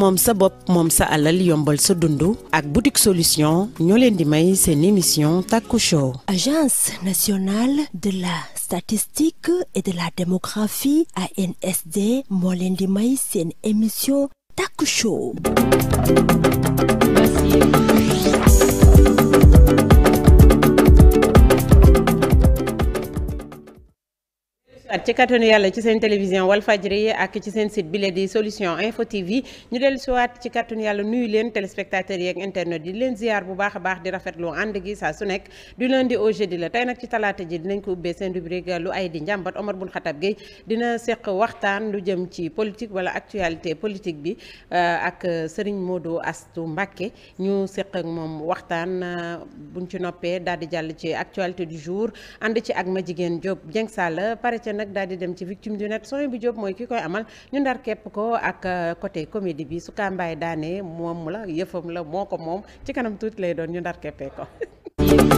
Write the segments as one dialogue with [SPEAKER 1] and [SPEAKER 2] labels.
[SPEAKER 1] moom sa bopp moom sa alal yombal sa dundu ak boutique solution ñoo leen di may seen émission Taku Show. Agence nationale de la statistique et de la démographie ANSD moo leen di may
[SPEAKER 2] seen émission Taku Show.
[SPEAKER 1] at ci kattanu yàlla ci seen télévision Walfadjri ak ci seen site bile di solution info TV ñu dellu siwaat ci kattanu yàlla nuyu leen téléspectateurs yi ak internet yi di leen ziar bu baax a baax di rafetlu ànd gi saa su nekk du lundi au jeudi la tey nag ci talaata ji dinañ ko ubbee seen rubrique lu ay di njàmbat Omar Bun Xatab Gueye dina seq waxtaan lu jëm ci politique wala actualité politique bi euh, ak Serigne Modou Astou Mbacké ñu seq ak moom waxtaan euh, buñ ci noppee daal di jàll ci actualité du jour ànd ci ak ma jigéen Diop nag daal di dem ci victime du net son bi Diop mooy ki koy amal ñu ndar képp ko ak euh, côté comédie bi su Kambaay daanee moom la yëfam la moo ko moom ci kanam tuuti lay doon ñu ndar keppee ko.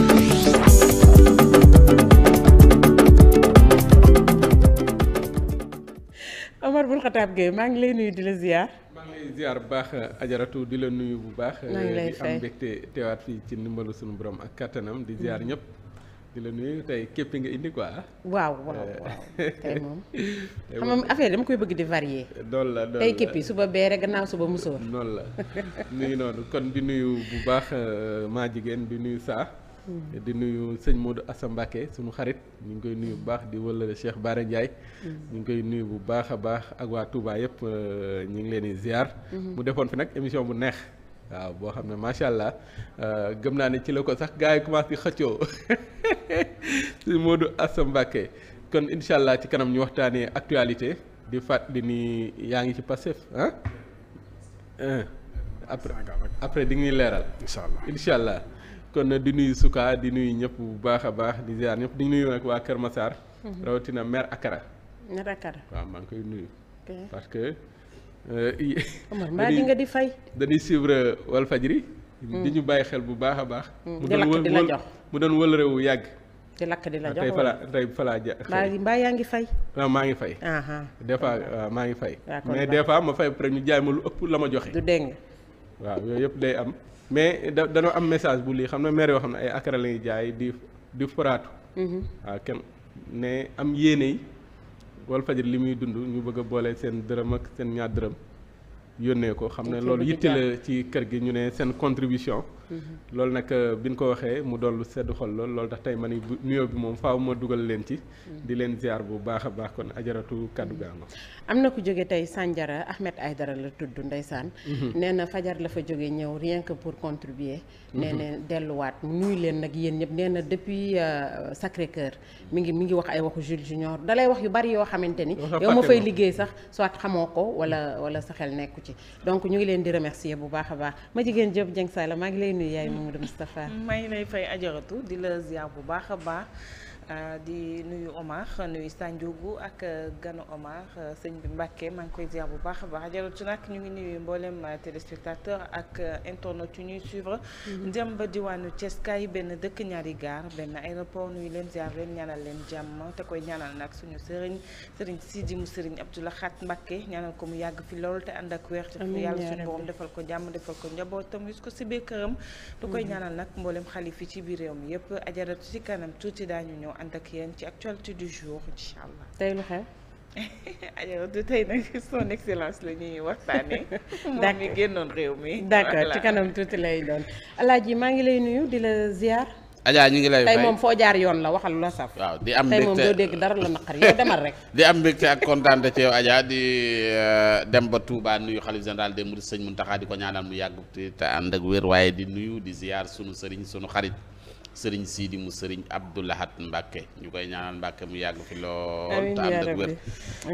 [SPEAKER 1] Omar Bun Xataab Gueye maa ngi lay nuyu di la ziar. maa
[SPEAKER 3] ngi bu baax ajaratu di la nuyu bu baax. Euh, di am mbégte teewaat fii ci ndimbalu sunu borom ak kattanam di ziar ñëpp. di la nuyu tey képp nga indi quoi. waaw waaw eh. waaw xam nga
[SPEAKER 1] affaire dama koy bëgg di varier.
[SPEAKER 3] doon la doon la tey képp
[SPEAKER 1] suba beere gannaaw suba musóor.
[SPEAKER 3] noonu la mi ngi noonu kon di nuyu bu baax euh, maa jigéen di nuyu saa. Hmm. di nuyu sëñ Modou Assa Mbacké sunu xarit ñu ngi koy nuyu bu baax di wëllale Cheikh Bara Ndiaye. Hmm. ñu ngi koy nuyu bu baax a baax ak waa Touba yëpp euh, ñu ngi leen di ziar. Hmm. mu defoon fi nag émission bu neex. waaw boo xam ne macha allah euh, gëm naa ne ci la ko sax gars yi commencé xëccoo si Modou Assa Mbacké kon incha allah ci kanam ñu waxtaanee actualité di fàttali ni yaa ngi ci Pastef ah. après après di ngi leeral. incha allah incha allah kon di nuyu Souka di nuyu ñëpp bu baax a baax di ziar ñëpp di nuyu nag waa Kër Massar. Mhm. rawatina maire Akara. maire Akara waaw maa ngi koy nuyu. parce que. Euh, mbaa di nga di fay. dañuy suivre Walfadjri. Mm. di ñu bàyyi xel bu baax a baax. Mm. di lakk di la mu doon wël réew yàgg.
[SPEAKER 1] di lakk di la ah, jox tey falaa tey falaa ja. mbaa yaa ngi fay.
[SPEAKER 3] waaw maa ngi fay. des fois maa ngi fay. mais des fois ma fay pare ñu jaay ma lu ëpp la ma joxe. du dégg waaw yooyu yëpp day am mais da danoo am message bu lii xam ne maire yoo xam ne ay akara la ñuy jaay di di foraatu. waaw mm-hmm. ah, kenn ne am yéene yi. Walfadjri li muy dund ñu bëgg a boole seen dërëm ak seen ñaar dërëm yónnee ko xam ne loolu yitte la ci kër gi ñu ne seen contribution Mm-hmm. loolu nag euh, bi nu ko waxee mu dollu sedd xol lool loolu tax tey man ni nuyoo bi moom faaw ma dugal leen ci. Mm-hmm. di leen ziar bu baax a baax kon ajaratu kaddu gaango
[SPEAKER 1] mm-hmm. am na ku jóge tey sànjara Sandiara ay dara la tudd ndeysaan. nee na fajar la fa jóge ñëw rien que pour contribuer. nee na delluwaat nuyu leen nag yéen ñëpp nee na depuis euh, Sacré Cœur mi ngi mi ngi wax ay waxu Jules Junior dalay wax yu bari yoo xamante ni. yow ma fay liggéey sax soit xamoo ko wala wala sa xel nekku ci donc ñu ngi leen di remercier bu baax baax nuyu yaay Mamadou Moustapha.
[SPEAKER 4] maa ngi lay fay ajaratu di la ziar bu baax a baax. Euh, di nuyu Omar nuyu Sanjogu ak euh, ganu Omar euh, sëñ bi Mbàkke maa ngi koy ziar bu baax a baax jaratu nag ñu ngi nuyu mboolem téléspectateur ak internautes yu ñuy suivre. Mhm. dem ba diwaanu Thiès kaay benn dëkk ñaari gaar benn aéroport nuyu leen ziar leen ñaanal leen jàmm te koy ñaanal nag suñu sëriñ sëriñ Sidi mu sëriñ Abdoul Ahad Mbàkke ñaanal ko mu yàgg fi lool te ànd ak weer. yàlla suñu borom defal ko jàmm defal ko njabootam yus ko si biir këram. du koy mhm. ñaanal nag mbooleem xalif yi ci biir réew mi yëpp ajaratu ci kanam tuuti daañu ñëw ànd ak yéen ci actualité du jour incha allah. tey lu xew. alors du tey nag son excellence la ñuy moom mi génnoon réew mi. d'accord ci kanam
[SPEAKER 1] tuuti lay doon. alaaji maa ngi lay nuyu di la ziar. Ajaa ñu ngi lay fay tey moom foo jaar yoon la waxal la saf. waaw di am mbégte tey moom doo dégg la naqar yow demal rek.
[SPEAKER 5] di am mbégte ak kontaan ci yow Ajaa di euh, dem ba Touba nuyu xalif général des Mourides sëñ Mountakha di ko ñaanal mu yàgg te ànd ak wér waaye di nuyu di ziar sunu sëriñ sunu xarit. sëriñ Sidi mu sëriñ Abdou Lahat mbakke ñu koy ñaanal mbakke mu yàgg fi lool. te ànd ak wér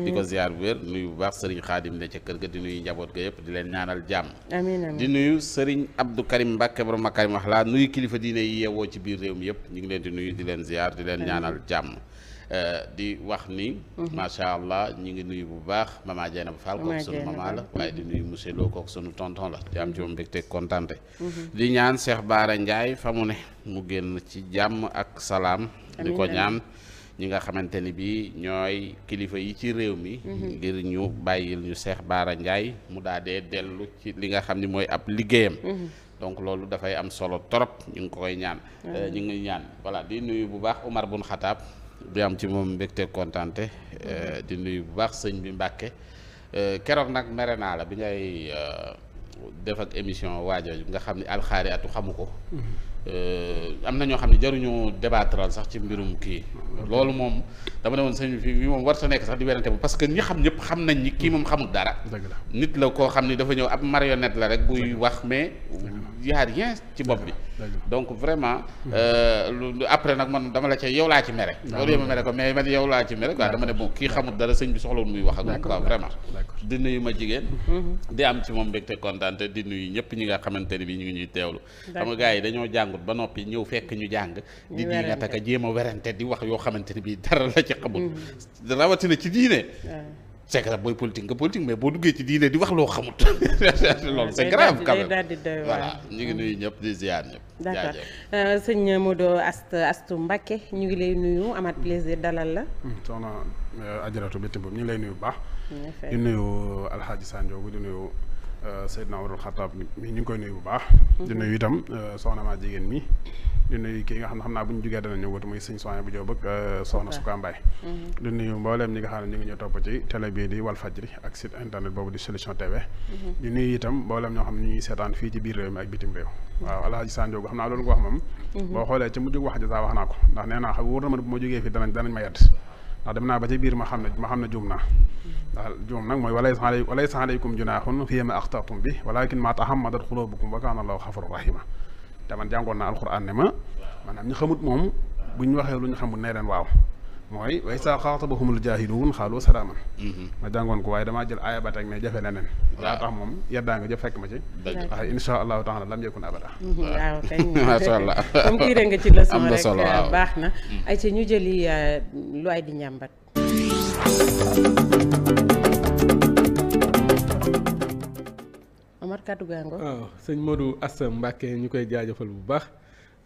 [SPEAKER 5] di ko ziar wér nuyu bu baax sëriñ Xaadim ne ca kër ga di nuyu njaboot ga yëpp di leen ñaanal jàmm. amiin amiin di nuyu sëriñ Abdou Karim Mbacke borom Makarim wax laa nuyu kilifa diine yi yeewoo ci biir réew mi yëpp ñu ngi leen di nuyu di leen ziar di leen ñaanal jàmm Euh, di wax ni. Mhm. macha allah ñu ngi nuyu bu baax mama Dieng bu Fall kooku sunu mama la waaye di nuyu monsieur Lo kooku sunu tonton la di am ci moom mbégte kontante. Mhm. di ñaan Cheikh Baara Ndiaye fa mu ne mu génn ci jàmm ak salaam. di ko ñaan. ñi nga xamante ni bii ñooy kilifa yi ci réew mi. Mhm. ngir ñu bàyyil ñu seex Baara njaay mu daa dee dellu ci li nga xam ni mooy ab liggéeyam. donc loolu dafay am solo torop ñu ngi koy ñaan. Euh, ñu ngi ñaan voilà di nuyu bu baax Umar bun du am ci moom mbégte kontaante euh, di nuyu bu baax sëñ bi Mbàkke euh, keroog nag mere naa la bi ngay euh, def ak émission waajooju nga xam ne alxaari xamu ko am na ñoo xam ne jaruñu débatteral sax ci mbirum kii loolu moom dama ne woon sëñ bi fii moom war sa nekk sax di werante parce que ñi xam ñëpp xam nañ ni kii moom xamul dara nit la koo xam ni dafa ñëw ab marionnette la rek buy wax mais yaar rien ci bopp bi donc vraiment euh, lu après nag man dama la ca yow laa ci mere ah, loolu yow ma mere ko mais man yow laa ci mere quoi dama ne bon kii xamul dara sëñ bi soxlawul muy wax ak moom quoi vraiment di nuyu ma jigéen mm-hmm. di am ci moom mbégte kontaante di yu ñëpp ñi nga xamante ne bi ñu ngi ñuy teewlu xam nga yi dañoo jàngut ba noppi ñëw fekk ñu jàng di di nga taka jéem a werante di wax yoo xamante ne bi dara la ci xamul mm-hmm. rawatina ci diine ah. c'est grave booy politique nga politique mais boo duggee ci diine di wax loo xamut loolu c'est grave quand même voilà ñu ngi nuyu ñëpp di ziar
[SPEAKER 1] ñëpp d'accord euh, sëñ Modou Ast Astou Mbacké ñu ngi lay nuyu amaat plaisir dalal la
[SPEAKER 2] hmm, soxna euh, Ajaratu Bété boobu ñu ngi lay nuyu baax di nuyu Alxaaji Sanjoogu di nuyu Euh, na Omarul Xataab mi ñu ngi koy nuyu bu baax. Mhm. di nuyu itam euh, soxna maa jigéen mi. di nuyu kii nga xam ne xam naa bu ñu jugee dana ñëw wut muy sëñ soxna bu Jóob ak euh, soxna Suka Mbaay. Mhm. di nuyu nga xam ne ñu ngi ñu topp ci télé bii di Walfadjri boobu di solution TV. Mhm. di itam mbooleem ñoo xam ne ñu ngi seetaan fii ci biir réew mi ak bitim réew. waaw alaaji Sanjoogu xam naa loolu nga boo xoolee ci mujj wax ja naa ko ndax nee na ma bu ma jógee fii danañ danañ ma yedd ndax dem naa ba ci biir ma xam ne ma xam ne juum naa ndax juum nag mooy walaysa aleykum walaysa aleykum junaaxun fii ma axtatum bi walakin ma tahammadat xulubukum wa kaana allahu xafuru rahima te man jàngoon naa alquran ne ma maanaam ñu xamut moom bu ñu waxee lu ñu xamut nee leen waaw mooy way saa xaatabahumul jaahiluun xaalu salaaman mm-hmm. ma jàngoon ko waaye damaa jël aaya ba teg ne jafe leneen daa tax moom yeddaa nga jëf fekk ma ci waaye insha allahu taala lam yakun abada
[SPEAKER 6] mm-hmm. waaw
[SPEAKER 1] kañ masha allah comme kuy nga ci leçon rek euh, baax na mm. ay ci ñu jëli euh, looy di njàmbat Amar kàddu gaango
[SPEAKER 3] waaw sëñ Modou Assa Mbacke ñu koy jaajëfal bu baax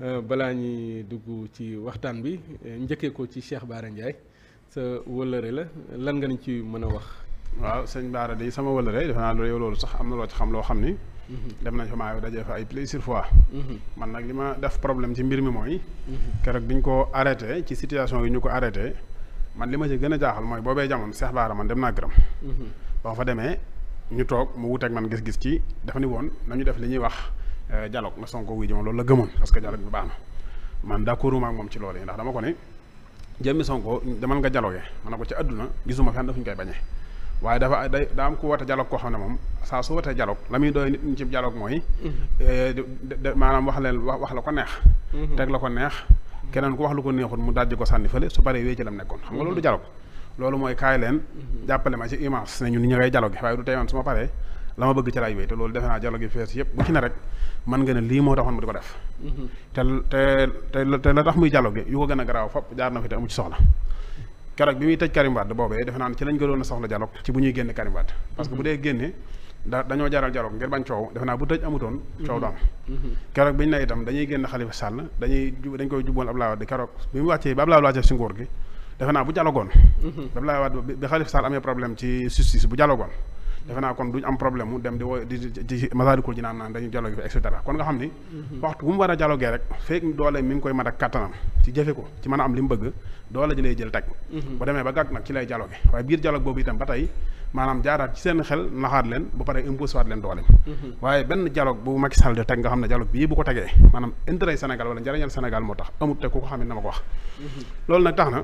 [SPEAKER 3] euh, balaa ñuy dugg ci waxtaan bi euh, njëkkee ko ci Cheikh Baara Ndiaye
[SPEAKER 2] sa wëllëre la lan nga ñu ci mën a wax. waaw sëñ Baara de sama wëllëre defe naa yow loolu sax am na loo ci xam loo xam ni. Mhm. dem nañ fa maa dajee fa ay plusieurs fois. Mhm. man nag li ma def problème ci mbir mi mooy. Mhm. keroog bi ñu ko arrêté ci situation yi ñu ko arrêté man li ma ci gën a jaaxal mooy boobee jamono Cheikh Baara man dem naa gërëm. boo fa demee. ñu toog mu wuteeg man gis-gis ci dafa ni woon nañu def li ñuy wax euh, dialogue na Sonko wuy ji moom loolu la gëmoon parce que dialogue bi baax na man d'accord ak moom ci lool yi ndax dama ko ne jëmmi Sonko demal nga dialogue ma ne ko ci àdduna gisuma fenn fu ñu koy bañee waaye dafa day daa am ku woote dialogue koo xam ne moom saa su wootee dialogue la muy doy nit ñi ci dialogue mooy mhm. euh, maanaam wax leen wax la ko neex mhm. teg la ko neex keneen ku wax lu ko neexul mu dajji ko sànni fële su paree wéy ci nekkoon xam nga loolu du mhm. dialogue loolu mooy kaay leen jàppale ma ci image ne ñun ñu ngay dialogue waaye du tey man su ma paree la ma bëgg ci laay wéy te loolu defe naa dialogue yi fees yëpp bu ci ne rek mën nga lii moo taxoon ma di ko def te te te la tax muy dialogue yu ko gën a garaaw fop jaar na fi te amu ci soxla keroog bi muy tëj Karim Wade boobee defe naa ne ci lañ gënoon a soxla dialogue ci bu ñuy génne Karim Wade parce que bu dee génne da dañoo jaral dialogue ngir bañ coow defe naa bu tëj amutoon coow du am ñu génn Khalifa Sall dañuy dañ koy jubboon Abdoulaye Wade keroog bi mu wàccee ba Abdoulaye Wade gi defe naa bu jàllagoon. Mhm. daf lay waat bi Khalifa Sall amee problème ci justice bu jàllagoon. Mhm. defe naa kon duñ am problème mu dem di woo di di Masaalikul Jinaan naan dañuy dialogue fi et cetera kon nga xam ni. Mhm. waxtu bu mu war a dialoguer rek fekk mi ngi koy mën a kattanam ci jëfe ko ci mën am li mu bëgg doole ji lay jël teg. bu demee ba gàgg nag ci lay dialoguer waaye biir dialogue boobu itam ba tey maanaam jaaraat ci seen xel naxaat leen bu paree imposé waat leen dooleem. waaye benn dialogue bu Macky Sall di teg nga xam ne dialogue bii bu ko tegee maanaam intérêt Sénégal wala njëriñal Sénégal moo tax amut te ku ko xam ne na ma ko wax. loolu nag tax na.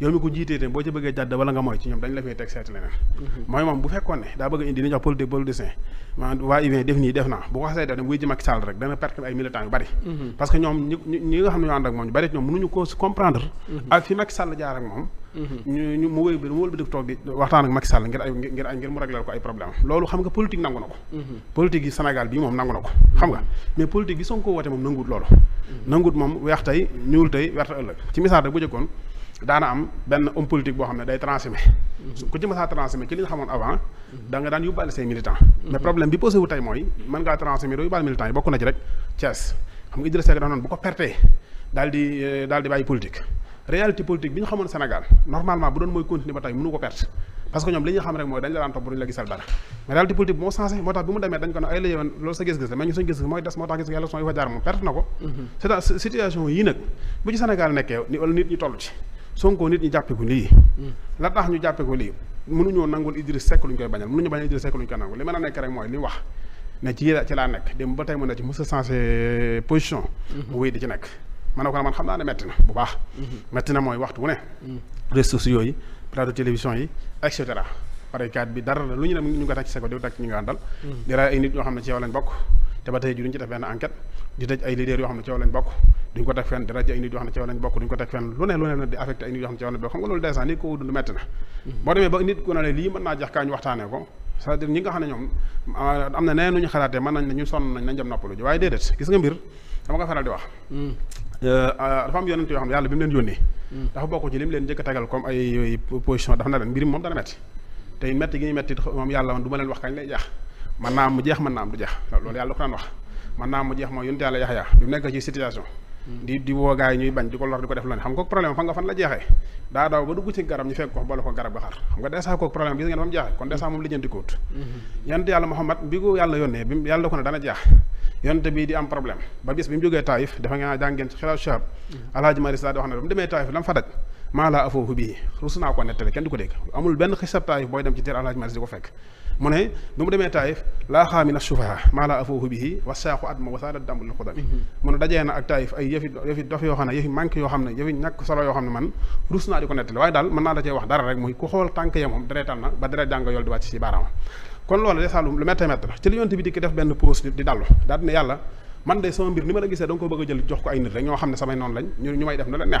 [SPEAKER 2] yow mi ko jiitee tamit boo ci bëggee jàdd wala nga mooy ci ñoom dañ la fay teg seet leneen mhm. mooy moom bu fekkoon ne daa bëgg a indi li ñuy wax politique politicien maanaam waa def nii def naa bu ko xasee def mhm. ne mhm. mu wëy bi mu wël bi dik toog waxtaan ak Macky Sall ngir ay ngir ngir mu réglal ko ay problème loolu xam nga politique nangu na ko politique yi Sénégal bii moom nangu na ko xam nga mais politique bi Sonko woote moom nanguwut loolu nanguwut moom weex tey daana am benn homme politique boo xam ne day transmettre. Mhm. ci mën a transmettre ci li nga xamoon avant. Mhm. da nga daan yóbbaale say militants. Mhm. mais problème bi posé wu mooy mën ngaa transmettre doo yóbbaale militants yi bokk na ci euh, ko perte parce que ñoom li ñu xam rek mooy dañ la daan topp duñu la gisal dara mais réalité politique bi moo sensé moo tax bi mu demee dañ la yoon loolu sa gis la mais ñu suñu gis-gis mooy des moo tax gis yàlla son yi fa jaar moom perte na ko c'est-à-dire Sonko nit ñi jàppeeku ko lii hmm. la tax ñu jàppe ko lii mënuñoo nangul Idriss sekk lu ñu koy bañal mënuñu bañal Idriss Seck lu ñu koy nangul li mën a nekk rek mooy li wax ne ci laa nekk dem ba tey mën na ci mos a changé position hmm. xam naa ne métti na bu baax métti hmm. na mooy waxtu wu ne réseaux sociaux yi plateau télévision yi et cetera parekaat bi dara lu ñu ne ñu ngi ko teg ci sa di teg nga àndal di ray ay nit ñoo xam ne ci yow lañ bokk te ba tey ji duñu ci def benn enquête di tëj ay leaders yoo xam ne ci yow lañ bokk duñ ko teg fenn di rajo ay nit yoo xam ne ci yow lañ bokk duñ ko teg fenn lu ne lu ne na di affecté ay nit yoo metti na mm-hmm. boo demee ba ne la ne ñoom na neneen ñu xalaatee mën nañ ñu sonn nañ nañ dem noppalu ji waaye déedéet gis ko faral di wax mm. euh, euh, dafa am yonent yoo xam ne yàlla bi mu leen yónnee mm. dafa bokk ci li mu leen njëkk a tegal comme ay position dafa na leen mbir moom dana ma naa am mu jeex man naa am du jeex loolu yàlla ko daan wax man naa am mu jeex mooy yonent yàlla yaxyaa bi nekk ci situation di di woo gaay ñuy bañ di ko lor di ko def la ne xam nga problème fan nga fan la jeexee daa ba dugg ci garab ñu fekk ko bala ko garab ga xar xam nga dèjà kooku problème gis ngeen fa mu jeexee kon dèjà moom lijjanti kóot mm-hmm. yonent yàlla Muhammad bi ko yàlla yónnee bi yàlla ko ne dana jeex yonent bi di am problème ba bis bi mu jógee Taïf dafa nga jàngeen ci xilal Shahab mm-hmm. alaaji Mari Saad wax na ba mu demee Taïf la mu fa maa laa afoofu bii rus naa ko nettali kenn du ko dégg amul benn xisab taayif booy dem ci teer alhaaj malis di ko fekk mu ne bi mu demee taayif laa xaami na sufaha maa laa afoofu bii wasaaxu at ma wasaada dambul xudami mm-hmm. mu ne dajee na ak taayif ay yëfi dof yoo xam ne yëfi manque yoo xam ne yëfi ñàkk solo yoo xam ne man rus naa di ko nettali waaye daal mën naa la wax dara rek muy ku xool tànk ya moom deretal na ba deret jàng nga ko a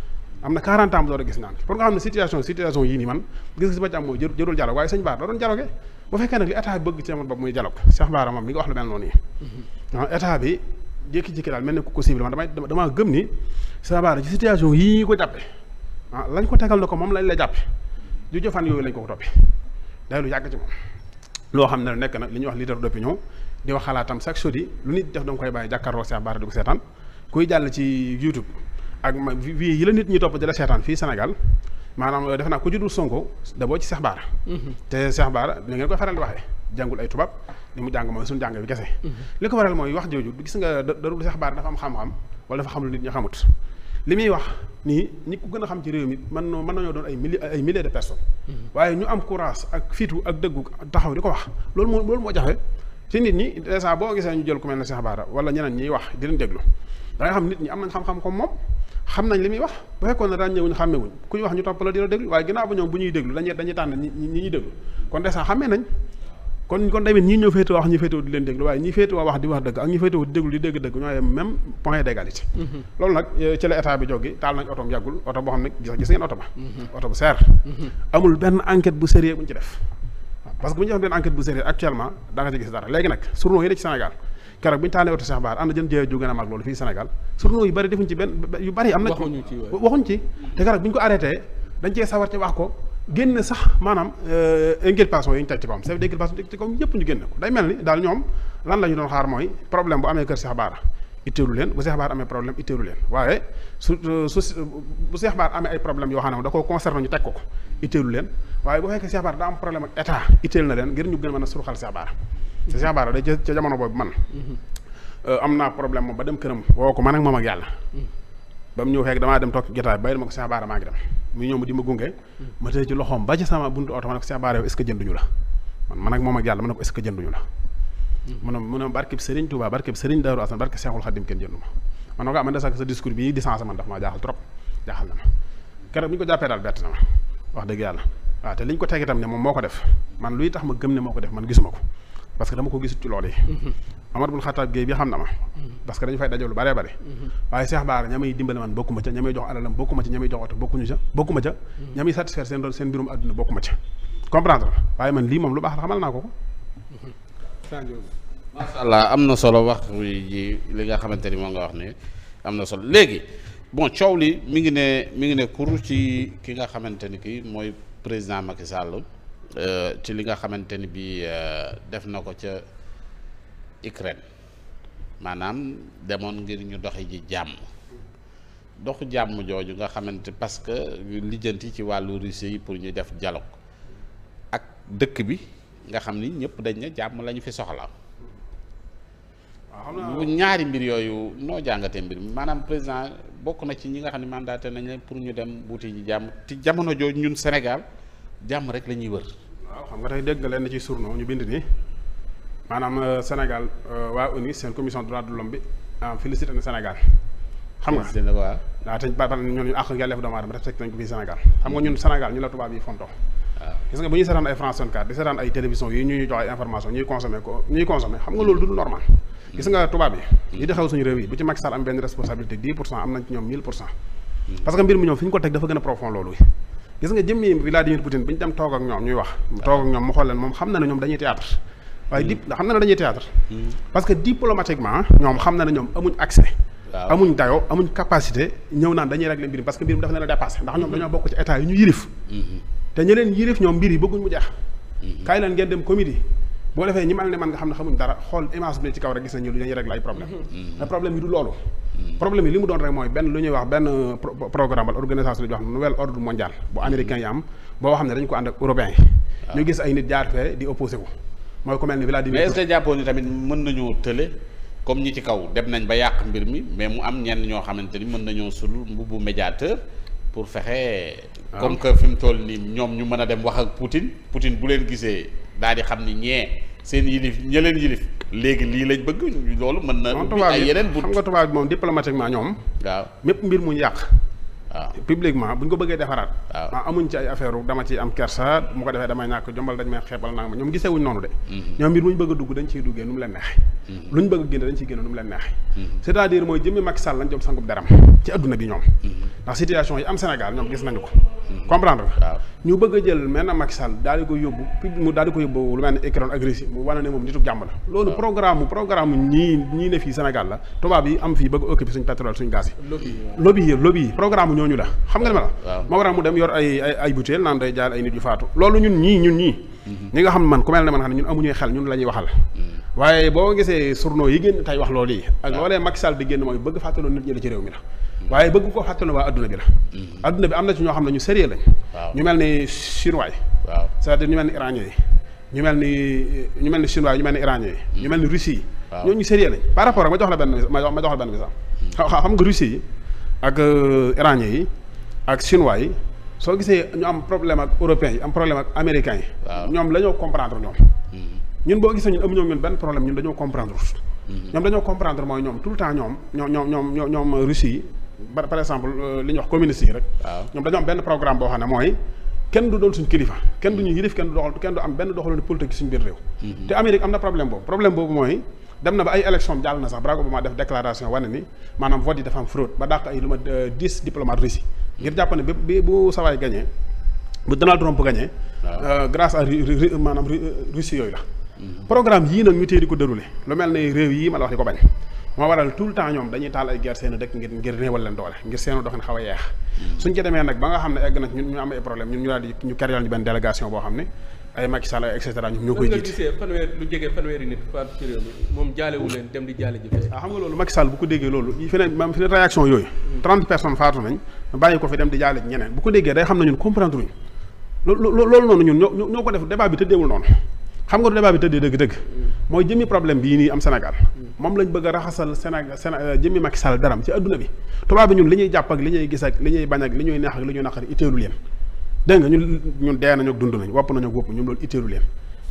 [SPEAKER 2] am na 40 ans door a gis naan pour nga xam ne situation situation yii nii man gis-gis ba ci am mooy jërul dialogue waaye sëñ Bara da doon dialogue bu fekkee nag li état bi bëgg ci moom mel ne mhm. ah, ku ko cible man damay damaa gëm ni Cheikh Bara ci situation yii ko jàppe ah, lañ ko tegal na ko moom lañ la jàppe ju jëfaan yooyu lañ ko ko toppe day lu yàgg ci moom loo xam ne nekk nag li ñuy wax leader d'opinion di wax xalaatam chaque jour lu nit def da nga koy bàyyi jàkkaarloo Cheikh Bara di ko seetaan ak ma vie yi la nit ñi topp di la seetaan fii Sénégal maanaam def naa ku judul Sonko d'abord ci Cheikh Bara mhm. te Cheikh Bara ni ngeen koy faral di waxee jàngul ay tubaab li mu jàng mooy suñ jàng bi kese mhm. li ko waral mooy wax jooju gis nga darul Cheikh Bara dafa am xam-xam wala dafa xam lu nit li muy wax nii ñi ku gën a xam ci réew mi mën noo mën nañoo doon ay milliers ay milliers de personnes mhm. waaye ñu am courage ak fitu ak dëggu taxaw di ko wax loolu moo loolu moo jafe ci nit ñi dèjà boo gisee ñu jël ku mel na Cheikh Bara wala ñeneen ñiy wax di leen déglu da nga xam nit ñi am nañ xam-xam comme moom xam nañ li muy wax bu fekkoon ne ràññewuñ xàmmewuñ ku ñu wax ñu topp la dina déglu waaye ginnaaw ba ñoom bu ñuy déglu dañuy dañuy tànn ñi ñuy déglu kon de sax xàmmee nañ kon kon tamit ñii ñoo féetewoo wax ñi féetewoo di leen déglu waaye ñi féetewoo wax di wax dëgg ak ñi féetewoo di déglu di dégg dëgg ñoo yem point d'égalité mm-hmm. loolu nag eh, ci la état bi jógi taal nañ otoom yàggul oto boo xam ne gis ngeen oto ba mm-hmm. oto bu seer mm-hmm. amul benn enquête bu sérieux bu ci def parce que bu ñu def benn enquête bu da nga ci gis léegi nag journaux yi ne ci keroog bi ñu taalee oto Cheikh Bara am na jën jëye ju gën a mag loolu fii Sénégal surtout yu bëri defuñ ci benn yu bëri am na waxuñ ci te keroog bi ñu ko arrêté dañ cee sawar ci wax ko génn sax maanaam euh, inculpation yi ñu teg ci kawam c'est inculpation ci kawam yëpp ñu génne ko day mel ni daal ñoom lan la ñu doon xaar mooy problème bu amee kër Cheikh Bara itteelu leen bu Cheikh Bara amee problème itteelu leen waaye su euh, su bu Cheikh Bara amee ay problème yoo xam ne da ko concerné ñu teg ko ko itteelu leen waaye bu fekkee Cheikh Bara daa am problème ak état itteel na leen ngir ñu gën mën a surxal Cheikh Bara te Cheikh Bara day ca jamono boobu man. Euh, am naa problème moom ba dem këram woo ko man ak moom ak yàlla. ba mu ñëw fekk damaa dem toog jotaay bayil ma ko ma gunge. ma tëye ci loxoom ba oto ma ne ko Cheikh Bara yow est-ce que jënduñu la man man ak moom ak yàlla ma ne ko est-ce sa discours bii distance man daf maa jaaxal trop jaaxal na ma keroog bi ñu ko jàppee daal bett na ma wax dëgg yàlla waaw te li ko teg itam ne moom moo ko def man luy tax ma gëm ne moo ko def man gisuma ko parce que dama ko gisut ci loolu yi mm-hmm. Omar bul Xataab Guèye bi xam na ma
[SPEAKER 6] mm-hmm.
[SPEAKER 2] parce que dañu fay dajalu baree bare mm-hmm. waaye Cheikh Baar ña may dimbale man bokkuma ca ña may jox alalam bokkuma ca ña may jox oto bokkuñu ca bokkuma ca ña may satisfaire seen seen mbirum àdduna bokkuma ca comprendre waaye man lii moom lu baax la xamal naa ko ko
[SPEAKER 5] macha am na solo wax li nga xamante ni moom nga wax ne am na solo léegi bon coow li mi ngi ne mi ngi ne kur ci ki nga xamante ni kii mooy président Macky Sall Euh, ci li nga xamante ni bi euh, def na ko ca Ukraine maanaam demoon ngir ñu doxi ji jàmm dox jàmm jooju nga xamante parce que lijjanti ci wàllu Russie yi pour ñu def dialogue ak dëkk bi nga xam ni ñëpp dañ ne jàmm lañu fi soxla bu ñaari mbir yooyu noo jàngatee mbir maanaam président bokk
[SPEAKER 2] na ci ñi nga xam ne mandaté nañ leen pour ñu dem wuti ji jàmm te jamono jooju ñun Sénégal jàmm rek la ñuy wër. waaw xam nga tey dégg nga leen ci surno ñu bind nii maanaam euh, Sénégal euh, waa ONU seen commission droits de l'homme bi ah félicité na Sénégal. xam nga félicité na waaw. waaw te ba pare ñun ñu àq ak yelleefu doomu Sénégal ñu mm. la tubaab yi fontoo. waaw gis nga bu ñuy seetaan ay France 24 di seetaan ay télévision yi ñuy jox ay information ñuy consommé ko ñuy consommé xam nga loolu du normal. Mm. gis nga tubaab yi. Mm. li xew suñu réew yi bu ci Macky am benn responsabilité 10 pour cent am nañ gis nga jëmmi Vladimir Poutine bi ñu dem toog ak ñoom ñuy wax toog ak ñoom mu xool leen moom xam na ne ñoom dañuy théâtre waaye dip xam na ne dañuy théâtre hmm. parce que diplomatiquement ñoom xam na ne ñoom amuñ accès amuñ dayo amuñ capacité ñëw naan dañuy régler mbir parce que mbir mi dafa leen a dépassé ndax ñoom hmm. dañoo bokk ci état yi ñu yilif hmm. te ñeneen yilif ñoom mbir yi bëgguñ mu jeex leen ngeen dem comédie boo defee ñi mel ne man nga xam ne xamuñ dara xool image bi ci kaw rek gis nañu lu dañuy régler ay problème te mm-hmm. problème yi du loolu mm-hmm. problème yi li mu doon rek mooy benn lu ñuy wax benn programme wala organisation bi wax nouvel ordre mondial bu mm-hmm. américain yi am boo xam ne dañ ko ànd ak européen yi ah. ñu gis ay nit jaar fee di opposé wu mooy ku mel ni Vladimir mais est-ce
[SPEAKER 5] que jàppoon ni tamit mën nañoo tële comme ñi ci kaw dem nañ ba yàq mbir mi mais mu am ñenn ñoo xamante ni mën nañoo sul mbubbu médiateur pour fexe ah. comme que fi mu toll nii ñoom ñu mën a dem wax ak Poutine Poutine bu leen gisee daal di xam ni ñee seen yilif ña leen yilif léegi lii
[SPEAKER 2] lañ bëgg loolu mën na. ubbi ay yeneen bu xam nga tubaab bi moom diplomatiquement ñoom. waaw mépp mbir mu yàq. waaw publiquement bu ñu ko bëggee defaraat. waaw ah, amuñ ci ay affaire dama ci am kersa mu ko defee damay ñàkk jombal dañ may xeebal naa ma ñoom gisee wuñ noonu de. Mm-hmm. ñoom mbir mu ñu bëgg a dugg dañ ciy duggee nu mu leen neexee. Mm-hmm. lu ñu bëgg a génne dañ ciy génne nu mu leen neexee. Mm-hmm. cest à mooy jëmmi Macky Sall lañ jëm sangub deram ci adduna bi ñoom. ndax situation yi am Sénégal ñoom gis nañu ko. comprendre nga. ñu bëgg jël mel na Macky Sall daal di ko yóbbu mu daal di ko yóbbu lu mel ne écran agressif mu wane ne moom nitu jàmm la loolu programme programme ñii ñii ne fii Sénégal la tubaab yi am fii bëgg occupé suñ pétrole suñ gaz yi lobby yi lobby yi programme ñooñu la xam nga li ma la moo mu dem yor ay ay butéel naan day ay nit yu faatu loolu ñun ñii ñun ñii mm-hmm. ñi nga xam man ku mel ne man xam ne ñun amuñuy xel ñun la ñuy waxal mm-hmm. waaye boo gisee journaux yi génn tey wax loolu yi ak loolee Macky Sall mooy bëgg fàttaloo nit ñi la ci waaye bëgg koo fàttali waa adduna bi la. Mm-hmm. adduna bi am na ci ñoo xam ne ñu sérieux lañ. ñu mel ni chinois yi. waaw c'est-à-dire ñu mel ni iranien yi. ñu mel ni ñu mel ni chinois yi ñu mel ni iranien ñu mm-hmm. mel ni russie yi. waaw ñooñu sérieux lañ par rapport ak ma jox la benn ma jox ma jox la benn misaal. Mm-hmm. xam nga russie yi ak euh, iranien yi ak chinois yi soo gisee ñu am problème ak européens yi am problème ak américains yi. ñoom la ñoo comprendre ñoom. ñun boo gisee ñun amuñu ñun benn problème ñun dañoo comprendre ñoom dañoo comprendre mooy ñoom tout le temps ñoom ñoom ñoom euh, par exemple euh, li ñu wax communiste yi rek. waaw ñoom dañoo am benn programme boo xam ne mooy. kenn du doon suñ kilifa kenn du ñu yilif kenn du doxal kenn du am benn doxalin politique suñ biir réew. Mhm. te Amérique am na problème boobu problème boobu mooy dem na ba ay élection jàll na sax Barack Obama def déclaration wane ni maanaam vote yi dafa am fraude ba dàq ay lu ma euh, dix diplomates russes mhm. ngir jàpp bi bu sawaay gagné bu Donald Trump gagné. Euh, grâce à maanaam Russie yooyu la. Mhm. programme yii nag ñu téye di ko déroulé lu mel ne réew yii ma la ko bañ. moo waral tout le temps ñoom dañuy taal ay guerre seen dëkk ngir ngir leen doole ngir seenu doxin xaw a yeex suñ ci demee nag ba nga xam ne egg nag ñun ñu am ay problème ñun ñu daal et cetera ñun ñoo koy jiit. nga gisee
[SPEAKER 3] fanweer lu jege fanweeri
[SPEAKER 2] ah, ko déggee loolu fi ne maanaam fi ne réaction yooyu. 30 personnes faatu nañ bàyyi ko fi dem di jaale ñeneen bu ko déggee day xam ne ñun comprendre luñ loolu loolu noonu ñun ñoo ko def débat bi tëddeewul noonu xam nga débat bi tëddee dëgg-dëgg hmm. mooy jëmi problème bii nii am Sénégal moom lañ bëgg a raxasal Sénégal Sénégal euh, jëmmi Macky Sall daram ci adduna bi tubaab bi ñun li ñuy jàpp ak li ñuy gis ak li ñuy bañ ak li ñuy neex ak li ñuy naqari itteelu leen dégg nga ñun ñun dee nañu ak dund nañ wopp nañu ak wopp ñoom loolu itteelu leen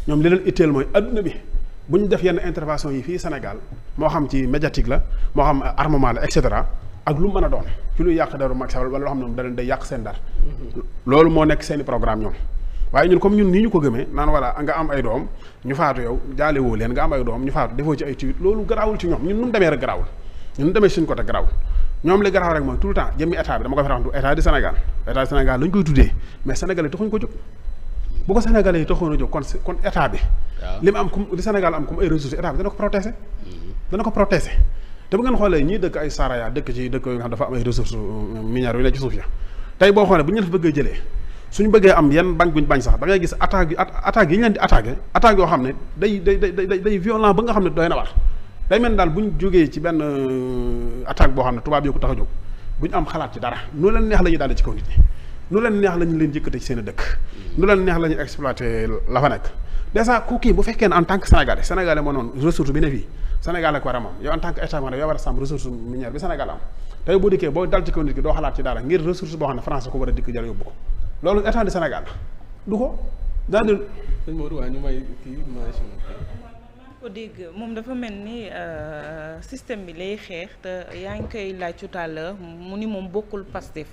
[SPEAKER 2] ñoom li leen itteel mooy adduna bi bu ñu def yenn intervention yi fii Sénégal moo xam ci médiatique la moo xam armement la et cetera ak lu mën a doon ci luy yàq daru Macky Sall wala loo xam ne moom da leen day yàq seen dar
[SPEAKER 6] mm-hmm.
[SPEAKER 2] loolu moo nekk seeni programme ñoom waaye ñun comme ñun nii ñu ko gëmee naan voilà nga am ay doom ñu faatu yow jaale leen nga am ay doom ñu faatu defoo ci ay tiwit loolu garaawul ci ñoom ñun nu mu demee rek garaawul ñun nu demee suñ côté garaawul ñoom li garaaw rek mooy tout le temps jëmmi ko fi raxantu état ko jóg bu ko sénégalais yi a jóg kon kon état bi li mu am comme li Sénégal am comme ay ressources état bi dana ko protéger mm-hmm. dana ko protéger te bu ngeen xoolee ñii dëkk ay Saraya dëkk ci dëkk yoo xam dafa am ay ressources minières yu boo xoolee bu ñu def bëgg jëlee suñu bëggee am yenn bañ guñ bañ sax da ngay gis attaque attaque yi leen di attaqué attaque yoo xam ne day day day violent ba nga xam ne doy na day mel daal bu ñu jógee ci benn euh, attaque boo xam ne tubaab yoo ko tax a jóg bu ñu am xalaat ci dara nu leen neex la ñuy daal ci kaw nit ñi nu leen neex la exploité la fa nekk dèjà ku kii bu fekkee ne en tant que sénégalais sénégalais moo noonu ressource bi ne fii sénégalais ko war a moom yow en tant état man a sàmm ressource minière bi sénégal am tey boo dikkee boo dal ci kaw nit ki doo xalaat ci dara ngir ressource boo xam ne France ko a dikk jël yóbbu ko loolu état du Sénégal du ko daal
[SPEAKER 4] di. moom dafa mel ni euh, système bi lay xeex te yaa ngi koy laaj tout mu ni moom bokkul Pastef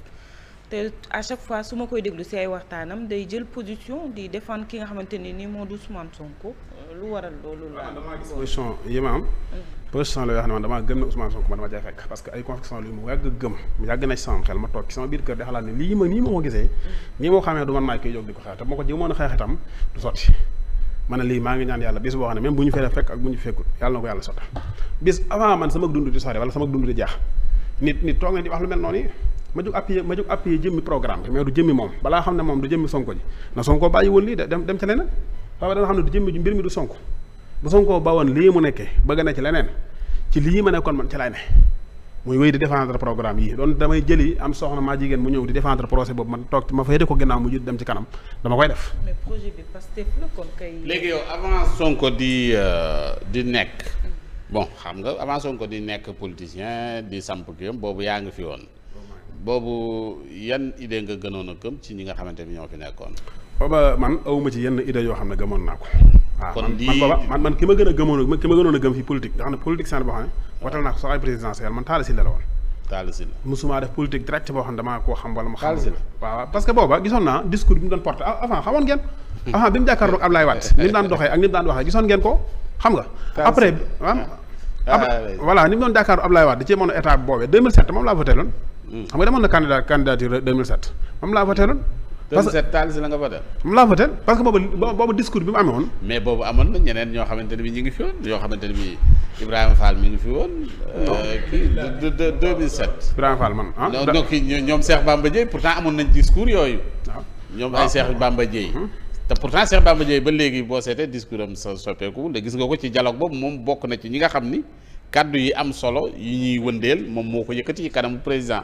[SPEAKER 4] te à chaque fois su ma koy déglu si ay waxtaanam day jël position di défendre ki nga xamante ni nii moo du Ousmane Sonko lu waral loolu la. Ah, damaa gis
[SPEAKER 2] position yi ma mm. la yoo xam ne man damaa gëm ne Ousmane Sonko man dama cay fekk parce que ay conviction lu mu yàgg gëm yàgg na sama ko gisee. Mm. man maay lii maa ngi ñaan yàlla bis boo xam ne même bu ñu fee fekk ak bu ñu fekkul yàlla na ko yàlla sotta bis avant man sama dund di sore wala sama dund di jaax nit nit toog na di wax lu mel noonu ma jóg appuyé ma jóg appuyé jëmmi programme mais du jëmmi moom balaa xam ne moom du jëmmi sonko ji na sonko bàyyi papa dana xam ne du jëmmi ji mbir mi du sonko bu sonkoo bawoon lii mu nekkee bëgg na ci leneen ci lii ma nekkoon man ci lay ne muy wéy di programme yi doon damay jëli am soxna maa jigéen mu ñëw di défendre procès boobu man toog ma fay de ko ginnaaw mu jut dem ci kanam dama koy def. mais
[SPEAKER 4] projet bi léegi yow avant sonko
[SPEAKER 5] di euh, di nekk. Mm. bon xam nga avant sonko di nekk politicien di samp kii boobu yaa ngi fi woon. Oh boobu yan idée nga gënoon a gëm ci ñi nga xamante ni ñoo fi nekkoon.
[SPEAKER 2] booba man awuma ci yenn idée yoo xam ne gëmoon naa ko waaw man booba man man ki ma gën a gëmoon ki ma gënoon a gëm fi politique nga xam ne politique seen boo xam ne watal naa ko sax ay présidentielle man Talla Sylla la woon Talla Sylla musuma def politique direct boo xam ne damaa koo xam wala ma xam waaw parce que booba gisoon naa discours bi mu doon porté ah, avant xamoon ngeen avant bi mu jàkkaarloog Ablaye Wade ni mu daan doxee ak ni mu daan waxee gisoon ngeen ko xam nga après ah, ah, voilà ni mu doon jàkkaarloog Ablaye Wade ci moom état boobee 2007 moom laa voté loon hmm. xam nga demoon na candidat candidature 2007 moom laa voté loon parce que Tall si la nga voté. moom laa voté parce que boobu boobu discours bi mu amee woon.
[SPEAKER 5] mais boobu amoon na ñeneen ñoo xamante ne bi ñu ngi fi woon yoo xamante ne bi Ibrahima euh, man ah. non ñoom Cheikh Bamba Dièye pourtant amoon nañ discours yooyu. waaw ah. ñoom ay ah. Cheikh Bamba Dièye. Hmm. te pourtant Cheikh Bamba Dièye ba léegi boo seetee discours am sa soppeeku de gis nga ko ci dialogue boobu moom bokk na ci ñi nga xam ni kaddu yi am solo yi ñuy wëndeel moom moo ko yëkkati ci kanamu président.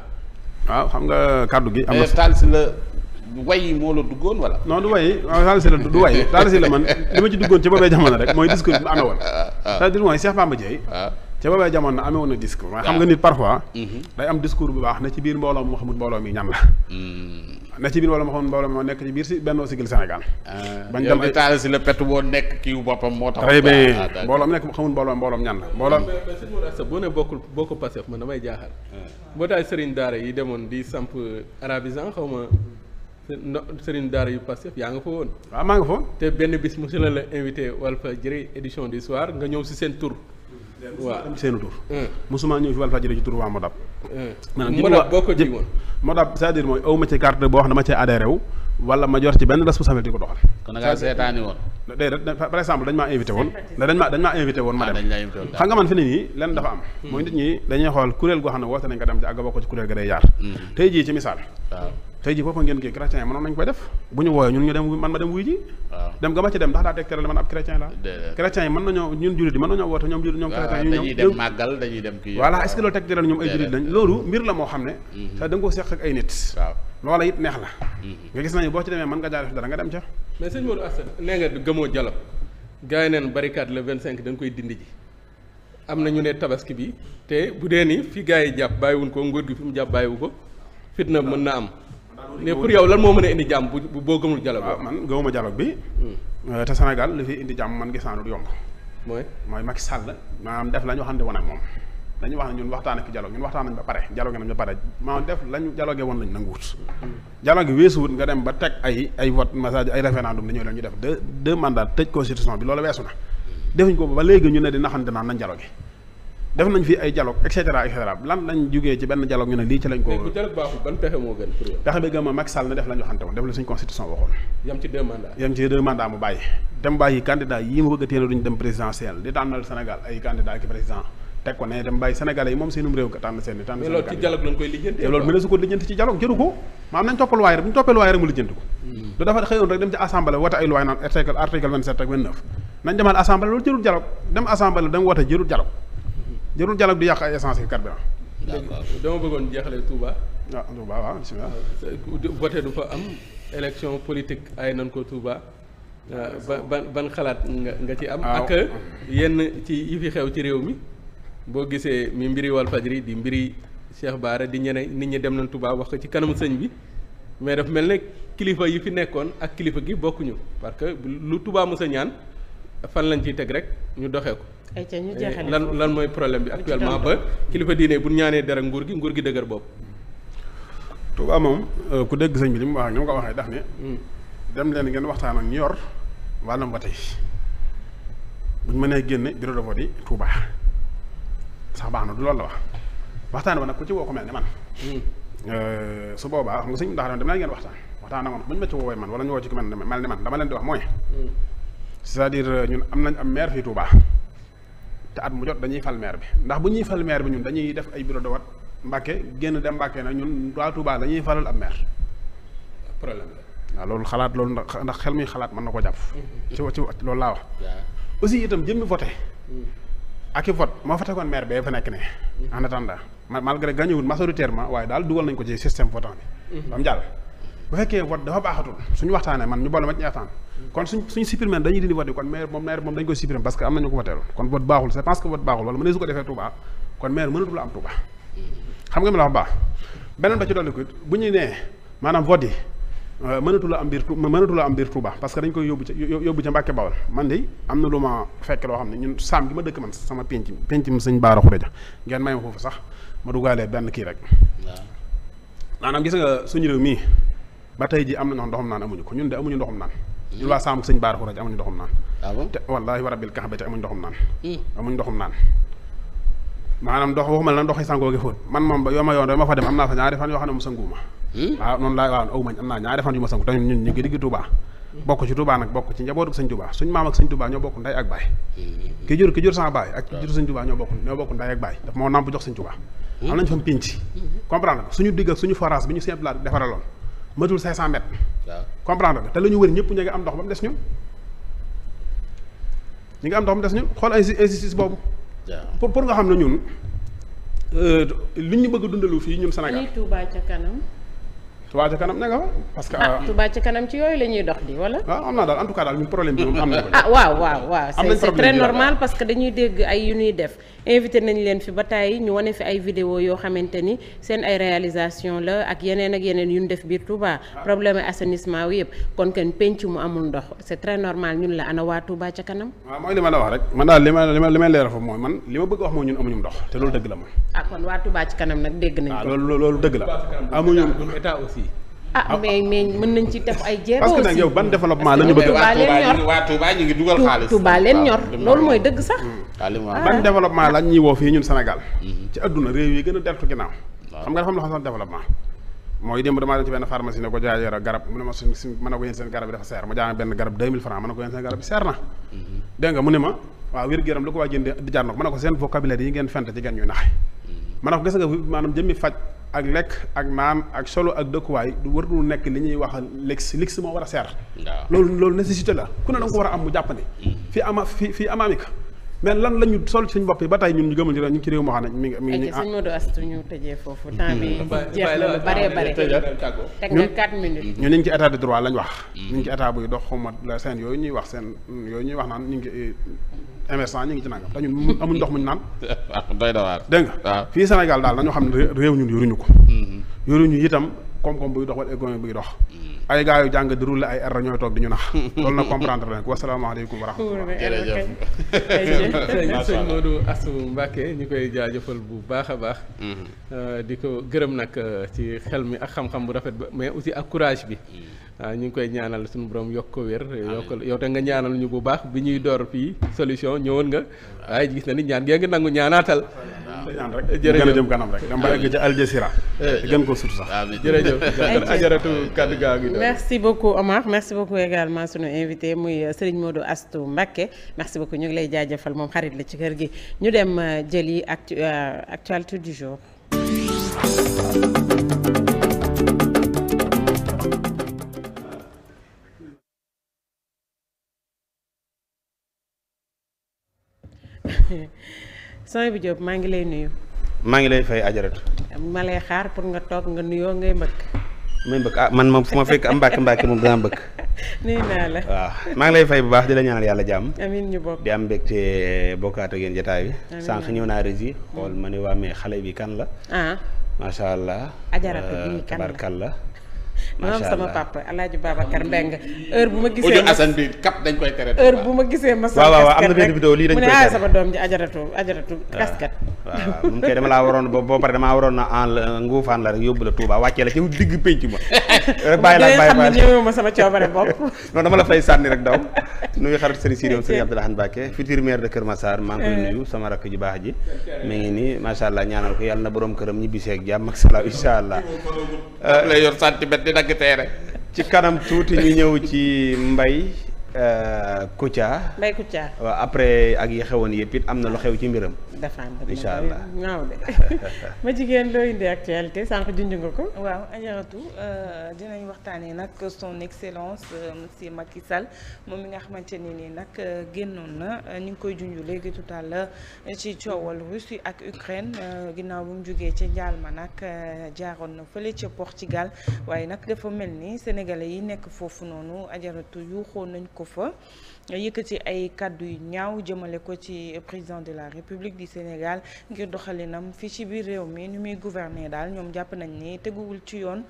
[SPEAKER 2] waaw ah, xam nga kaddu gi. am na Tall si la. way moo la duggoon wala. non du way Talla Sylla du way Talla Sylla man li ma ci duggoon ah, ah. Ah. Mm-hmm. am na ci biir mbooloo mu na mm. ci biir wala ma xamul mbooloo moo nekk ci biir si Benno Siggil Sénégal. bañ dem moo tax. très bien mbooloo mu nekk xamul mbooloo mbooloom ñan la mbooloom. mais
[SPEAKER 3] boo ne bokkul boo ko passé man damay jaaxal. mbootaay sëriñ daara yi demoon di samp arabisant xaw ma sëriñ daara yu Pastef yaa nga fa woon. waaw maa nga fa woon. te benn bis monsieur la la invité Walfadjri édition du soir nga ñëw si seen tur.
[SPEAKER 6] waaw
[SPEAKER 2] dem seen tur. mosuma ñëw fi Walfadjri ci tur waa Modab. maanaam Modab boo ko ji mooy aw ci carte boo xam ne ma cee adhéré wu. wala ma jor ci benn responsabilité ko doxal. kon woon. déedéet par exemple dañ maa invité woon. dañ maa dañ maa invité woon ma ah, dem xam nga man fi ne nii lenn dafa am. mooy nit ñi dañuy xool kuréel goo xam ne woote nañ dem ci àgg bokk ci kuréel tey ji foofa ngeen kii chrétien yi mënoon nañu koy def bu ñu wooyee ñun ñu dem man ma dem wuy ji dem ga ma ci dem ndax daa teg teral man ab chrétien la chrétien yi mën nañoo ñun jullit yi mën nañoo woote ñoom jullit ñoom chrétien yi dañuy dem màggal
[SPEAKER 5] dañuy dem kii voilà est-ce que loolu
[SPEAKER 2] teg teral ñoom ay jullit lañ loolu mbir la moo xam ne mm-hmm. te da nga ko seq ak ay nit waaw loola it neex la mm-hmm. nga gis nañu boo ci demee mën nga jaaree fi dara nga dem ca mais
[SPEAKER 3] sëñ Modou Assane nee nga gëmoo dialogue gars yi neen barricade le 25 dañ koy dindi ji am na ñu ne tabaski bi te bu dee ni fi gars yi jàpp bàyyiwuñ ko nguur gi fi mu jàpp bàyyiwu ko
[SPEAKER 2] fitna mën na am
[SPEAKER 6] mais pour yow lan moo mën a
[SPEAKER 2] indi jàmm bu boo gëmul dialogue waaw ah, man gëmuma jalo bi hmm. euh, te Sénégal li fi indi jàmm man gis naa lu yomb mooy mooy Macky Sall maanaam def la ñu waxante woon ak moom dañu wax ñun waxtaan ak dialogue ñun waxtaan nañ ba pare dialogue nañ ba pare maanaam def lañu dialogue woon lañ nanguwut hmm. dialogue weesuwut nga dem ba teg ay ay vote message ay référendum dañoo leen ñu def deux deux mandats tëj constitution bi loolu weesu na hmm. defuñ ko ba léegi ñu ne di naxante naan nañ dialogue def nañ fi ay dialogue et cetera et cetera lan lañ jógee ci benn dialogue ñu ne lii ci lañ ko dialogue baaxul ban pexe a Macky Sall na def la ñu waxante woon def la suñ constitution waxoon
[SPEAKER 3] yam ci deux mandats
[SPEAKER 2] yam ci deux mu bàyyi dem yi mu bëgg a téela duñu dem présidentiel di tànnal Sénégal ay candidat ki président teg ko ne dem bàyyi sénégalais yi moom seenum réew tànn seen i tànn loolu ci
[SPEAKER 3] dialogue lañ koy lijjanti
[SPEAKER 2] ko lijjanti ci dialogue jëru ko maam nañ toppal waaye rek bu mu lijjanti ko hmm. du dafa xëyoon rek dem ci assemblée wote loolu jërul jërul dialogue di yàq ay essence ak carburant. d'accord
[SPEAKER 3] dama bëggoon jeexale Touba. waaw ah, Touba waaw bisimilah. Euh, voté du fa am élection politique ay nan ko Touba. Euh, ba ban ban xalaat nga nga ci am. Ah, ak yenn ci yi fi xew ci réew mi. boo gisee mi mbiri Walfadjri di mbiri Cheikh Bara di ñeneen nit ñi dem nañ Touba wax ko ci kanamu sëñ bi mais daf mel ne kilifa yi fi nekkoon ak kilifa gi bokkuñu parce que lu Touba mu a ñaan. fan lañ ci teg rek ñu doxee ko.
[SPEAKER 1] Eh, lan
[SPEAKER 3] lan mooy problème bi actuellement ba kilifa diine bu ñaanee dara nguur gi nguur gi dëgër boobu.
[SPEAKER 2] Touba moom euh, ku dégg sëñ bi li mu wax ak ni mu ko waxee daf ne. Hmm. dem leen ngeen waxtaan ak ñu yor wàllum ba tey bu ñu mënee génne bureau de sax baax na du loolu wax waxtaan ba nag ku ko mel ne man. Hmm. Euh, su boobaa xam nga sëñ bi ndax dem naa ngeen waxtaan waxtaan ak man bu ñu ma ci woowee man wala ñu ci ku mel ne man dama leen di wax mooy. Hmm. c'est-à-dire euh, ñun am nañ am maire fii Touba te at mu jot dañuy fal maire bi ndax bu ñuy fal maire bi ñun dañuy def ay bureau de vote génn dem Mbàkke na ñun waa Touba dañuy falal ab maire. problème loolu xalaat loolu ndax xel muy xalaat mën na ko jàpp. Mm-hmm. ci ci loolu laa wax. aussi itam jëmmi voté. Mm. ak i vote moo fa tegoon maire bee fa nekk ne. Mm-hmm. en attendant malgré gagné wul majoritairement waaye daal dugal nañ ko ci système votant bi. Mm-hmm. ba jàll bu fekkee vote dafa baaxatul suñu waxtaanee man ñu boole ma ci kon suñ suñ supprimer dañuy dindi vote bi kon maire moom maire moom dañu koy supprimer parce que am nañu ko voteeloon kon vote baaxul c'est parce que vote baaxul wala mënee su ko defee Touba kon maire mënatul am Touba xam nga mi la wax baax beneen ba ci dolli bu ñu nee maanaam vote yi euh, mënatu la am biir tu mënatu la am biir parce que dañ koy yóbbu ca yóbbu ca Mbàkke Bawol man de am na ma fekk loo xam ne ñun saam gi ma dëkk man sama penc penc mi sëñ Baara Xureja ngeen may ma foofu sax ma dugaalee benn kii rek maanaam gis nga suñu réew mii ba tey ji am na ñoo xam naan amuñu ko ñun de amuñu ndoxam naan ñun waa saam sëñ baara xuraj amuñu ndoxum naan ah te wallaahi wa rabbil ndoxum naan amuñu ndoxum naan maanaam ndox waxuma la ndox yi sangoo fóot man moom ba yoo ma yoon rek ma fa dem am naa fa ñaari fan yoo xam ne mu sanguuma yu ma sangu te ñun ñu ngi digg Touba bokk ci Touba nag bokk ci njabootu maam ak sëñ Touba ñoo bokk nday ak baay ki jur ki jur sama baay ak ki jur sëñ Touba ñoo bokk ñoo bokk nday ak baay daf moo namp jox sëñ Touba am nañu fa pinc comprendre suñu digg ak suñu forage bi ñu simple matul 500 mètres. waaw comprendre nga te la ñu wër ñëpp ñu ngi am ndox ba mu des ñun. ñu ngi am ndox mu des ñun xool ay injustice boobu. pour pour nga xam ne ñun euh, li ñu bëgg dundalu fii ñun Sénégal. lii
[SPEAKER 1] Touba ca kanam.
[SPEAKER 2] Touba ca kanam ne nga fa parce que. ah euh, Touba
[SPEAKER 1] ca kanam ci yooyu la ñuy dox di wala. waaw am naa daal en
[SPEAKER 2] tout cas daal ñun problème bi moom am nañu ko. ah waaw waaw waaw. c'est très normal
[SPEAKER 1] parce que dañuy dégg ay yu ñuy def. invité nañ leen fi ba tàyyi ñu wane fi ay vidéo yoo xamante ni seen ay réalisation la ak yeneen ak yeneen yu ñu def biir Touba problème assainissement wi yëpp kon kenn penc mu amul ndox c'est très normal ñun la ana waatu Touba ca kanam. waaw mooy
[SPEAKER 2] li ma la wax rek man daal li ma li ma li ma mooy man li ma bëgg wax mooy ñun amuñu ndox te loolu dëgg la moom.
[SPEAKER 1] ah kon waa Touba kanam nag dégg nañ ko.
[SPEAKER 2] loolu loolu dëgg la amuñu aussi.
[SPEAKER 1] Ah, ah mais mais mën nañ ci def ay jéego parce que nag yow
[SPEAKER 2] ban développement la ñu bëgg waa Touba ñor waa Touba ñu ngi dugal xaalis leen ñor loolu
[SPEAKER 1] mooy dëgg sax mm.
[SPEAKER 2] ah, ban ah. développement lañ ñuy woo ñun Sénégal mm-hmm. ci adduna réew yi gën a deltu ginnaaw xam nga dafa am loo xam mooy démb damaa dem ci benn pharmacie ne ko jaay yore garab mu ne ma suñ si mën na ko yéen seen garab yi seer ma benn garab 2000 francs mën na ko yéen seen garab yi seer na
[SPEAKER 6] mm-hmm.
[SPEAKER 2] dégg nga mu ne ma waaw na ko ak lekk ak naan ak solo ak dëkkuwaay du war lu nekk li ñuy wax lex lex moo war a seer loolu loolu nécessité la ku ne da ko war a am mu jàppandi hmm. fii ama fii fii amaamika mais lan la ñu sol suñ bopp yi ba tey ñun ñu gëmal ci ñu ngi ci réew moo xam ne mi ngi mi ngi nii. Ah.
[SPEAKER 1] sëñ ñu tëjee mm.
[SPEAKER 2] ci état de droit lañ wax. Mm. ñu ngi ci état buy dox xawma la seen yooyu ñuy wax seen yooyu ñuy wax naan ñu ngi émergent eh, ñu ngi ci nangam te ñun amuñ ndox muñ naan. doy na waar dégg nga. waaw fii Sénégal daal dañoo xam ne réew ñun yoruñu ko. Mm-hmm. yoruñu itam koom-koom buy dox wala économie buy dox mm-hmm. ay gars yu jàng di rouler ay R ñooy toog di ñu nax loolu na comprendre leen ko wasalaamaaleykum wa rahmatulah. jërëjëf jërëjëf sëñ
[SPEAKER 3] Modou Astou Mbacké ñu koy jaajëfal bu baax a baax. Mm-hmm. Euh, di ko gërëm nag euh, ci xel mi ak xam-xam bu rafet ba mais aussi ak courage bi. Mm. ñu ngi koy ñaanal suñu borom yokk ko wér yokk yow te nga ñaanal ñu bu baax bi ñuy door fii solution ñëwoon nga waaye gis na ni ñaan gee nga nangu ñaanaatal ñaan rek gën a jëm kanam rek dama egg ci Al Jazeera
[SPEAKER 2] gën ko sut sax
[SPEAKER 3] jërëjëf ajaratu kaddu gaa gi merci
[SPEAKER 1] beaucoup Omar merci beaucoup également sunu invité muy Serigne Modou Astou Mbacké merci beaucoup ñu ngi lay jaajëfal moom xarit la ci kër gi ñu dem jëli actualité du jour Souhaibou Diop maa ngi lay nuyu.
[SPEAKER 7] maa ngi lay fay ajaratu.
[SPEAKER 1] ma lay xaar pour nga toog nga nuyoo ngay mbëkk.
[SPEAKER 7] may mbëkk ah man ma fu ma fekk am mbàkk mbàkk moom danaa mbëkk.
[SPEAKER 1] nuyu naa la
[SPEAKER 7] waaw maa ngi lay fay bu baax di la ñaanal yàlla jàmm.
[SPEAKER 1] amiin ñu di
[SPEAKER 7] am mbégte bokkaat ak yéen jotaay bi. amiin sànq ñëw naa rési xool ma ni waa xale bi kan la. Ah. macha allah. ajaratu bi kan la macha allah sama
[SPEAKER 1] papa El Hadj Babacar Mbengue heure bu ma
[SPEAKER 7] gisee.
[SPEAKER 1] bu ma gisee ma. waaw waaw am na benn vidéo lii dañ koy ah, sama doom ji ajaratu ajaratu
[SPEAKER 6] ah,
[SPEAKER 7] waaw waaw mu dama laa waroon ba boo pare damaa waroon na en nguufaan la rek yóbbu la Touba wàccee la ci digg pénc ma. rek bàyyi la bàyyi bàyyi ñëwee ma
[SPEAKER 8] sama coobare bopp.
[SPEAKER 7] non dama la fay sànni rek daw nuyu xarit sëriñ Siriam sëriñ Abdourahmane Mbacké futur maire de Kër Massar maa ngi koy eh. nuyu sama rakk ju baax ji mi ngi nii macha na borom këram ñibbisee ak jàmm ak salaam incha dagg tey ci kanam tuuti ñu ñëw ci mbay Euh, Kouthia. Mbaye Kouthia. waaw après ak yi xewoon yëpp it am na lu xew ci mbiram.
[SPEAKER 1] dafa am incha allah ma jigéen loo indi actualité sànq junj nga ko.
[SPEAKER 4] waaw ajaratu euh, dinañ waxtaanee nag son excellence euh, monsieur Macky Sall moom mi nga xamante ne nii nag génnoon na ni ngi koy junj léegi tout à l'heure ci coowal Russie ak Ukraine ginnaaw bu mu jugee ca njaal ma nag jaaroon na fële ca Portugal waaye nag dafa mel ni sénégalais yi nekk foofu noonu ajaratu yuuxoon nañ ko. ko fa yëkkati ay kàddu yu ñaaw jëmale ko ci président de la république du Sénégal ngir doxalinam fii ci biir réew mi ni muy gouverner daal ñoom jàpp nañ ni teguwul ci yoon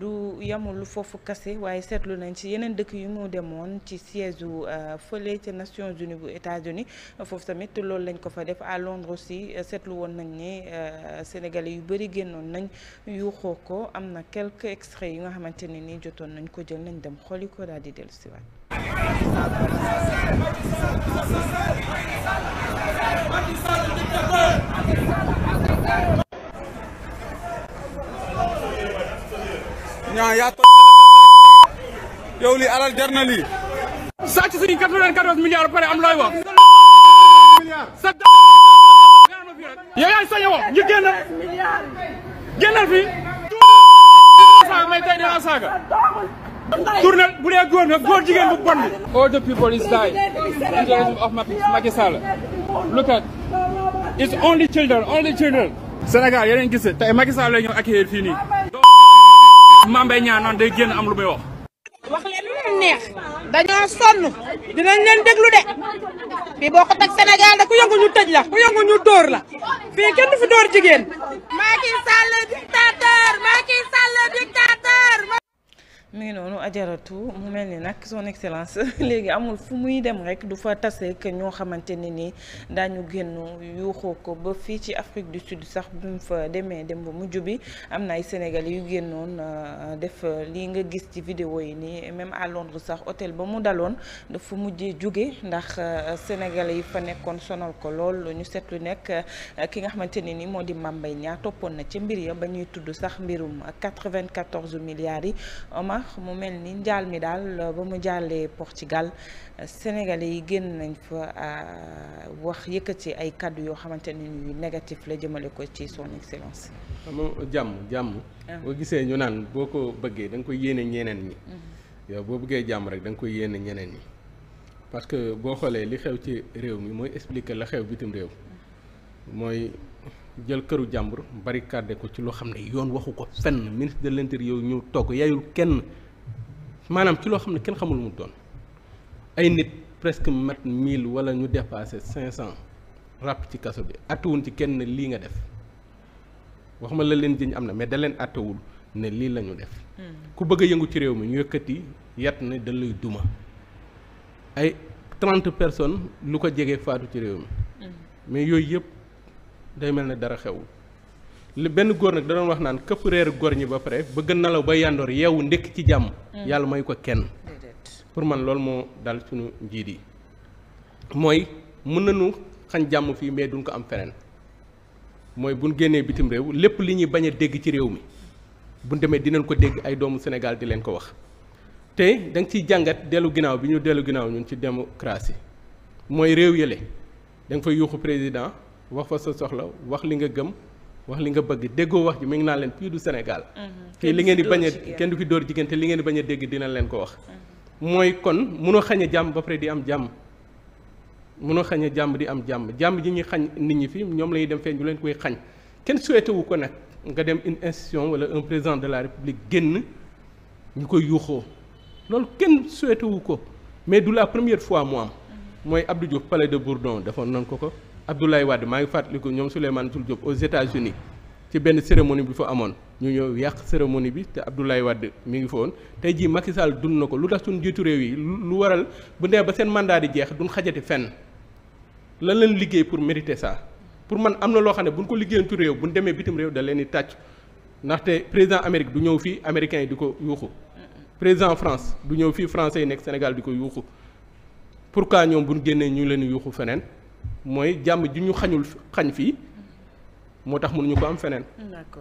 [SPEAKER 4] du yamul foofu kase waaye seetlu nañ ci yeneen dëkk yu mu demoon ci siège u euh, fële ca Nations Unies bu États-Unis foofu tamit loolu lañ ko fa def à Londres aussi euh, seetlu woon nañ ni euh, Sénégalais yu bëri génnoon nañ yuuxoo ko am na quelque extraits yi nga xamante ne ni jotoon nañ ko jël nañ dem xooli ko daal di dellusiwaat
[SPEAKER 7] ñaa yaa toj yow li alal jar na lii.
[SPEAKER 5] sàcc suñu 94 milliards ba pare am looy wax.
[SPEAKER 6] sa yow yaay sañ a wax ñu génn
[SPEAKER 2] génnal fii.
[SPEAKER 6] saaga may tey danga saaga tournel
[SPEAKER 2] bu dee góor na góor jigéen bu bon bi all the people
[SPEAKER 3] is dying
[SPEAKER 6] in the name of Macky Sall look at it's only children
[SPEAKER 2] only children Sénégal yeneen gis tey Macky Sall lay ñëw accueillir fii nii
[SPEAKER 3] Mame Mbaye Niang noonu day génn am lu muy
[SPEAKER 1] wax leen neex dañoo sonn dinañ leen déglu de fii boo ko teg Sénégal da ku yëngu ñu tëj la ku yëngu ñu
[SPEAKER 4] dóor la fii kenn du fi dóor jigéen
[SPEAKER 1] Macky Sall dictateur Macky Sall
[SPEAKER 6] dictateur
[SPEAKER 4] mi ngi noonu ajaratu mu mel ni nag son excellence léegi amul fu muy dem rek du fa tase que ñoo xamante ne nii daañu génn yuuxoo ko ba fii ci Afrique du Sud sax bu fa demee dem ba mujj bi am na ay Sénégalais yu génnoon euh, def euh, lii nga gis ci vidéo yi nii même à Londres sax hôtel ba mu daloon dafa mujjee jóge ndax euh, Sénégalais yi fa nekkoon sonal ko lool ñu seetlu nekk ki nga xamante ne ni moo di Mame Mbaye Niang toppoon na ci mbir ya ba ñuy tudd sax mbirum 94 milliards yi baax mu mel ni njaal mi daal euh, ba mu jàllee Portugal euh, sénégalais yi génn nañ fa euh, wax yëkkati ay kàddu yoo xamante ne yu négatif la jëmale ko ci son excellence.
[SPEAKER 3] amoo jàmm jàmm. Ah. boo gisee ñu naan boo ko bëggee danga koy yéene ñeneen ñi.
[SPEAKER 6] Mhm.
[SPEAKER 3] yow boo bëggee jàmm rek da nga koy yéene ñeneen ñi parce que boo xoolee li xew ci réew mi mooy expliquer la xew bitim réew mhm. mooy. jël këru jàmbur barricade ko ci loo xam ne yoon waxu ko fenn ministre de l'intérieur ñëw toog yayul kenn maanaam ci loo xam ne kenn xamul mu doon ay nit presque mat mille walla ñu dépassé cinq cent ràpp ci kaso bi attewuñ ci kenn lii nga def wax ma la leen jëñ am na mais da leen attewul ne lii lañu def hmm. ku bëgg yëngu ci réew mi ñu yëkkati yat ne da duma ay trente personnes lu ko jege faatu ci réew mi hmm. mais yooyu yëpp day mel ne dara xewul li benn góor nag da doon wax naan këpp reer góor ñi ba pare bëgg nalaw ba yandoor yeewu ndékk ci jàmm mm. yàlla may ko kenn pour man loolu moo dal suñu njiit yi mooy mën nu xañ jàmm fii mais duñ ko am feneen mooy buñ génnee bitim réew lépp li ñuy bañ a dégg ci réew mi bu demee dinañ ko dégg ay doomu Sénégal di leen ko wax te da ciy jàngat dellu ginnaaw bi ñu dellu ginnaaw ñun ci démocratie mooy réew yële da nga fay yuuxu président wax fa sa soxla wax li nga gëm wax li nga bëgg déggoo wax ji mi ngi naan leen fii du Sénégal.
[SPEAKER 6] fii mm-hmm. li ngeen di bañ a kenn
[SPEAKER 3] du fi dóor jigéen te li ngeen di bañ a dégg dina leen ko wax.
[SPEAKER 6] Mm-hmm.
[SPEAKER 3] mooy kon munoo xañ a jàmm ba pare di am jàmm. mënoo xañ a jàmm di am jàmm jàmm ji ñuy xañ nit ñi fi ñoom la ñuy dem fee ñu leen koy xañ kenn souhaité wu ko nag nga dem une institution wala un président de la république génn ñu koy yuuxoo loolu kenn souhaité ko mais du la première fois mu mm-hmm. mooy Abdou Diouf palais de Bourdon defoon nañ ko ko. Abdoulaye Wade maa ngi fàttaliku ñoom Souleymane Jules Diop aux États-Unis ci benn cérémonie bi fa amoon ñu ñëw yàq cérémonie bi te Abdoulaye Wade mi ngi fa te tey jii Macky dund na ko lu tax suñu jiitu réew yi lu waral bu nee ba seen mandat di jeex duñ xajati fenn lan leen liggéey pour mériter ça pour man am na loo xam ne buñ ko liggéeyantu réew buñ demee bitim réew da leen di tàcc ndaxte président Amérique du ñëw fii américain yi di ko yuuxu président France du ñëw fii français yi nekk Sénégal di ko yuuxu pourquoi ñoom buñ génnee ñu leen yuuxu feneen mooy jàmm ju ñu xañul xañ fii moo tax mun ñu ko am feneen.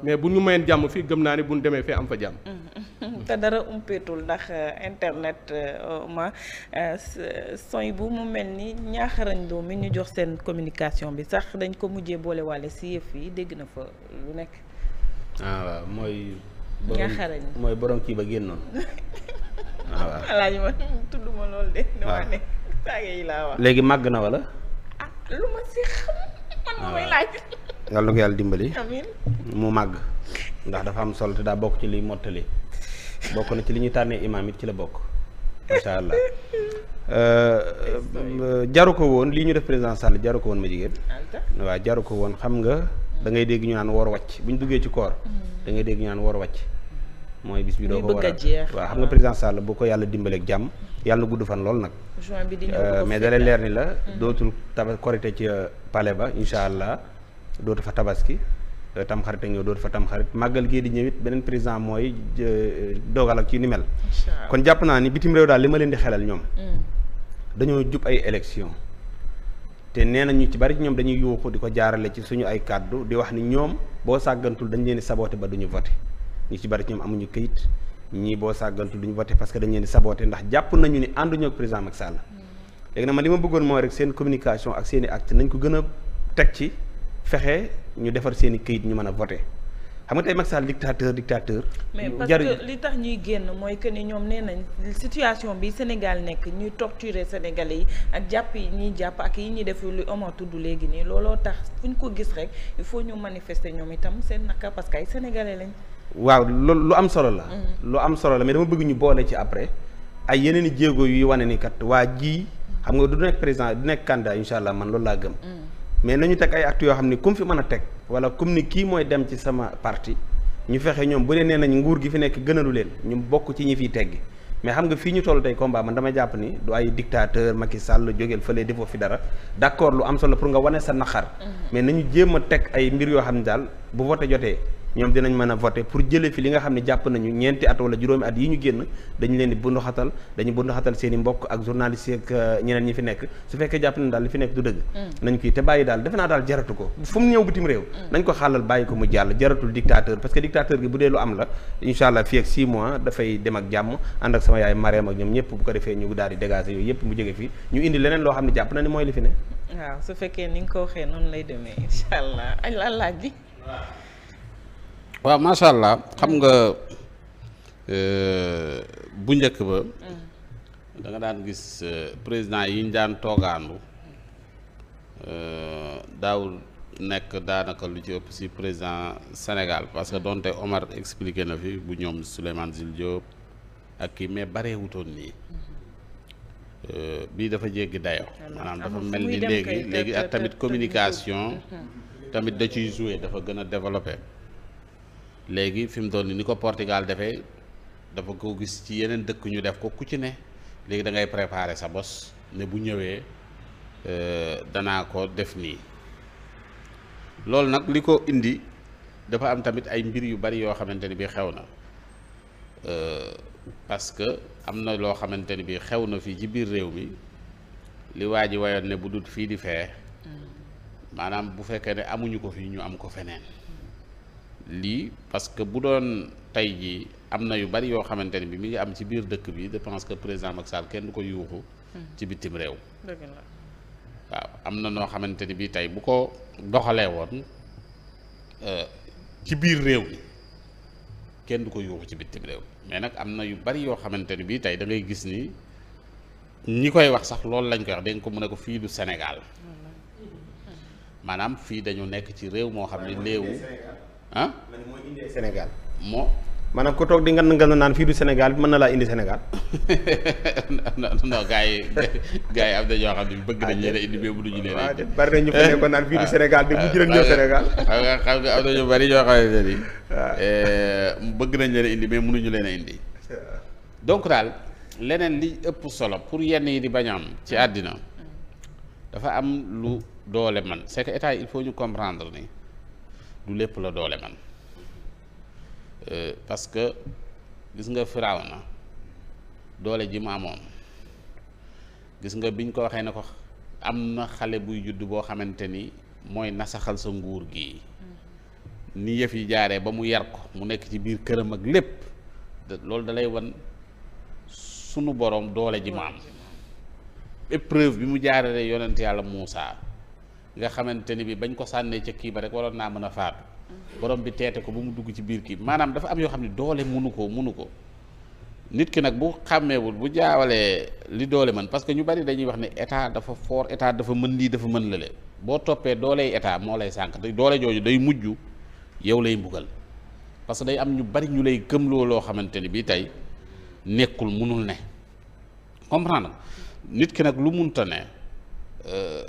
[SPEAKER 3] mais bu ñu mayeen jàmm fii gëm naa ne bu ñu demee fee am fa jàmm.
[SPEAKER 4] te dara umpeetul ndax euh, internet euh, ma euh, sooy bu mu mel ni ñaaxarañ doo mi ñu jox seen communication bi sax dañ ko mujjee boolewaale si yëf yi dégg na fa lu nekk.
[SPEAKER 7] ah waaw mooy. ñaaxarañ mooy borom kii ba génnoon. Ah, waaw waaw alaaj
[SPEAKER 4] tudd ma loolu de. waaw dama ne saa yi laa wax. léegi màgg na wala. lu ma si man ma may
[SPEAKER 7] ah.
[SPEAKER 8] laaj. yàlla na ko yàlla dimbali.
[SPEAKER 7] mu màgg. ndax dafa am solo te daa bokk ci liy mottali bokk na ci li ñuy tànnee imaam it ci la bokk incha allah. Euh, jaru ko woon lii ñu def président Sall jaru ko woon ma jigéen. waa jaru ko woon xam nga dangay ngay dégg ñu naan woor wàcc bu ñu duggee ci koor. Hmm. da ngay dégg ñu naan woor wàcc. mooy bis bi doo ko war a waa xam nga président Sall bu ko yàlla dimbaleeg jàmm yàlla na gudd fan lool nag.
[SPEAKER 4] juin bi di euh, mais da
[SPEAKER 7] leer ni la. Mm. dootul tabas korite ci euh, palais ba incha allah dootu fa tabaski euh, tam xarit ak ñëw dootu fa tam xarit màggal gii di ñëw it beneen président mooy dogal ak ci ni mel. kon jàpp naa ni bitim réew daal li ma leen di xelal ñoom. Mm. dañoo jub ay élection te nee na ñu ci bari ñoom dañuy yuuxu di ko jaarale ci suñu ay kàddu di wax ni ñoom boo sàggantul dañ leen di saboté ba duñu voté ñu ci bari ñoom amuñu këyit. ñii boo sàggantu duñu voté parce que dañ leen di saboté ndax jàpp nañu ni ànduñoo ak président Macky Sall léegi na man li ma bëggoon mooy rek seen communication ak seen i nañ ko gën a teg ci fexe ñu defar seen i këyit ñu mën a voté xam nga tey Macky Sall dictateur dictateur.
[SPEAKER 4] mais parce que li tax ñuy génn mooy que ni ñoom nee nañ situation bi Sénégal nekk ñuy torturer Sénégalais yi ak jàpp yi ñuy jàpp ak yi ñuy def lu Omar tudd léegi nii looloo tax fu ñu ko gis rek il faut ñu manifester ñoom itam seen naka que ay sénégalais
[SPEAKER 7] waaw loolu lu am solo la. Mm-hmm. lu am solo la mais dama bëgg ñu boole ci après ay yeneen i jéego yuy wane ni kat waa jii xam nga du nekk président du nekk candidat incha allah man loolu laa gëm. Mm. mais nañu teg ay actes yoo xam ni comme fi mën a teg wala comme ni kii mooy ci sama parti ñu fexe ñoom bu dee nañ nguur gi fi nekk gënalu leen ñu bokk ci ñi fiy teggi mais xam fii ñu toll tey combat man dama jàpp ni du ay dictateur Macky Sall jógeel fële defoo fi dara accord lu am solo pour nga wane sa naqar. Mm-hmm. mais nañu jéem a teg ay mbir yoo xam ne daal bu vote jotee. ñoom dinañ mën a voter pour jëlee fi li nga xam ne jàpp nañu ñeenti at wala juróomi at yi ñu génn dañu leen di bunduxatal dañu bunduxatal seen mbokk ak journaliste euh, ñeneen ñi fi nekk su fekkee jàpp nañ daal li fi nekk du dëgg mm. nañ koy te bàyyi daal defe naa daal jaratu ko fu mu ñëw bitim réew mm. nañ ko xàllal bàyyi ko mu jàll jaratul dictateur parce dictateur gi bu dee lu am la incha allah fii ak 6 mois dafay dem ak jàmm ànd ak sama yaay Mariam waaw macha allah xam nga
[SPEAKER 5] bu njëkk ba. da nga daan gis président yi ñu daan toogaandu daawul nekk daanaka lu ci ëpp si président Sénégal parce que donte Omar expliqué na fi bu ñoom Souleymane Jules ak kii mais bareewutoon nii bii dafa jéggi dayoo. maanaam dafa mel ni léegi léegi ak tamit communication. tamit da ciy joué dafa gën a développé. léegi fi mu toll ni ko portigal defee dafa ko gis ci yeneen dëkk ñu def ko ku ci ne léegi da ngay préparer sa bos ne bu ñëwee euh, danaa ko def nii loolu nag li ko indi dafa am tamit ay mbir yu bari yoo xamante ni bi xew na euh, parce que am na loo xamante ni bi xew na fii ci biir réew mi li waa ji wayoon ne bu dut fii di fee mm. maanaam bu fekkee ne amuñu ko fii ñu am ko feneen lii parce que bu doon tey jii am na yu bari yoo xamante ne bi mi ngi am ci biir dëkk bi de pense que président Macky Sall kenn du ko yuuxu ci bitim réew am na noo xamante ni bi tey bu ko doxalee woon euh, ci biir réew kenn ko yuuxu ci bitim réew mais nag am na yu bari yoo xamante ni bi tey da gis ni ñi koy wax sax loolu lañ koy wax dañ ko mu ne ko fii du Sénégal maanaam fii dañu nekk ci réew moo xam ne léewu
[SPEAKER 7] ah. mooy indi Sénégal. moo. maanaam ku toog di nga ngan ngan naan fii du Sénégal mën na laa indi Sénégal.
[SPEAKER 5] non non gars yi yi am na xam ne bëgg nañ leen a indi mais mënuñu leen a ah, indi.
[SPEAKER 7] bari na ñu fa nekkoon naan fii ah. ah.
[SPEAKER 5] bari ñoo xamante eh, bëgg nañ leen a indi mais leen donc daal leneen li ëpp solo pour yenn yi di bañ ci àddina dafa am lu doole man c'est que état il faut ñu comprendre ni. du lépp la doole man euh, parce que gis nga firaaw na doole ji mu amoon gis nga biñ ko waxee na ko am na xale buy judd boo xamante ni mooy nasaxal sa nguur gi mm-hmm. ni yëf yi jaaree ba mu yar ko mu nekk ci biir këram ak lépp loolu dalay lay wan sunu boroom doole ji mu am épreuve bi mu jaarale yonent yàlla Muusaa nga xamante ni bi bañ ko sànnee ca kii ba rek waroon naa mën a faatu borom bi teete ko bu mu dugg ci biir kii maanaam dafa am yoo xam ne doole munu ko munu ko nit ki nag bu xàmmeewul bu jaawalee li doole mën parce que ñu bari dañuy wax ne état dafa fort état dafa mën lii dafa mën la lale boo toppee dooley état moo lay sànq te doole jooju day mujj yow lay mbugal parce que day am ñu bari ñu lay këm loo xamante ni bii tey nekkul mënul ne comprendre nit ki nag lu munta ne euh,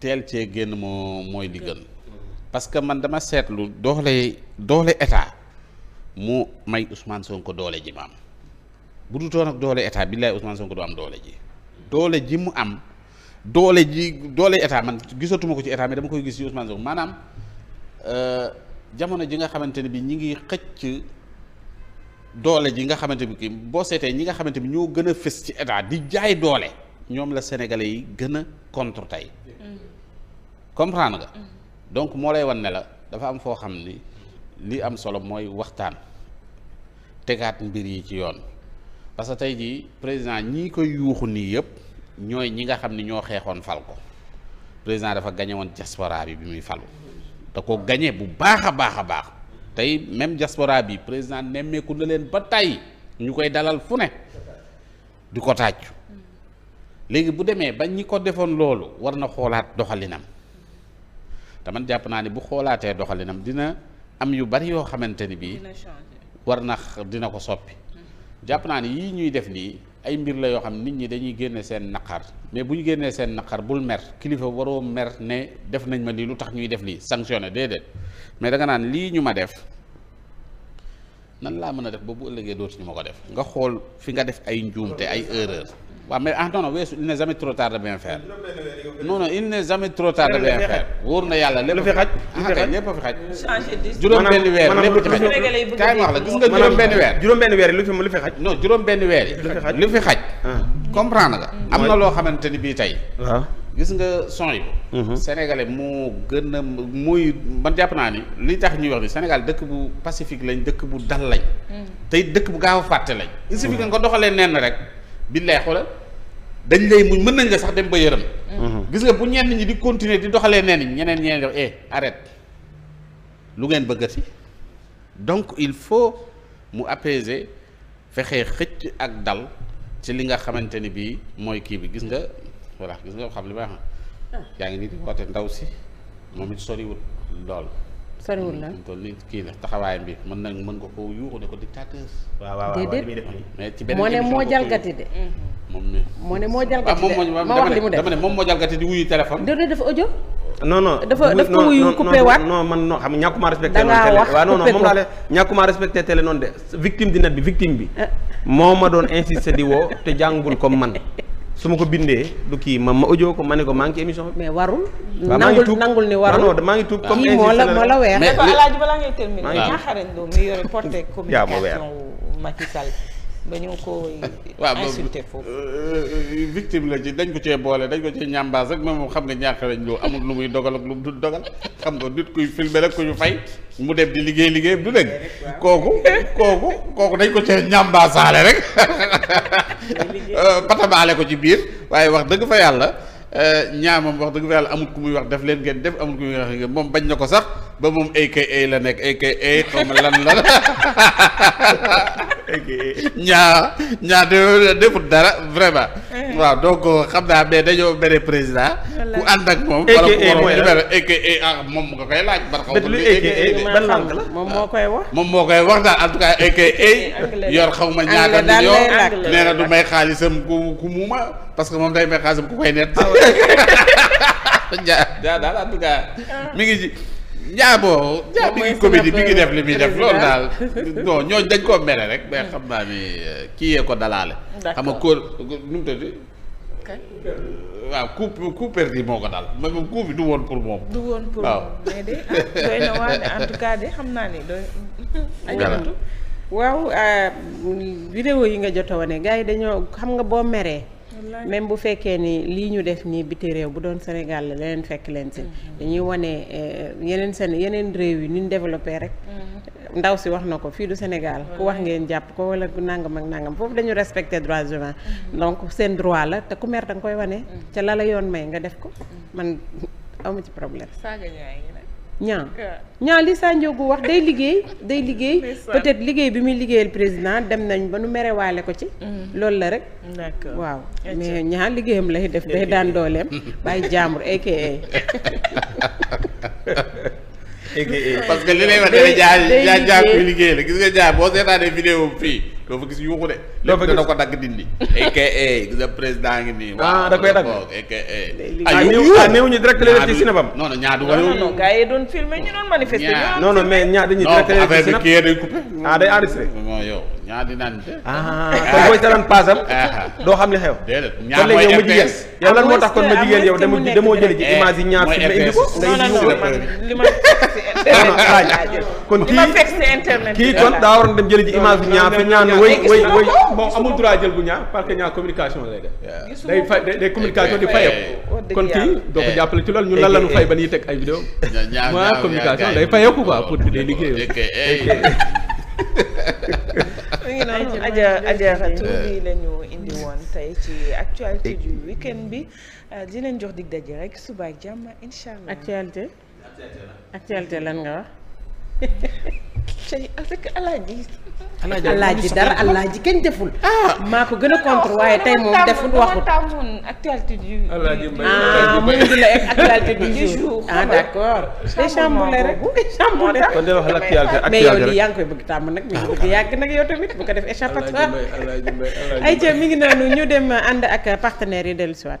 [SPEAKER 5] teel cee génn moo mooy li gën parce que man dama seetlu doole doole état mu may Ousmane Sonko doole ji mu am bu toon ak doole état billaay Ousmane Sonko du am doole ji doole ji mu am doole ji doole état man gisatuma ko ci état mais dama koy gis ci Ousmane Sonko maanaam euh, jamono ji nga xamante ne bi ñi ngi xëcc doole ji nga xamante bi kii boo seetee ñi nga xamante bi ñoo gën a fës ci état di jaay doole ñoom la sénégalais yi gën a contre tey mm. comprendre nga. Mm. donc moo lay wan ne la dafa am foo xam ni li am solo mooy waxtaan tegaat mbir yi ci yoon parce que tey jii président ñii koy yuuxu nii yëpp ñooy ñi nga xam ni ñoo xeexoon fal ko président dafa gañewoon woon bi bi muy falu da ko gañe bu baax a baax a baax tey même diaspora bi président nemmeeku na leen ba tàyyi ñu koy dalal fu ne di ko tàccu mm. léegi bu demee ba ñi ko defoon loolu war na xoolaat doxalinam. te man jàpp naa ni bu xoolaatee doxalinam dina am yu bari yoo xamante ni bii war na dina ko soppi mm-hmm. jàpp naa ni yii ñuy def nii ay mbir la yoo xam nit ñi dañuy génne seen naqar mais bu ñu génnee seen naqar bul mer kilifa waroo mer ne def nañ ma lii lu tax ñuy def lii sanctionné déedéet mais da nga naan lii ñu ma def nan laa mën a def ba bu ëllëgee dootuñu ma ko def nga xool fi nga def ay njuumte ay erreur waaw mais ah non non weesu il n'est jamais trop tard de bien faire non non il de bien faire wóor na yàlla lépp fi xaj ah, lépp fi
[SPEAKER 4] xaj
[SPEAKER 5] juróom benn weer
[SPEAKER 4] lépp ci la gis nga juróom benn weer
[SPEAKER 5] juróom benn weer lu fi lu fi xaj non juróom benn weer yi lu fi xaj ah. comprendre nga am na loo xamante ni bii tey ah. gis nga son yi mm-hmm. sénégalais moo gën a muy man jàpp naa ni li tax ñuy wax ni sénégal dëkk bu pacifique lañ dëkk bu dal lañ mm. tey dëkk bu gaaw a fàtte lañ il mm-hmm. nga ko nenn rek billaay xoolal dañ lay muñ mën nañ la sax dem ba yërëm. Mhm. gis nga bu ñenn ñi di continuer di doxalee neen ñeneen ñeneen def eh arrête lu ngeen bëgg si donc il faut mu apaiser fexe xëcc ak dal ci li nga xamante ni bii mooy kii bi gis nga voilà gis nga xam li baax ah. yaa ngi nii di ndaw si moom it soriwul lool. soriwul la toll ni kii na taxawaayam bi mën na mën nga ko yuuxu ne ko dictateur. waaw waaw waaw li muy def nii mais ci beneen émission moo ne moo jalgati de. Mm-hmm. moom mi
[SPEAKER 1] moo ne moo jalgati de ma wax li mu
[SPEAKER 7] def dama ne moom moo jalgati di wuyu téléphone. doo dafa audio. non non dafa dafa
[SPEAKER 1] ko wuyu coupé waat
[SPEAKER 7] non man non xam ñàkkuma respecté. da ngaa wax waaw non non moom laa la noonu de victime di net bi victime bi. Ah. moo ma doon insister di woo te jàngul comme man. su ma ko bindee du kii ma ma audio ko ma ne ko maa ngi ci émission mais warul. nangul nangul ni warul non maa ngi tuub comme.
[SPEAKER 1] kii moo la moo la weer.
[SPEAKER 4] mais balaa ngay terminer. maa ngi tuub ñaaxarañ doo mi yore porté ma Macky Sall dañoo ko insulté
[SPEAKER 5] foofu euh, euh, victime la ci dañ ko cee boole dañ ko cee ñambaas rek moom xam nga ñàkk lañ loo amul lu muy dogal ak lu mu dul dogal xam nga nit kuy filmer rek ku ñu fay mu dem di liggéey liggéey du dégg kooku kooku kooku dañ ko cee ñambaasaale rek euh, patabaale ko ci biir waaye wax dëgg fa yàlla ñaamam wax dëgg fa yàlla amul ku muy wax def leen ngeen def amul ku muy wax ngeen moom bañ na ko sax ba moom AKA la nekk AKA xaw ma lan la ñaa ñaa de defut dara vraiment eh. waaw donc xam naa mais dañoo bere président ku ànd ak moom ah, moom nga koy laaj bar xaw moo koy wax moom moo daal en tout cas AKA yor xaw ma ñaata million nee xaalisam ku ku muuma parce que moom day may xaalisam ku koy nett ñaa ah daal en tout ah. ngi ci Ndiabo. Ndiabo mi ngi comédie mi def li muy def loolu daal. bon ñooñu dañ koo mere rek mais xam naa ni euh, kii yee ko dalaale. xam nga ko nu pour ah,
[SPEAKER 6] xam
[SPEAKER 1] naa euh, yi nga jot xam nga boo meree. même bu fekkee ni lii ñu def nii biti réew bu doon Sénégal la leneen fekk leen si. Mm-hmm. dañuy wane eh, yeneen seen yeneen réew yi ni ñu développé rek.
[SPEAKER 6] Mm-hmm.
[SPEAKER 1] ndaw si wax na ko fii du Sénégal ku wax ngeen jàpp ko wala nangam ak nangam foofu dañu respecté droits humains mm-hmm. donc seen droit la te ku mer da nga koy wane. ca lala yoon may nga def ko man amu ci problème. ñaa ñaa li Sa Ndiogou wax day liggéey day liggéey peut-être liggéey bi muy liggéeyal président dem nañ ba nu merewaale ko ci mm-hmm. loolu la rek
[SPEAKER 4] d'accord
[SPEAKER 6] waaw
[SPEAKER 1] mais ñaa liggéeyam lay def day daan dooleem bàyyi jaambur aka
[SPEAKER 6] parce que li lay wax dana jaar jaar jaar kuy liggéey la gis nga jaar boo seetaanee vidéo
[SPEAKER 5] fii doo fa gis yuuxu de. doo fa gis lépp dindi. aka ah, da koy
[SPEAKER 4] dagg
[SPEAKER 7] aka ay yu ah néew ñu direct leen ci cinéma am. non non ñaar du wane wu non
[SPEAKER 4] gars yi doon filmé ñu doon manifester.
[SPEAKER 7] non non mais ñaar dañuy direct leen ci cinéma non affaire bi kii day coupé. ah day enregistré. non yow ñaar te. ah paasam. Ah, ah. doo xam li xew. déedéet yow ma jigéen. yow lan moo tax kon ma jigéen yow demoo jëli ji eh, image yi ñaar filmé indi ko. non non
[SPEAKER 4] kii kon daa waroon dem jëli ji image ñaar fi
[SPEAKER 3] ñaan moom amul droit jël bu ñaaw parce que ñaaw communication lay def. day fay day communication di eh, fayeeku. Eh, eh. kon kii doo ko jàppale ci loolu ñun lan la ñu fay ba ñuy teg ay vidéo.
[SPEAKER 6] ñaaw communication day fayeeku quoi pour
[SPEAKER 3] day liggéeyoo.
[SPEAKER 4] mu ngi noonu aja aja xatu bi la ñu indi woon tey ci actualité du week-end bi euh, di leen jox dig daje rek suba ak jàmm incha allah. actualité actualité lan nga wax. tey avec alaaji
[SPEAKER 6] alaaji dara alaaji
[SPEAKER 1] kenn deful. maa ko gën a contre waaye tey moom deful
[SPEAKER 4] waxul. actualité du ah mu ngi la actualité du jour. ah d' accord.
[SPEAKER 1] chamboulé rek chamboulé kon de wax l'actualité mais yow di yaa ngi koy bëgg tàmm nag mi ngi bëgg yàgg nag yow tamit bu ko def échappatoire. ay mi ngi noonu ñu dem ànd ak partenaires yi dellusiwaat.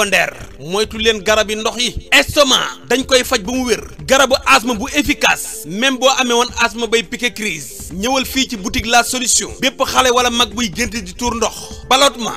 [SPEAKER 7] secondaire moytu leen garab yi ndox yi estomac dañ koy faj ba mu wér garabu asthme bu efficace même boo amee woon asma bay piqué crise ñëwal fii ci boutique la solution bépp xale wala mag buy gént di tuur ndox ballottement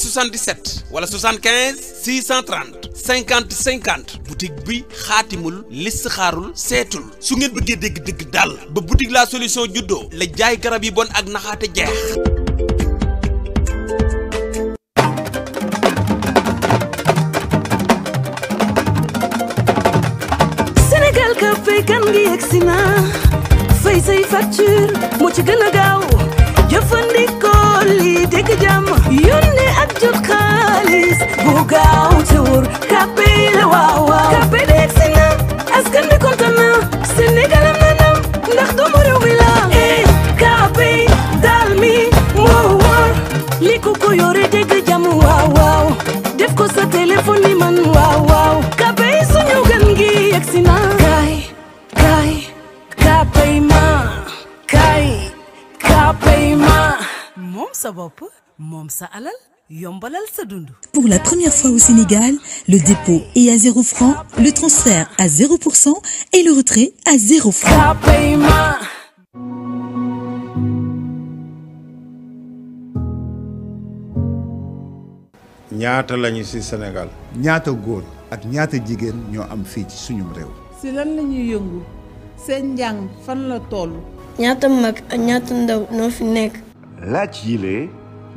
[SPEAKER 7] 77 wala 75 630 50 50 boutique bi xaatimul listixaarul la solution juddoo garab yi bon ak naxaate jeex.
[SPEAKER 4] say facture moo ci gaaw jëfandikoo lii dégg jàmm yónnee jot xaalis bu gaaw te wóor kapay
[SPEAKER 6] la waaw waaw
[SPEAKER 4] kapay de egsi na askan bi kontaan na Sénégal am na ndam ndax doomu réew mi la eh kapay daal mi moo wóor li ko ko yore dégg jàmm waaw waaw
[SPEAKER 1] def ko sa téléphone ni man waaw waaw kapay suñu gan gi egsi na kaay kaay kapay ma kaay kapay ma moom sa bopp moom sa alal yombalal sa dund. Pour la première fois au Sénégal, le dépôt
[SPEAKER 9] ñaata lañu ci Sénégal. ñaata góor ak ñaata jigéen ñoo am fii ci suñum réew.
[SPEAKER 6] ci
[SPEAKER 1] lan la yëngu seen njàng fan la toll. ñaata mag ak ñaata ndaw noo
[SPEAKER 9] fi nekk.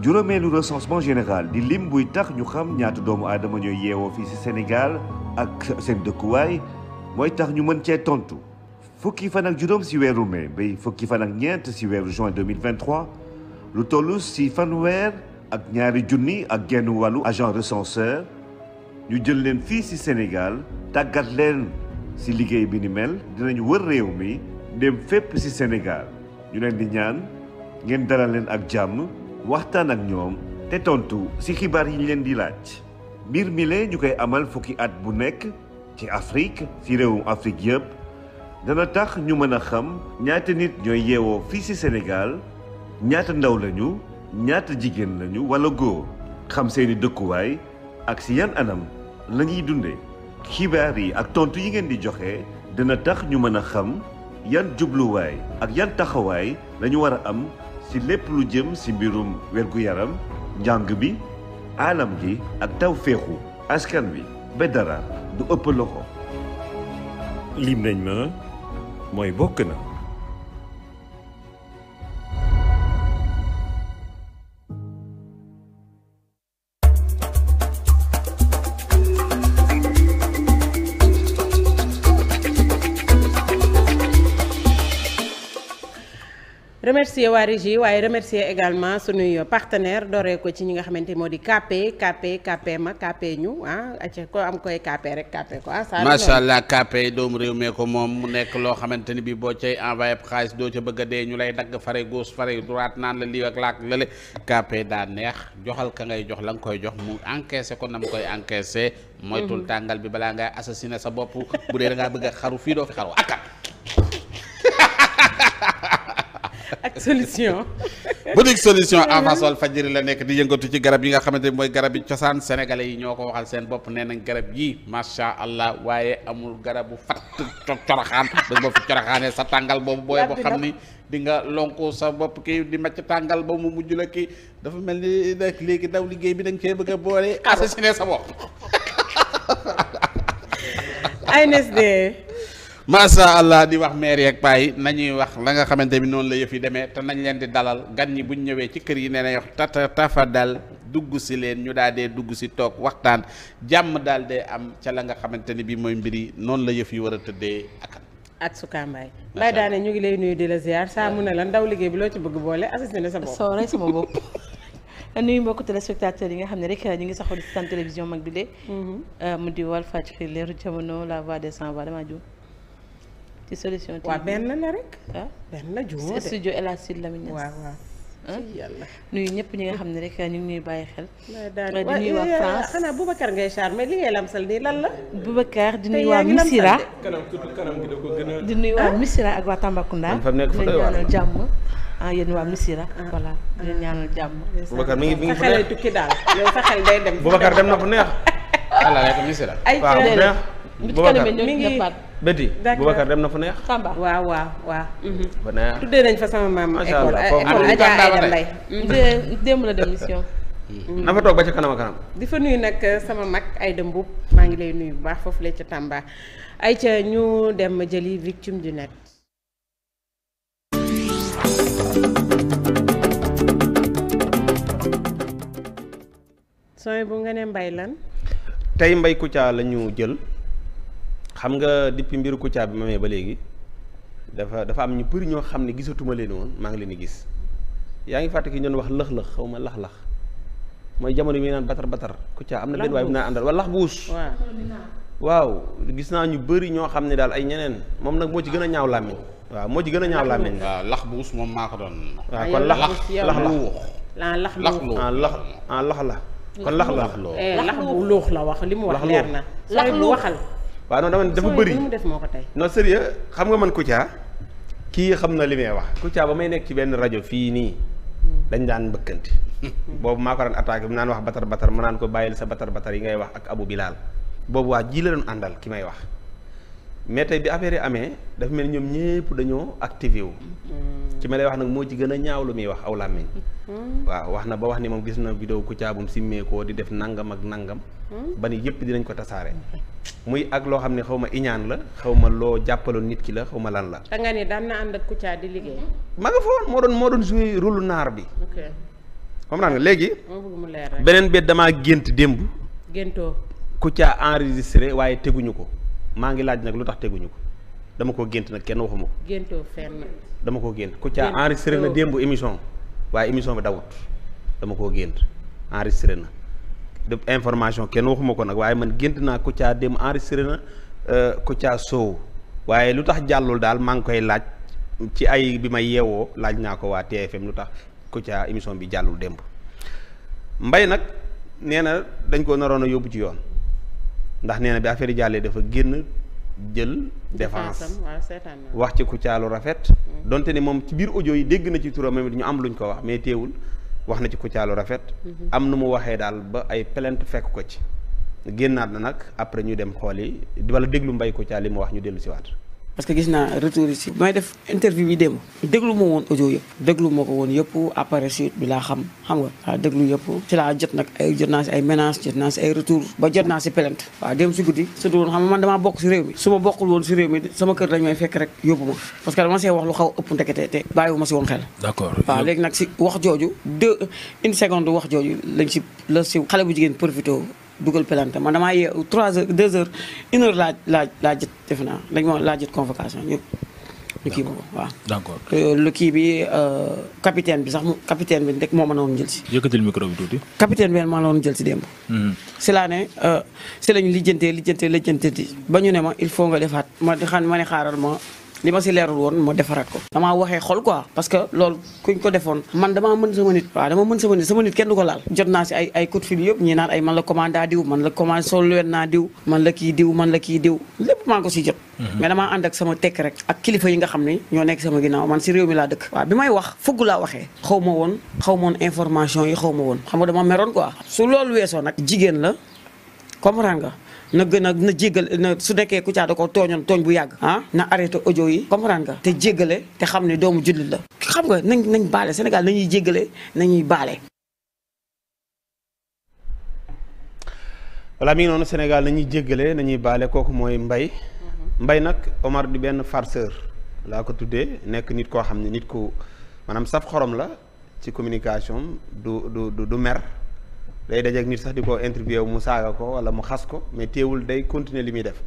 [SPEAKER 9] juróomeelu recensement général di lim buy tax ñu xam ñaata doomu aadama ñooy yeewoo fii ci Sénégal ak seen dëkkuwaay mooy tax ñu mën cee tontu fukki fan ak juróom ci weeru mai bay fukki fan ak ñeent ci weeru juin 2023 lu toll ci weer ak ñaari junni ak genn wàllu agent recenseur ñu jël leen fii ci Sénégal tàggat leen ci liggéey bi ni mel dinañ wër réew mi dem fépp ci Sénégal ñu leen di ñaan ngeen dalal leen ak jàmm waxtaan ak ñoom te tontu ci xibaar yi leen di laaj mbir mi lee ñu koy amal fukki at bu nekk ci Afrique ci réewum Afrique yépp dana tax ñu mën a xam ñaata nit ñooy yeewoo fii ci senegaal ñaata ndaw lañu ñaata jigéen lañu walla góor xam seeni dëkkuwaay ak ci yan anam lañuy dunde xibaar yi ak tontu yi ngeen di joxe dana tax ñu mën a xam yan jubluwaay ak yan taxawaay lañu war a am ci lépp lu jëm ci mbirum wér yaram njàng bi alam gi ak tawféexu askan bi ba dara du ëpp loxo lim nañ mooy bokk na
[SPEAKER 1] remercier waa régie waaye remercier également sunuy partenaire dooree ko ci ñi nga xamante moo di KP KP KP ma KP ñu ah ci ko am koy KP rek KP ko ah. macha allah
[SPEAKER 5] KP doomu ko moom mu nekk loo xamante ni bii boo cay envoyé xaalis doo ca bëgg a ñu lay dagg fare gauche fare droite naan la lii ak laak lële KP daa neex joxal ka ngay jox la nga koy jox mu encaissé ko na mu koy encaissé. Mhm. moytul tàngal bi balaa ngay assassiné sa bopp bu dee da ngaa bëgg xaru fii doo fi xaru akkat ak solution. boutique solution en face Walfadjri la nekk di yëngatu ci garab yi nga xamante ni mooy garab yi cosaan sénégalais yi ñoo ko waxal seen bopp nee nañ garab yi macha allah waaye amul garabu fatt coraxaan dañ boo fi coraxaanee sa tàngal boobu booy boo xam ni di nga lonku sa bopp kii di macc tàngal ba mu mujj la kii dafa mel ni nag léegi daw liggéey bi da nga cee bëgg a boole assassiné sa bopp. ANSD macha allah di wax maire yeeg paa yi nañuy wax la nga xamante bi noonu la yëf yi demee te nañ leen di dalal gan ñi buñ ñëwee ci kër yi nee nañ wax tata tafa dal dugg si leen ñu daal dee dugg si toog waxtaan jàmm daal dee am ca la nga xamante ni bi mooy mbir yi noonu la yëf yi war a tëddee
[SPEAKER 1] ak. ak su Kambaay. Baye Daane ñu ngi lay nuyu di la ziar saa mu ne la ndaw liggéey bi loo ci bëgg boole assisté sa bopp. soo rey sama bopp. nuyu mbokk téléspectateurs yi nga xam ne rek ñu ngi saxoo di seen télévision mag bi de. Mm-hmm. Euh, mu di Walfadjri leeru jamono la voix des sans voix dama ci solution. TV waaw benn la rek. ah benn la juumoo de ah. nuyu ñëpp ñi nga xam ne rek ñu ngi ñuy bàyyi xel. di nuyu waa France li ngay lamsal lan la. Boubacar di nuyu waa Missira. di nuyu waa ah. Missira ak waa Tambacounda. di ñaanal jàmm. ah yéen waa Missira. Ah. voilà di leen ñaanal jàmm. Boubacar mi daal yow sa xel dem.
[SPEAKER 7] na fu neex. allo Missira. ay waaw Boubacar mi ngi bëti Boubacar dem na fu neex.
[SPEAKER 1] Tamba waaw waaw waaw. Mhm. Mhm. tuddee nañ fa sama maam. macha allah école
[SPEAKER 7] Adja Aïda Mbaye. Mhm. démb na fa toog ba ca kanam kanam.
[SPEAKER 1] di fa nuyu nag sama mag Aïda Mboup maa ngi lay nuyu bu baax foofu lay ca Tamba ay ca ñu dem jëli victime du net. sooy bu nga ne mbay lan.
[SPEAKER 7] tey mbay Kouthia la ñu jël. xam nga depuis mbiru Kouthia bi ma mee ba léegi dafa dafa am ñu bëri ñoo xam ne gisatuma leen woon maa ngi leen di gis yaa ngi fàtte ki ñoon wax lëx-lëx xaw ma lax-lax mooy jamono yi naan batar batar Kouthia am na benn waaye bu naa àndal wala lax buus waaw gis naa ñu bëri ñoo xam ne daal ay ñeneen moom nag moo ci gën a ñaaw làmmiñ waaw moo ci gën a ñaaw làmmiñ waaw lax buus moom maa ko doon kon lax lax la eh, lax lax lax lax la la lax luux
[SPEAKER 1] la wax li mu wax lax lu waxal
[SPEAKER 7] waaw non dama dafa bëri non sérieux xam nga man Kouthia kii xam na li may wax Kouthia ba may nekk ci benn rajo fii nii hmm. dañ daan mbëkkanti hmm. boobu maa ko daan attaqué mu naan wax batar batar mu naan ko bàyyil sa batar batar yi ngay wax ak abu Bilal boobu waa ji la doon àndal ki may wax mais tey bi affaire yi amee dafa mel ni ñoom ñëpp dañoo activé wu. ci ma lay wax nag moo ci gën a ñaaw lu muy wax aw làmmiñ waaw wax na ba wax ni moom gis na vidéo ku caabum simmeekoo di def nangam ak nangam. ba ni yëpp dinañ ko tasaare. muy ak loo xam ne xaw ma iñaan la xaw ma loo jàppaloon nit ki la xaw ma lan la.
[SPEAKER 1] da nga daan na ànd ak Kouthia di liggéey.
[SPEAKER 7] ma nga foon moo doon moo doon joué rôle naar bi. ok xam léegi. beneen bi damaa gént démb. géntoo Kouthia enregistré waaye teguñu ko. maa ngi laaj nag lu tax teguñu ko dama koo gént nag kenn waxuma ko.
[SPEAKER 1] géntoo fenn.
[SPEAKER 7] dama ko gént ku caa enregistré na démb émission waaye émission bi dawut dama koo gént enregistré na. de information kenn waxuma ko nag waaye man gént naa ku caa démb enregistré na euh, ku caa soow waaye lu tax jàllul daal maa ngi koy laaj ci ay bi ma yeewoo laaj naa ko waa TFM lu tax ku caa émission bi jàllul démb mbay nag nee na dañ koo naroon a yóbbu ci yoon. ndax nee na bi affaire yi dafa génn jël défense wax ci Kouthia lu rafet mm. donte ne moom ci biir audio yi dégg na ci turam moom it ñu am luñ ko wax mais téewul wax na ci Kouthia lu rafet mm-hmm. am nu mu waxee daal ba ay pelent fekk ko ci génnaat na nag après ñu dem xool yi wala déglu ku Kouthia li mu wax ñu dellu si waat
[SPEAKER 8] parce que gis naa retour yi si may def interview yi démb déglu ma woon audio yëpp déglu ma ko woon yëpp après suite bi laa xam xam nga waaw déglu yëpp ci laa jot nag ay jot naa si ay menaces jot naa si ay retour ba jot naa si plainte waaw démb si guddi surtout woon xam nga man damaa bokk si réew mi su ma bokkul woon si réew mi sama kër dañ may fekk rek yóbbu ma parce que dama see wax lu xaw ëpp ndekete te bàyyiwu ma si woon xel
[SPEAKER 2] d'accord waaw léegi
[SPEAKER 8] nag si wax jooju deux une wax jooju lañ si la si xale bu jigéen profité dugal pelante man damaa yee 3 heures 2 heures 1 heure laa laa laa jët def naa dañu ma laa jët convocation ñu ñu kii boobu waaw. d'accord euh, lu kii bi euh, capitaine bi sax capitaine bi rek moo ma doon jël si.
[SPEAKER 3] yëkkatil micro bi tuuti.
[SPEAKER 8] capitaine bi maa doon jël si démb. Mm-hmm. si laa ne euh, si lañu lijjantee lijjantee lijjantee di ba ñu ne ma il faut nga defaat ma ne xaaral ma. li ma si leerul woon ma defaraat ko dama waxe xol quoi parce que loolu kuñ ko defoon man damaa mën sama nit waaw dama mën sama nit sama nit kenn ko laal jot naa si ay ay coup de fil yëpp ñi naan ay man la commanda diw man la commande man la kii diw man la kii diw lépp maa ko si jot mhm. mais damaa ànd ak sama tekk rek ak kilifa yi nga xam ne ñoo nekk sama ginnaaw man si réew mi laa dëkk waaw bi may wax foog laa waxee xaw ma woon xaw ma woon information yi xaw ma woon xam nga dama meroon quoi su loolu weesoo nag jigéen la comprendre na gën a na jéggal na su nekkee Kouthia da ko tooñoon tooñ bu yàgg ah na arrêté ojo yi comprendre nga te jéggale te xam ne doomu jullit la xam nga nañ nañ baale Sénégal nañuy jéggale nañuy baale
[SPEAKER 7] voilà mi ngi noonu Sénégal nañuy jéggale baale kooku mooy mbay mhm. mbay nag Omar di benn farceur laa ko tuddee nekk nit koo xam ne nit ku maanaam saf xorom la ci communication du du du mer day dajeeg nit sax di ko interview mu saaga ko wala mu xas ko mais téewul day continuer li muy def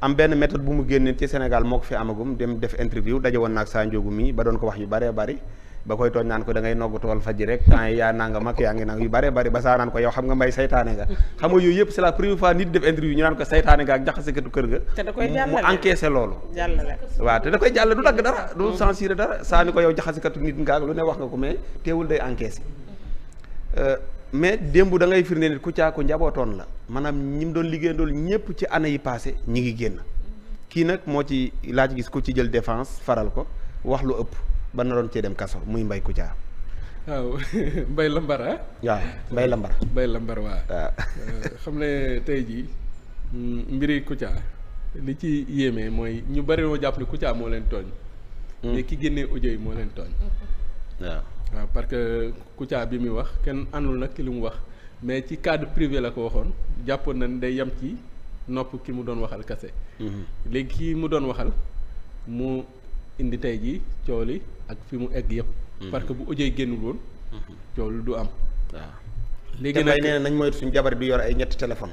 [SPEAKER 7] am benn méthode bu mu génne ci Sénégal moo ko fi amagum dem def interview daje woon naag saa njóogu mii ba doon ko wax yu baree bari ba koy tooñ naan ko da ngay nogg tool faji rek temps yi yaa nanga mag yaa ngi nang yu baree bari ba saa naan ko yow xam nga mbay saytaane nga xam nga yooyu yëpp c'est la première fois nit def interview ñu naan ko saytaane nga ak jaxasekatu kër ga mu encaissé loolu waaw te da koy jàll du dagg dara du censuré ko yow jaxasekatu nit nga ak lu ne wax nga ko mais mais démb da ngay firnde nit ku caaku njabootoon la maanaam ñi mu doon liggéeyandool ñëpp ci année yi passé ñi ngi génn kii nag moo ci laaj gis ko ci jël défense faral ko wax lu ëpp ba naroon cee dem kaso muy mbay ku caa.
[SPEAKER 3] waaw mbay lambar ah.
[SPEAKER 7] waaw lambar. mbay lambar euh,
[SPEAKER 3] xam ne tey jii mm, mbiri Kouthia li ci yéeme mooy ñu bari moo jàpp ne Kouthia moo leen tooñ. Mm. mais ki génnee audio yi moo leen tooñ. waaw. waaw parce que Kouthia bi muy wax kenn àndul nag ki li mu wax mais ci cadre privé la ko waxoon jàppoon na day yem ci nopp ki mu doon waxal kase mhm. léegi kii mu doon waxal mu indi tey jii coow li ak fi mu egg yëpp. Mhm. parce que bu
[SPEAKER 7] ojee génnul woon. Mhm. du am. léegi nag nee nañ mooy suñ jabar bi yore ay ñetti téléphone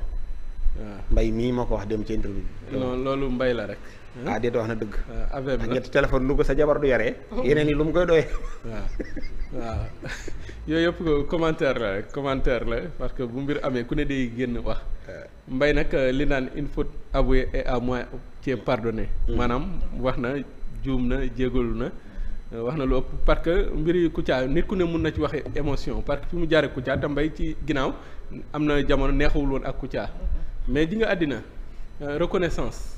[SPEAKER 7] waaw mbay mii moo ko wax dem ci interview
[SPEAKER 3] loolu mbay la rek. Hmm? ah déet
[SPEAKER 7] wax na dëgg. Ah, affaire ñetti téléphone lu ko sa jabar du yaree. yeneen yi lu mu koy doyee.
[SPEAKER 3] waaw ah, ah. waaw yooyu yëpp commentaire la commentaire la parce que bu mbir amee ku ne day génn wax. mbay nag euh, li naan il faut avouer et à moitié pardonner. Hmm. maanaam wax na juum na jégalu na. Euh, wax na lu ëpp parce que mbir yi Kouthia nit ku ne mun na ci waxee émotion parce que fi mu jaare Kouthia te mbay ci ginnaaw am na jamono neexawul woon ak Kouthia hmm. mais di nga àddina euh, reconnaissance.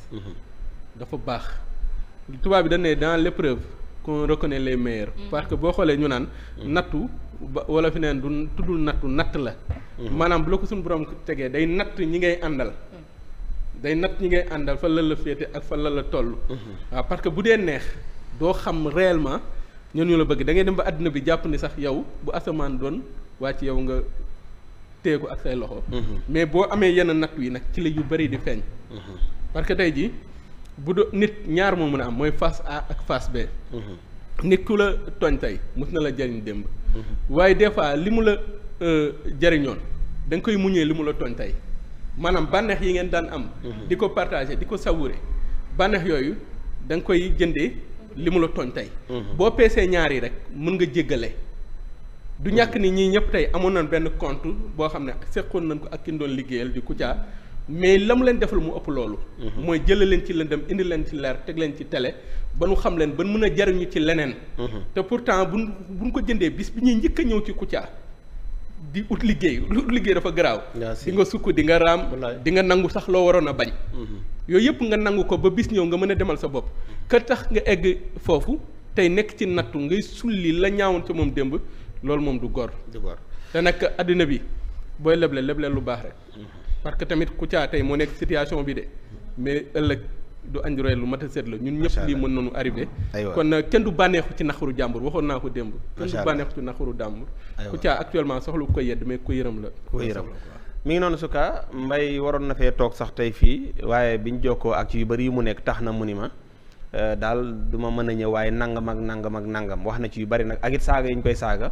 [SPEAKER 3] dafa baax tubaab bi dañ ne dans l'épreuve qu'on reconnaît les meilleurs. Mm-hmm. parce que boo xoolee ñu naan. Mm-hmm. nattu ba wala fi neen du tuddul nattu natt la. Mm-hmm. maanaam bu la ko suñu borom tegee day natt ñi ngay àndal. day natt ñi ngay àndal fa lan la féete ak fa lan la toll. waaw parce que bu dee neex doo xam réellement ñun ñu la bëgg da dem ba àdduna bi jàpp ni sax yow bu asamaan doon wàcc yow nga teeku ak say loxo. mais boo amee yenn natt yi nag ci la yu bari di feeñ. parce tey bu do nit ñaar moo mën a am mooy face A ak face B. Mhm. nit ku la tooñ tey mës na la jariñ démb. Mhm. waaye des fois li mu la euh, jariñoon da koy muñee li mu la tooñ tey maanaam bànneex yi ngeen daan am. Mhm. di ko partager di ko savourer bànneex yooyu da nga koy jëndee li mu la tooñ tey. boo peesee ñaar yi rek mën nga jéggale. du ñàkk ni ñii ñëpp tey amoon na benn compte boo xam ne seqoon nañ ko ak ki doon liggéeyal di Kouthia mais lam leen defal mu ëpp loolu. Mhm. mooy jëlee leen ci lëndëm indi leen ci leer teg leen ci tele ba nu xam leen ba mën a jariñu ci leneen. Mhm. te pourtant bu buñ ko jëndee bis bi ñuy njëkk a ñëw ci Kouthia di ut liggéey lu ut liggéey dafa garaaw. di nga sukk di nga raam di nga nangu sax loo waroon a bañ. Mhm. yooyu yëpp nga nangu ko ba bis ñëw nga mën a demal sa bopp. ka tax nga egg foofu tey nekk ci nattu ngay sulli la ñaawoon ci moom démb loolu moom du gor. du gor te nag àddina bi booy leble leble lu baax rek. parce que tamit ku Kouthia tey moo nekk situation bi de mais ëllëg du anjuree lu mat a seet la ñun ñëpp lii mën nañu arrivé kon euh, kenn du bànneexu ci naxaru jàmbur waxoon naa ko démb kenn du bànneexu ci naxaru jàmbur Kouthia actuellement
[SPEAKER 7] soxlu ko yedd mais ku yërëm la ku yërëm la mi ngi noonu suka mbay waroon na fee toog sax tey fii waaye biñ jokkoo ak yu bëri yu mu nekk tax na mu ni ma euh, daal du ma mën a ñëw waaye nangam ak nangam ak nangam wax na ci yu bëri nag ak it saaga yi koy saaga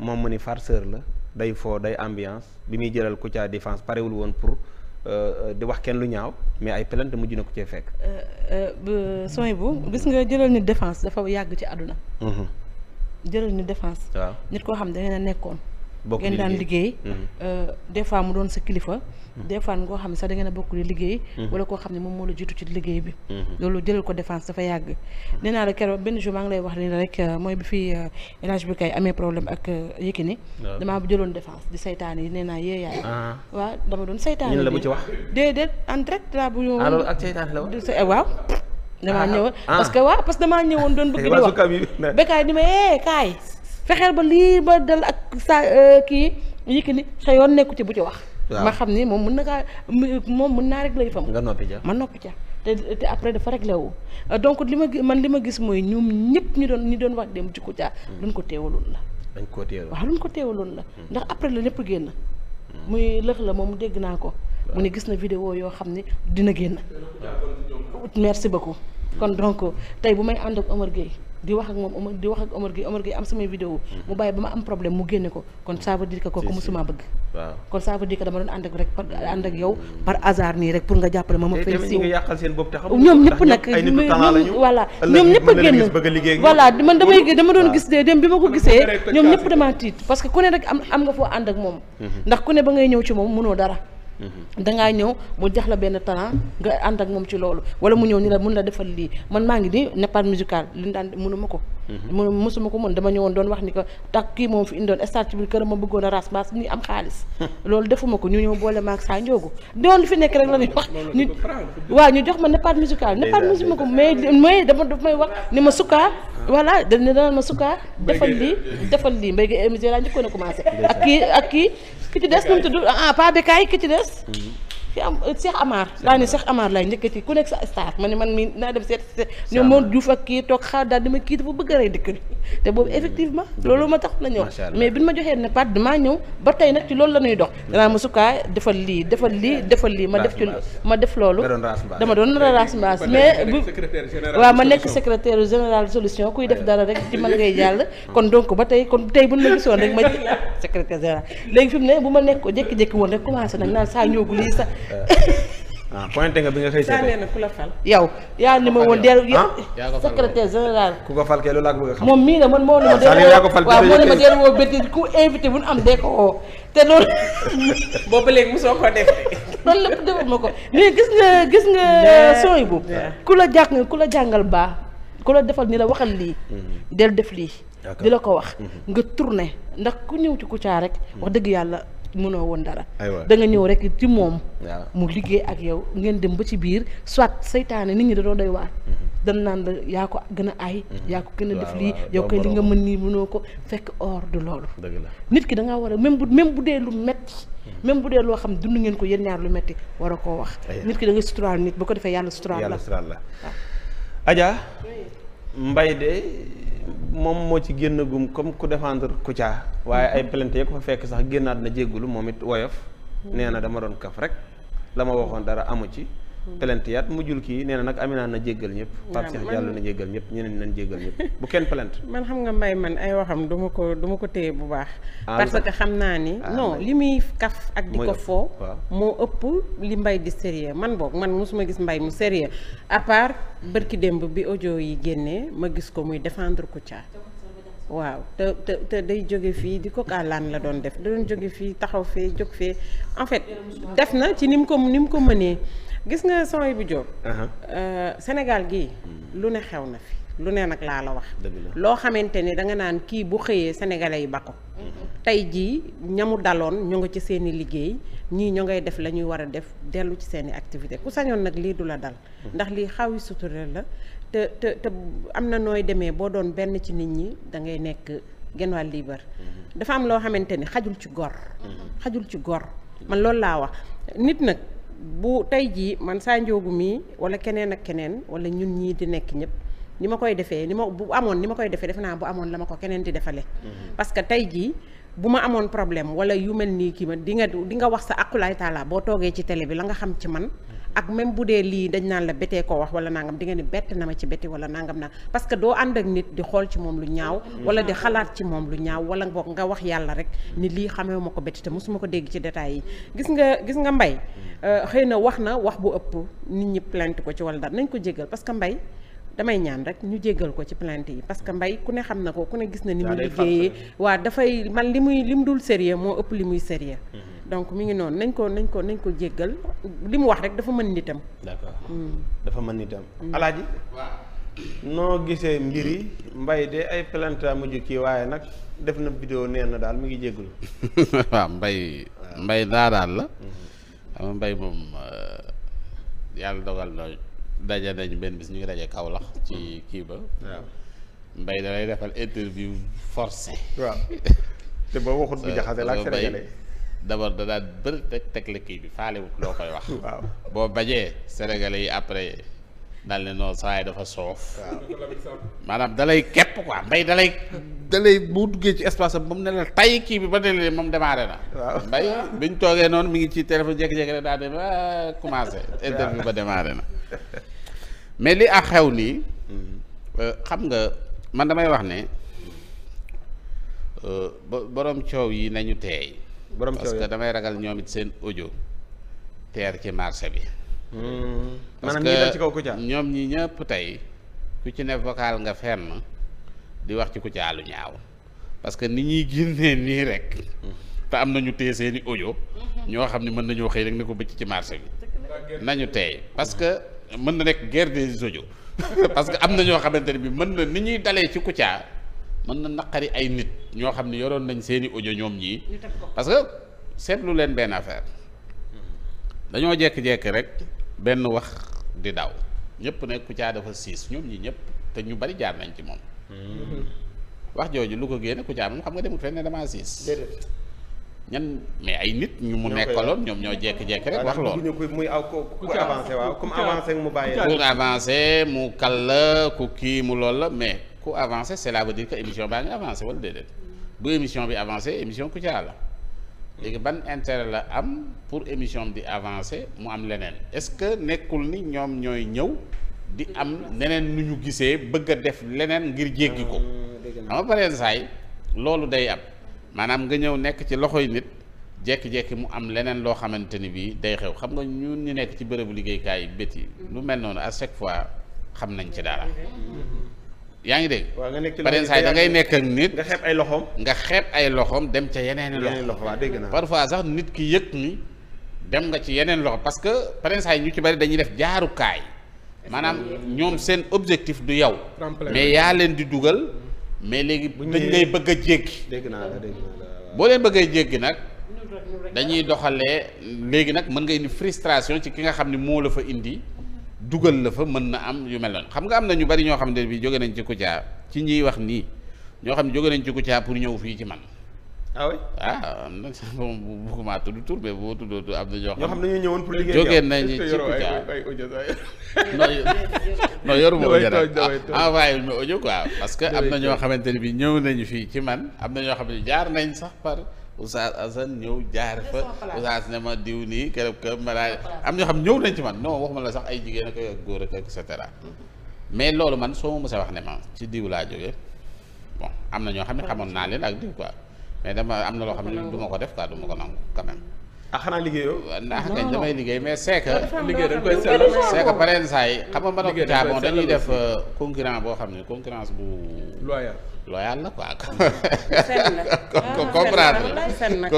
[SPEAKER 7] moom mu ni farceur la day foo day ambiance bi muy jëlal Kouthia défense parewul woon pour euh, euh, di wax kenn lu ñaaw mais ay plainte mujj na ko cee fekk.
[SPEAKER 1] Euh, sooy bu gis nga jëlal ni défense dafa yàgg ci àdduna. Mhm. jëlal nit défense. waaw nit koo xam da ngeen a nekkoon.
[SPEAKER 6] bokk ngeen daan liggéey. Mhm.
[SPEAKER 1] Euh, des fois mu doon sa kilifa. Mhm. des fois ngoo xam ne sax da ngeen a bokk di liggéey. Mhm. wala koo xam ne moom moo la jiitu ci liggéey bi. loolu jëlal ko défense dafa yàgg. nee naa la keroog benn jour maa ngi lay wax ni rek euh, mooy bi fii élage euh, bi kay amee problème ak Yékini. waaw damaa jëloon défense di saytaan yi nee naa yee yaay. Ah. waaw dama doon saytaan. ñun la bu ci wax déedéet en direct laa bu ñu. Ah, alors ak saytaan la woon eh, waaw. damaa ah. ñëwoon parce que waaw parce que damaa ñëwoon doon fexeel ba lii ba dal ak sa euh, kii Yékini sa yoon nekku ci bu ci wax. ma xam ni moom mun na kaa moom mun naa rek lay fam. nga noppi ca ma noppi ca te te après dafa rek la wu. donc li ma man li ma gis mooy ñoom ñëpp ñu doon ñu doon wax dem ci Kouthia. duñ hmm. ko teewaloon la.
[SPEAKER 7] dañ ko teewaloon waaw
[SPEAKER 1] duñ ko téewaloon la. Hmm. ndax après la lépp génn. Hmm. muy lëx la moom dégg naa ko. mu ne gis na vidéo yoo xam ne dina génn. merci beaucoup. kon donc tey bu may ànd ak Omar Gueye. di wax ak moom di wax ak Omar Gueye Omar Gueye am samay vidéo hmm. mu bàyyi ba ma am problème mu génne ko kon ça veut dire que kooku musuma bëgg waaw kon ça veut dire que dama doon ànd ak rek par ànd ak yow hmm. par hasard nii rek pour nga jàppale ma ma fay siiw
[SPEAKER 7] ñoom ñëpp nag voilà ñoom ñëpp a génn voilà man damay
[SPEAKER 1] doon gis de dem bi ma ko gisee ñoom ñëpp dama tiit parce que ku ne rek am am nga foo ànd ak moom hmm. ndax ku ne ba ngay ñëw ci moom mënoo dara dangaa ñëw mu jox la benn talent nga ànd ak moom ci loolu wala mu ñëw ni la mun la defal lii man maa ngi nii ne par musical li daan mënuma ko mu mosuma ko mën dama ñëwoon doon wax ni ko tak kii moom fi indoon stade ci biir a ma bëggoon a ras maas ni am xaalis loolu defuma ko ñu ñëw boole maag saa njoogu doon fi nekk rek la ñuy wax ñu waaw ñu jox ma nappaat musical nappaat ma ko mais mais dama daf may wax ni ma sukkaa ah. voilà dañ ne danaan ma sukkaa defal lii defal lii mbéy gi émission laa njëkkoon a commencé ak kii ak kii ki ci des nu mu tudd ah, ah pas ki ci des
[SPEAKER 6] mm-hmm.
[SPEAKER 1] fi am euh, Cheikh Amar daa ne Cheikh Amar laay njëkkati ku nekk sa star ma ne man mi naa dem seet ñoom moom Diouf ak kii toog xaar daal dama kii dafa bëgg a rey dëkk bi te boobu hmm. effectivement loolu ma tax la ñëw mais bi ñu ma joxee ne pat damaa ñëw ba tey nag ci loolu la ñuy dox hmm. danaa ma defal lii defal lii hmm. defal lii ma def ci ma def loolu dama doon raas mbaas mais bu waaw ma nekk secrétaire général solution kuy def dara rek ci man ngay jàll kon donc ba tey kon tey bu ñu ma gisoon rek ma secrétaire général léegi fi mu ne bu ma woon rek commencé nag naan saa ñoogu
[SPEAKER 7] Euh, ah pointé nga bi nga xëy seetee na
[SPEAKER 1] ku yow yaa ni ma woon dellu
[SPEAKER 7] secrétaire général. ku ko fal kay loolu laa ko bëgg a
[SPEAKER 1] xam. moom mii la man moo ne ma dellu waaw moo ne ma dellu woo bétti ku invité bu nu am dee ko woo te loolu. boobu léegi mosoo ko def. loolu defal ma ko mais gis nga gis nga son yi ku la jàng ku la jàngal baax ku la defal ni la waxal lii. Mm-hmm. del def lii. di la ko wax. Mm-hmm. nga tourné ndax ku ñëw ci Kouthia rek. wax dëgg yàlla. mënoo woon dara da nga ñëw rek ci moom mu liggéey ak yow ngeen dem ba ci biir soit seytaane nit ñi da doo doy waar mhm. dan naan la yaa ko gën a ay mhm. yaa ko gën a def lii yow koy li nga mën nii mënoo ko fekk hors de loolu nit ki da nga war a même bu même bu dee lu metti mhm. même bu dee loo xam dund ngeen ko yéen ñaar lu metti war a koo wax nit ki da nga suturaal nit bu ko defee yàlla suturaal
[SPEAKER 7] la Adja mbay de moom moo ci génn gum comme ku défendre caa waaye ay plainte ya ko fa fekk sax génnaat na jéggulu moom it woyof
[SPEAKER 6] mm-hmm. nee na
[SPEAKER 7] dama doon kaf rek la ma waxoon dara amu ci Hmm. plainte yaat mujjul kii nee na nag Amina na jéggal ñëpp Pape Cheikh Diallo na jéggal ñëpp ñeneen nañ jéggal ñëpp bu kenn plainte
[SPEAKER 1] man xam nga mbay man ay waxam du ko du ko téye bu baax ah, parce que xam naa ni ah, non li muy kaf ak di ko foo moo ëpp li mbay di sérieux man boo man mosuma gis mbay mu sérieux à part bërki démb bi ojo yi génne ma gis ko muy défendre Kouthia waaw te te te day jóge fii di ko kaalaan la doon def da doon jóge fii taxaw fee jóg fee en fait def na ci ni mu ko ni mu ko mënee gis nga sony bu Diop. Euh, Sénégal gi lu ne xew na fi lu ne nag laa la wax. loo xamante ni da nga naan kii bu xëyee sénégalais yi ba ko. Mhm. tey jii ñamu daloon ñoo nga ci seen i liggéey ñii ñoo ngay def la ñuy war a def dellu ci seen i activité ku sañoon nag lii du la dal. Mhm. ndax lii xaw yi suturel la te te am na nooy demee boo doon benn ci nit ñi da ngay nekk genn wàll liibar. Mhm. dafa am loo xamante ni xajul ci gor. xajul ci gor man loolu laa wax nit nag. bu tey jii man saa njoogu mii wala keneen ak keneen wala ñun ñii di nekk ñëpp ni ma koy defee ni ma bu amoon ni ma koy defee defe naa bu amoon la ma ko keneen di defale mhm. parce que tey jii bu ma amoon problème wala yu mel nii kii ma di nga di nga wax sa akulaay taala boo toogee ci tele bi la nga xam ci man. Mhm. ak même bu dee lii dañ naan la betee ko wax wala nangam di nga ni bett na ma ci betti wala nangam na parce que doo ànd ak nit di xool ci moom lu ñaaw wala di xalaat ci moom lu ñaaw wala boog nga wax yàlla rek nit lii xamee ma ko betti te mosuma ko dégg ci détails yi gis nga gis nga mbay euh, xëy na wax na wax bu ëpp nit ñi plainte ko ci wala dara nañ ko jégal parce que mbay damay ñaan rek ñu jéggal ko ci plant yi parce que mbay ku ne xam na ko ku ne gis na ni waa dafay man li muy li mu dul sérieux moo ëpp li muy sérieux mm-hmm. donc mi ngi noonu nañ ko nañ ko nañ ko jéggal li mu wax rek dafa mën nitam.
[SPEAKER 7] d'accord hmm. dafa mën nitam. Hmm. alaaji noo gisee mbir yi mbay de ay plante mujj kii waaye nag def na vidéo neen na daal mu ngi jégalu.
[SPEAKER 5] waaw mbay mbay daa daal la. Hmm. mbay moom euh, yàlla dogal na daje nañ benn bis ñu ngi daje Kaolack ci kii ba. waaw mbay da lay defal interview forcé waaw
[SPEAKER 7] te ba waxut
[SPEAKER 6] bu jaxase la ak sénégalais
[SPEAKER 5] d'abord da daan bëri teg teg la kii bi faalewut loo koy wax. boo bajee sénégalais yi après daal ne non saa yi dafa soof. maanaam dalay képp quoi mbay dalay dalay bu duggee ci espace am ba mu ne la tay kii bi ba ne la moom démarré na. waaw mbay bi ñu toogee noonu mi ngi ci téléphone jékki-jékki rek daal di ba ah, commencé. interview ba démarré na. mais li ak xew nii. Mm-hmm. Euh, xam nga man damay wax ne. Euh, borom coow yi nañu teey borom parce damay ragal ñoom it seen ojo teer ci marché bi. Hmm. maanaam ñoom ñi ñëpp tey ku ci ne vocal nga fenn di wax ci Kouthia lu ñaaw parce que ni ñuy génnee nii rek te am na ñu seen seeni ojo ñoo xam ne mën nañoo xëy rek ne ko bëcc ci marché bi nañu tey parce que mën na nekk guerre des audios parce que am na ñoo xamante ne bi mën na ni ñuy dalee ci Kouthia mën na naqari ay nit ñoo xam ne yoroon nañ seeni audio ñoom ñii parce que seetlu leen benn affaire dañoo jékki-jékki rek benn wax di daw ñëpp ne Kouthia dafa siis ñoom ñi ñëpp te ñu bari jaar nañ ci moom hmm. wax jooju lu ko génne Kouthia moom xam nga demut fenn ne damaa siis ñan mais ay nit ñu mu nekkaloon ñoom ñoo jékki-jékki rek wax loolu
[SPEAKER 7] muy aw ku avancé waaw comme avancé mu bàyyi ku
[SPEAKER 5] avancé mu kal la ku kii mu loolu la mais ku avancé cela veut dire que émission baa ngi avancé wala déedéet bu émission bi avancé émission Kouthia la léegi ban intére la am pour émission bi di avancé mu am leneen est-ce que nekkul ni ñoom ñooy ñëw di am neneen nu ñu gisee bëgg a def leneen ngir jéggi ko
[SPEAKER 6] ah, xam nga
[SPEAKER 5] pareen saay loolu day am maanaam nga ñëw nekk ci loxo yi nit jekki-jekki mu am leneen loo xamante ni bii day xew xam nga ñun ñu nekk ci bërëbu liggéeykaay bét yi lu mel noonu a chaque fois xam nañ ci dara
[SPEAKER 7] mm-hmm. yaa ngi dégg. waaw nga nekk ci loxo yi da ngay nekk ak
[SPEAKER 5] nit. nga xeeb ay loxoom. nga xeeb ay loxoom dem ca yeneeni i loxo. waaw dégg naa parfois sax nit ki yëg ni dem nga ci yeneen loxo parce que parents yi ñu ci bari dañuy def jaarukaay. maanaam ñoom seen objectif du yow. mais yaa leen di dugal. mais léegi dañ lay bëgg a jéggi. dégg naa dégg boo leen bëggee jéggi nag. dañuy doxale léegi nag mën nga indi fristration ci ki nga xam ne moo la fa indi. dugal la fa mën na am yu mel noonu xam nga am na ñu bari ñoo xamante ne bi jóge nañ ci Kouthia ci ñiy wax nii ñoo xam ne jóge nañ ci Kouthia pour ñëw fii ci man. ah oui ah am na sax boo tuddoo am na ñoo xam ñëwoon pour liggéey jóge nañ ci Kouthia non yoruma audio rek envoyé ma audio quoi parce que am na ñoo xamante ne bi ñëw nañu fii ci man am na ñoo xam ne jaar nañ sax par Oustaz Assane ñëw jaar fa Oustaz ne ma diw nii kërëb kërëb ma laa am ñoo xam ñëw nañ ci man non waxuma la sax ay jigéen ak góor ak et cetera mhm. mais loolu man soo ma mos wax ne ma ci diw laa jógee bon am na ñoo xam ne xamoon naa leen ak diw quoi mais dama am na loo xam ne du ma ko def quoi du ma ko nangu quand même. ah xanaa liggéeyoo. ndax kañ damay liggéey mais c'est que. liggéey dañ koy seetlu c'est que pareen saa yi xam nga mën a. dañuy def euh, concurrent boo xam ne concurrence bu loyal. loyal la quoi. Ah, fen la comprendre la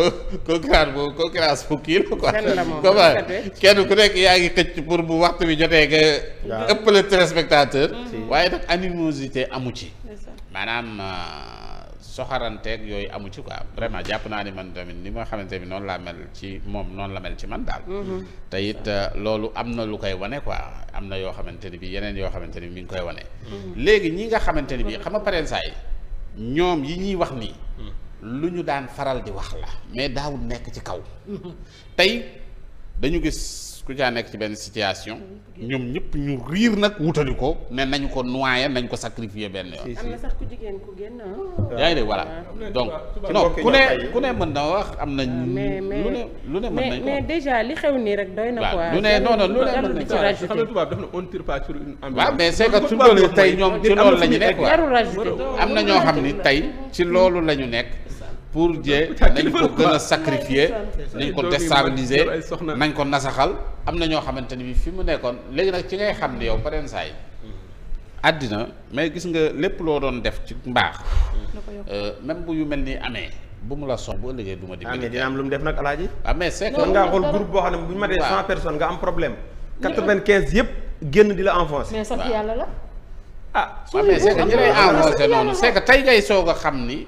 [SPEAKER 5] concurrence bu concurrence bu kii la kenn ku nekk yaa ngi xëcc pour bu waxtu bi jotee nga. waaw ëppale téléspectateur. Mm-hmm. waaye nag animosité amu ci. maanaam euh, soxaranteeg yooyu amu ci quoi vraiment jàpp naa ni man tamit ni ma xamante ni noonu laa mel ci moom noonu la mel ci man daal. Mm-hmm. te it euh, loolu am na lu koy wane quoi am na yoo xamante ni bi yeneen yoo xamante ni mi ngi koy wane. Mm-hmm. léegi ñi nga xamante ni bi xam a pareen saa yi ñoom yi ñuy wax ni hmm. lu ñu daan faral di wax la mais daawul nekk ci kaw hmm. tey dañu gis ku caa nekk ci benn situation ñoom ñëpp ñu riir nag wutali ko ne nañu ko noyé nañ ko sacrifier benn yoon. am na
[SPEAKER 1] sax ku ku génn. Ah. Ah. donc
[SPEAKER 3] ku ne
[SPEAKER 5] ku ne mën na wax am na. mais ah, mais lu ne lu ne mën nañ
[SPEAKER 1] mais li xew nii rek doy na quoi. lu ne non non
[SPEAKER 5] lu ne mën mais c'est que loolu tey ñoom ci loolu la ñu nekk
[SPEAKER 1] quoi am na ñoo xam
[SPEAKER 5] ni tey ci loolu la ñu nekk. pour jee nañ ko gën a sacrifier nañ ko déstabiliser nañ ko nasaxal am na ñoo xamante ni bi fi mu nekkoon léegi nag ci ngay xam ne yow pareen saa yi
[SPEAKER 6] mm-hmm.
[SPEAKER 5] àddina mais gis nga lépp loo doon def ci mbaax
[SPEAKER 6] mm-hmm.
[SPEAKER 5] euh, même bu yu mel
[SPEAKER 7] ni amee bu mu la soxla bu ëllëgee du ma di mais dina am lu mu def nag alaaji waaw ah, mais c'est que mën ngaa xool groupe boo xam ne bu ñu matee cent personnes nga am problème quatre-vingt-quinze yëpp génn di la enfoncer mais sant
[SPEAKER 1] la Ah, ah mais c'est que
[SPEAKER 7] ñi lay tey ngay soog a xam ni.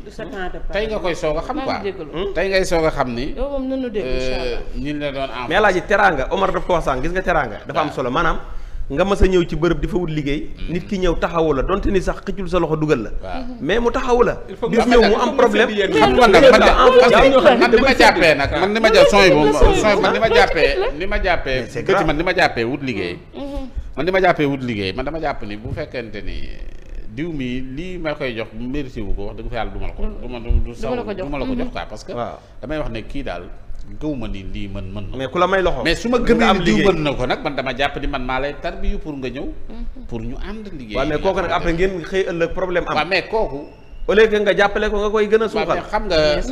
[SPEAKER 7] tey nga koy soog a xam quoi. Hmm? tey ngay soog a xam ni.
[SPEAKER 1] Euh,
[SPEAKER 7] ñi la doon avancé. mais alaaji teraanga Omar daf ko wax gis nga teraanga dafa am solo maanaam. nga mas a ñëw ci bërëb di fa wut liggéey. Mm. nit ki ñëw taxawula donte ni sax xëccul sa loxo dugal la. mais mu taxawu la. il faut ñëw mu am problème.
[SPEAKER 5] xam nga nag man man ni
[SPEAKER 7] ma jàppee nag man ni ma jàpp
[SPEAKER 5] sooy moom sooy man ni ma jàppee ni man ni ma jàppee wut liggéey. Mm-hmm. man ni ma jàppee wut liggéey man dama jàpp ni bu fekkente ni diw mi lii ma koy jox mérité wu ko wax dëgg fa yàlla ma la ko. du ma la ko jox du ma la ko jox quoi mm-hmm. parce que. damay wax ne kii daal gëwuma ni lii mën mën na mais ku la may loxo mais su ma gëmee ni diw mën na ko nag man dama jàpp ni man maa lay tarbiyu pour nga ñëw mhm. pour ñu
[SPEAKER 6] ànd liggéey waaw mais kooku nag après
[SPEAKER 5] ngeen xëy ëllëg problème am waaw mais kooku au lieu que nga jàppale ko nga koy gën a suuxal xam nga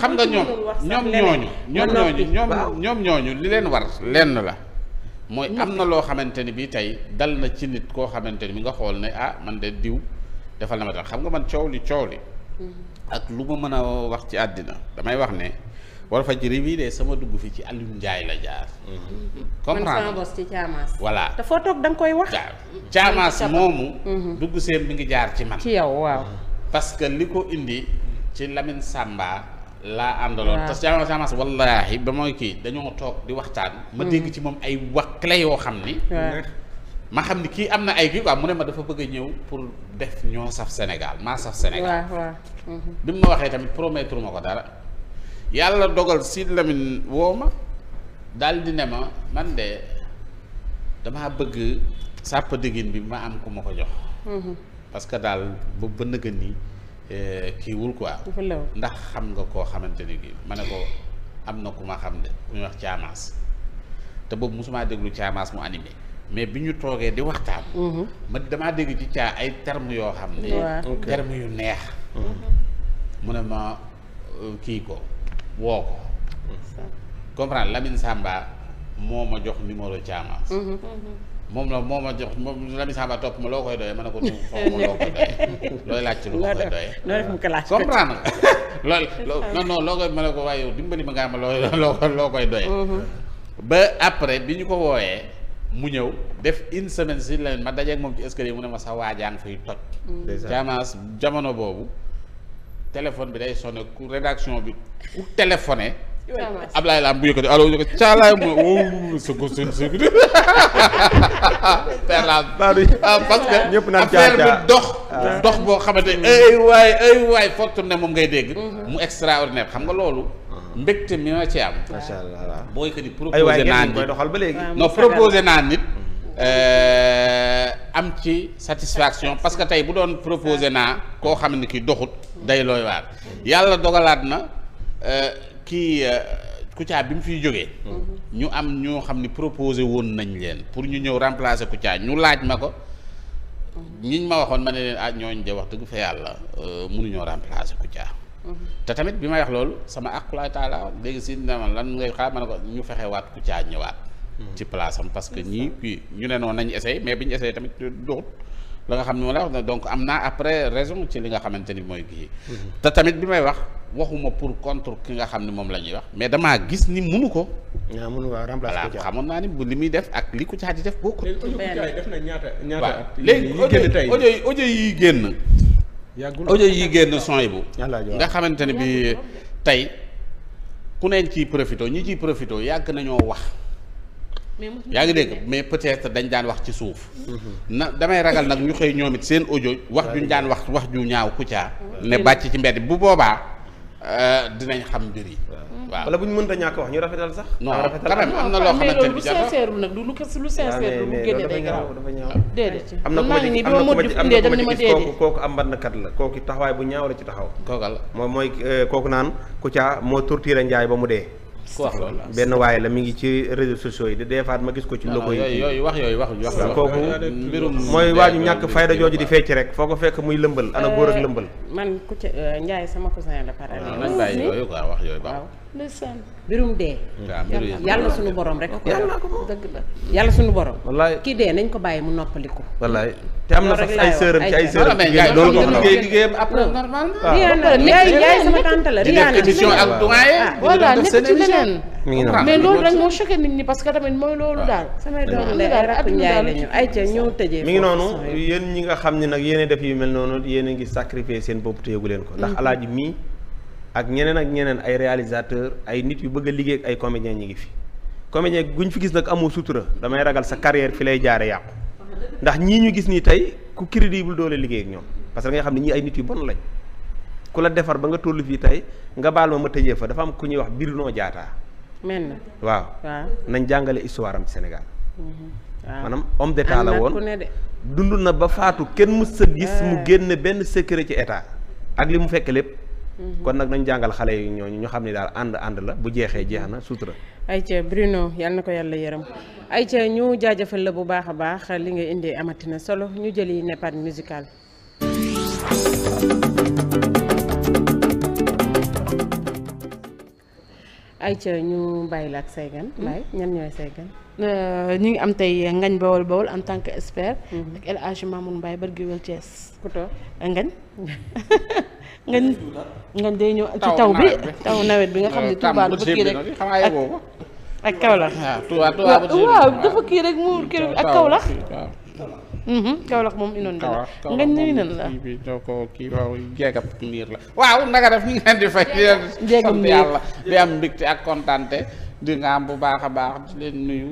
[SPEAKER 5] xam nga ñoom ñoom ñooñu ñoom ñooñu ñoom ñoom ñooñu li leen war lenn la mooy am na loo xamante ni bi tey dal na ci nit koo xamante ni bi nga xool ne ah man de diw defal na ma dal xam nga man coow li coow li mhm. ak lu ma mën a wax ci àddina damay wax ne Walfadjri bii de sama dugg fi ci Alioune Ndiaye la jaar.
[SPEAKER 1] comprendre man ci Thiamas. voilà te foo toog da nga koy wax. Thiamas moomu.
[SPEAKER 5] Mhm. dugg seen mi ngi jaar ci man. ci yow waaw. parce que li ko indi ci lamin Samba laa àndaloon. waaw te Thiamas wallaahi ba mooy kii dañoo toog di waxtaan. ma dégg mhm. ci moom ay wax wakkale yoo xam ni. ma xam ni kii am na ay kii quoi mu ne ma dafa bëgg a ñëw pour def ñoo saf Sénégal maa saf Sénégal.
[SPEAKER 6] waaw waaw. Mhm.
[SPEAKER 5] bi mu ma waxee tamit promettre ma ko yàlla dogal Sidy Lamine woo ma daal di ne ma man de damaa bëgg sàpp diggin bi ma am ku ma ko jox. Mhm. parce que daal bu ba nëgën ni eh, kii wul ndax xam nga koo xamante ni ma ne ko am na ku ma xam de ku ñuy wax te boobu mosumaa déglu caamaas mu animé mais bi ñu toogee di waxtaan. Mhm. ma damaa dégg ci caa ay termes yoo xam ne. termes yu neex. Mhm. mu ne ma euh, kii ko. woo ko comprendre Lamine Samba moo ma jox numéro Thiama mm-hmm. Mm-hmm. moom la moo ma jox moom Lamine Samba topp ma loo koy doyee ma ne ko du xaw ma loo koy doyee looy laaj ci lu ma koy doyee comprendre loolu loo koy ma ko waaye dimbali ma ngaa ma loo loo koy doyee mm-hmm. ba après bi ñu ko wooyee mu ñëw def une semaine si leen ma dajeeg moom ci escalier mu ne ma sa waajaan fay toj Thiama jamono boobu téléphone bi day sonné ku rédaction bi ku téléphoné. Ablaye Lam bu yëkkati allo yëkkati caalaay mu wow sa ko seen seen. Père Lam ah, dox. Ah. dox xamante ne eh, ay waay eh, moom ngay dégg. Mhm. mu extraordinaire xam nga loolu. Mhm. mbégte mi ma ci am. macha allah boo yëkkati proposé naa nit ay waay ba léegi. naa nit. Euh, am ci satisfaction parce que tey bu doon proposé naa koo xam ne ki doxut day looy waar yàlla dogalaat na euh, kii euh, Kouthia bi mu fiy jógee mhm. ñu am ñoo xam ni proposé woon nañ leen pour ñu ñëw remplacer Kouthia ñu laaj ma ko
[SPEAKER 6] mhm.
[SPEAKER 5] ñu ma waxoon ma ne leen ah ñooñ de wax dëgg fa yàlla mënuñoo remplacer Kouthia mhm. te tamit bi may wax loolu sama aqulaay taala léegi si ne man lan ngay xaar ma ne ko ñu fexe waat Kouthia ñëwaat ci place am parce que ñii ñu ne noonu nañu essayé mais biñ ñu tamit doxut la nga xam ne ma la wax donc am naa après raison ci li nga xamante ni mooy kii mhm. te tamit bi may wax waxuma pour contre ki nga xam ne moom la ñuy wax mais damaa gis ni munu ko. waaw ah, munu ko remplacer ko xamoon naa ni bu li muy def ak li ku caa di def bokkul. léegi def
[SPEAKER 3] na ñaata ñaata at. léegi
[SPEAKER 5] audio yi audio yi génn. yàggul audio yi génn son yi bu. nga xamante ne bi tey ku neen ciy profité ñi ciy profité yàgg nañoo wax. yaa ngi dégg mais peut-être dañ daan wax ci suuf. Mm-hmm. na damay ragal nag ñu xëy ñoom it seen ojo wax ñu daan wax wax ju ñaaw Kouthia. Mm-hmm. ne bàcc ci mbedd bu boobaa
[SPEAKER 7] euh, dinañ xam mbir yi. waaw wala bu ñu mënta ñàkk wax ñu rafetal sax. non quand am na loo xam ni jafe mais loolu lu sincère
[SPEAKER 3] nag du lu kese lu sincère lu génne day am na ku ma am na ku ma ci gis kooku
[SPEAKER 7] kooku am mbannakat la kooku taxawaay bu ñaaw la ci taxaw. kooku la moom mooy euh, kooku naan Kouthia moo torturé njaay ba mu dee ku wax benn waaye la mi ngi ci réseaux sociaux yi de des fois ma gis ko ci logo yi ah, wax yooyu wax wax kooku mbirum mooy waaju ñàkk fayda jooju di fecc rek foo ko fekk muy lëmbal ana góor ak euh, lëmbal
[SPEAKER 1] man ku ca euh, Ndiaye sama cousin la par ah, nañ bàyyi
[SPEAKER 7] wax yooyu baax
[SPEAKER 1] ndeysaan mbirum dee. yàlla suñu borom rek. yàlla ko dëgg la suñu borom. wallaay kii dee nañ ko bàyyi mu noppaliku.
[SPEAKER 7] wallaay te am na
[SPEAKER 1] sax ay sëram ci ay sëram. loolu liggéey après normal. yaay ak
[SPEAKER 6] doyen. Ah. voilà nekk ci leneen. mais moo
[SPEAKER 1] choqué nit ñi parce que tamit mooy loolu daal. samay doom ndey ay rakk njaay lañu ay ca ñëw tëjee. mi ngi noonu
[SPEAKER 6] yéen
[SPEAKER 7] ñi nga xam ni nag yéen a def yu mel noonu yéen a ngi sacrifier seen bopp te yëgu leen ko ndax mm-hmm. alaaj mii ak ñeneen ak ñeneen ay réalisateur ay nit yu bëgg a liggéey ak ay comédien ñi ngi fi comédien guñ fi gis nag amul sutura damay ragal sa carrière fi lay jaare yàqu ndax ñii ñu gis nii tey ku crédible doole liggéey ak ñoom parce que da ngay xam ne ñi ay nit yu bon lañ ku la defar ba nga tollu fii tey nga baal ma ma tëjee fa dafa am ku ñuy wax Bruno Diatta mel na waaw nañ jàngale histoire am ci Sénégal mhm. maanaam homme d'état la woon dund na ba faatu kenn mës mu eh. génn benn secret ci état ak li mu fekk lépp Mhm. kon nag nañ jàngal xale yi ñooñu ñu xam ne daal ànd ànd la bu jeexee jeex na sutura.
[SPEAKER 1] ayca Bruno yal na ko yàlla yërëm ayca ñu jaajëfal la bu baax a baax li nga indi amatina solo ñu jëli neppaat musical. ayca ñu bàyyi la ak say gan. Mbaye hmm? ñan ñooy say gan. Euh, ñu ngi am tey Ngañ Bawol Bawol en tant que expert. Hmm. ak El Hadj Mamoun Mbaye bari géwél Ngañ. nga nga day ñëw ci taw bi taw nawet bi nga xam ne Touba dafa kii rek
[SPEAKER 8] ak ak Kaolack. Ah,
[SPEAKER 5] waaw
[SPEAKER 1] kii rek mu kii rek ak Kaolack. Mhm, Kaolack moom inondé la nga nuyu
[SPEAKER 5] kii waaw jéegam miir la waaw naka def ñu ngi di fay. jéegam miir yàlla di am mbégte ak kontaante di am bu baax a baax di leen nuyu.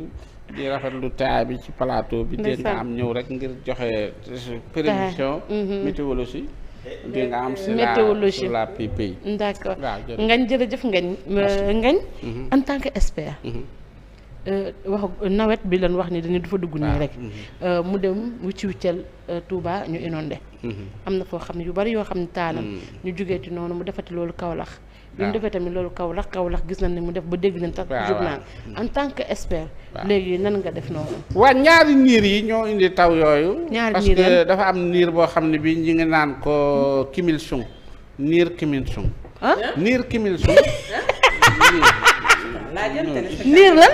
[SPEAKER 5] di lu taay bi ci palaato bi. dégg nga am ñëw rek ngir joxe prévision mhm. météorologie. di nga am sur la sur la PPI.
[SPEAKER 1] d'accord ngañ jërëjëf ngañ. ngañ euh, mhm. en tant que expert. Mhm. Euh, wax nawet bi leen wax ni dañu dafa dugg nii rek. Mhm. Euh, mu dem wucci wuccal Touba ñu inondé. am na foo xam ne yu bari yoo xam ne taalam. ñu jógee ti noonu mu defati loolu Kaolack. bi mu defee tamit loolu kaw Kaolack Kaolack gis nañ ni mu def ba dégg leen tax journal en tant que expert léegi nan nga def noonu
[SPEAKER 5] waa ñaari niir yi ñoo indi taw yooyu ñaari que dafa am niir boo xam ne bi ñi ngi naan ko hmm? Kimil Sung niir Kimil Sung ah? niir Kimil Sung niir lan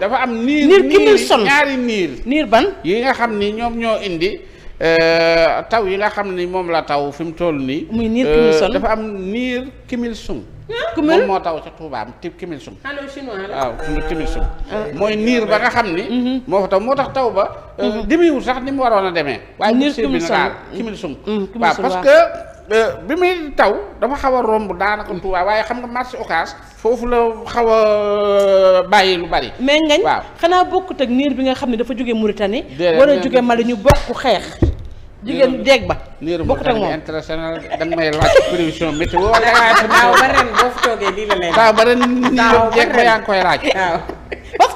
[SPEAKER 5] dafa am niir niir Kimil Sung niir niir ban yi nga xam ni ñoom ñoo indi Euh, taw yi nga xam ni moom la taw fi mu toll nii. muy niir Kimilson euh, dafa am niir Kimilson. Ah, kumel moom moo taw ca Touba ti Kimilson.
[SPEAKER 1] allo chinois ah.
[SPEAKER 5] mooy niir ba nga xam ni. Mm-hmm. moo fa taw moo tax taw ba. Euh, mm-hmm. demeewul sax ni mu waroon a demee. waaye niir Kimilson waaye niir Kimilson mm-hmm. waaw parce que. Euh, bi muy taw dafa xaw a romb daanaka
[SPEAKER 1] Touba waaye xam nga marché ocas foofu la xaw a euh, bàyyi lu bari. mais ngañ waaw xanaa bokkut ak niir bi nga xam ne dafa jóge Mauritanie. war a jóge Mali ñu bokk xeex. jigéen déeg ba. bokkut ak moom international danga may ba
[SPEAKER 5] ren
[SPEAKER 6] boo fi
[SPEAKER 8] toogee lii la lay
[SPEAKER 6] daaw ba ren niir déeg ba yaa ngi koy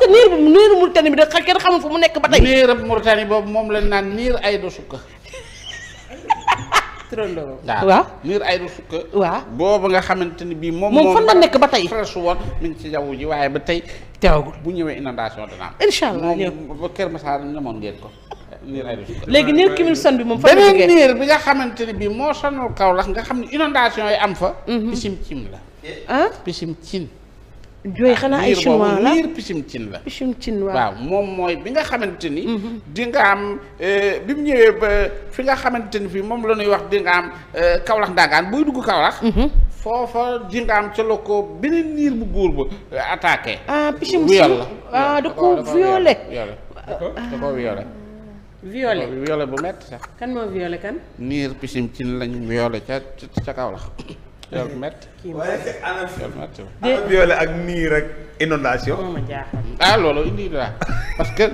[SPEAKER 8] que niir bi
[SPEAKER 5] niiru Mauritanie bi da kenn xamul fu mu nekk ba tey. boobu moom la naan niir ay do sukka tërëndoo. waaw miir ay ru sukk. waaw boobu nga xamante ni bii moom. moom fan la nekk ba tey fresh woon mi ngi ci jaww ji waaye ba tey. teewagul bu ñëwee inondation dana am. incha allah moom ba Kër Masar moon ngeen ko.
[SPEAKER 1] niir ay risques léegi niir Kim san
[SPEAKER 5] bi moom. fan la jógee niir bi nga xamante ne bii moo sonal Kaolack nga xam ne inondation yi am fa. Mhm. pisim cim la. ah pisim cim. jooy xanaa ay chinois la niir cin la pichim cin waaw moom mooy bi nga xamante ni mm-hmm. di nga am eh, bi mu ñëwee ba fi nga xamante ni fii moom la ñuy wax di nga am eh, Kaolack ndangaan buy dugg Kaolack mm-hmm. foofa di nga am ca la ko beneen niir bu góor ba eh, attaqué ah pichim cin ah,
[SPEAKER 1] ah da ko ah. violé
[SPEAKER 5] da ko bu métti sax
[SPEAKER 1] kan moo violé kan
[SPEAKER 5] niir pichim cin lañ violé ca ca Kaolack yor
[SPEAKER 1] métti.
[SPEAKER 7] kii ak nii rek inondation. ah loolu parce que.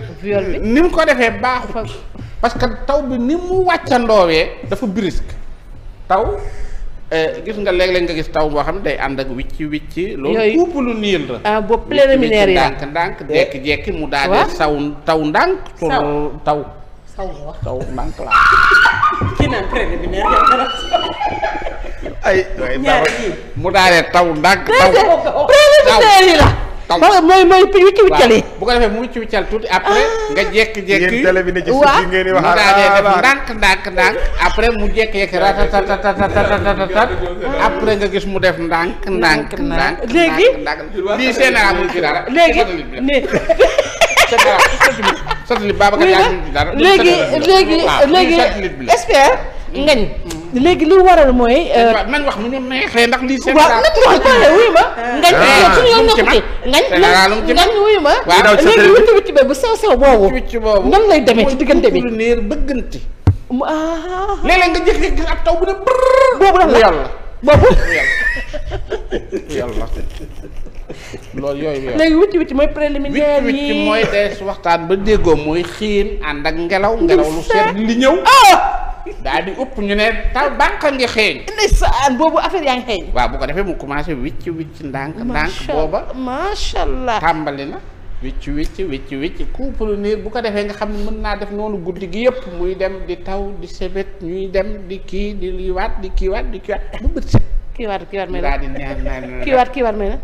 [SPEAKER 5] ni mu ko defee baaxul. parce que taw bi ni mu wàccandoowee dafa brisque taw. Eh, gis nga léeg-léeg nga gis taw boo xam ne day ànd ak wicc wicc. loolu kuupu lu niil la. Ah, boobu préliminaire yi ndànk ndànk jekki jekki mu daal di saw taw ndànk. saw taw. saw ay mu daanee taw ndànk taw
[SPEAKER 6] professeur yi la mooy mooy wicc wiccal yi
[SPEAKER 5] bu ko defee mu wicc wiccal tuuti après nga jekk jékki télé bi ne ci suuf ngeen di wax mu daanee def ndànk ndànk ndànk après mu jékki-jékki ratatatatatatatat après nga gis mu def ndànk ndànk ndànk léegi
[SPEAKER 6] lii seen amul ci dara léegi
[SPEAKER 5] satellite Babacar yaa ngi ci dara léegi léegi léegi
[SPEAKER 1] expert ngañ léegi li waral mooy. Euh, nañ wax mu ñu neexee ndax lii seen. waaw
[SPEAKER 5] nañ wax pare wuyu ma.
[SPEAKER 6] Ah. ngañ ah. wuyu ma. léegi witti
[SPEAKER 5] witti ba bu sew sew boobu. witti lay demee ci diggante bi mooy bëggante. ah.
[SPEAKER 1] léeg-léeg nga jékki-jékki taw bu ne brrr. boobu lan la yàlla
[SPEAKER 5] yooyu léegi
[SPEAKER 1] witti witti mooy préliminaire yi witti witti mooy
[SPEAKER 5] des waxtaan ba déggoo mooy xiin ànd ak ngelaw ngelaw lu seet li ñëw. Ah! daal di upp ñu ne taw bànq ngi xeeñ. ndeysaan boobu affaire yaa ngi xeeñ. waaw bu ko defee mu commencé wicc wicc ndànk. ndànk booba macha allah tàmbali na. wicc wicc wicc wicc couple niir bu ko defee nga xam ne mën naa def noonu guddi gi yëpp muy dem di taw di sebet ñuy dem di kii di liiwaat di kiiwaat di kiiwaat bu bët set.
[SPEAKER 1] kiiwaat
[SPEAKER 3] kiiwaat
[SPEAKER 1] may na.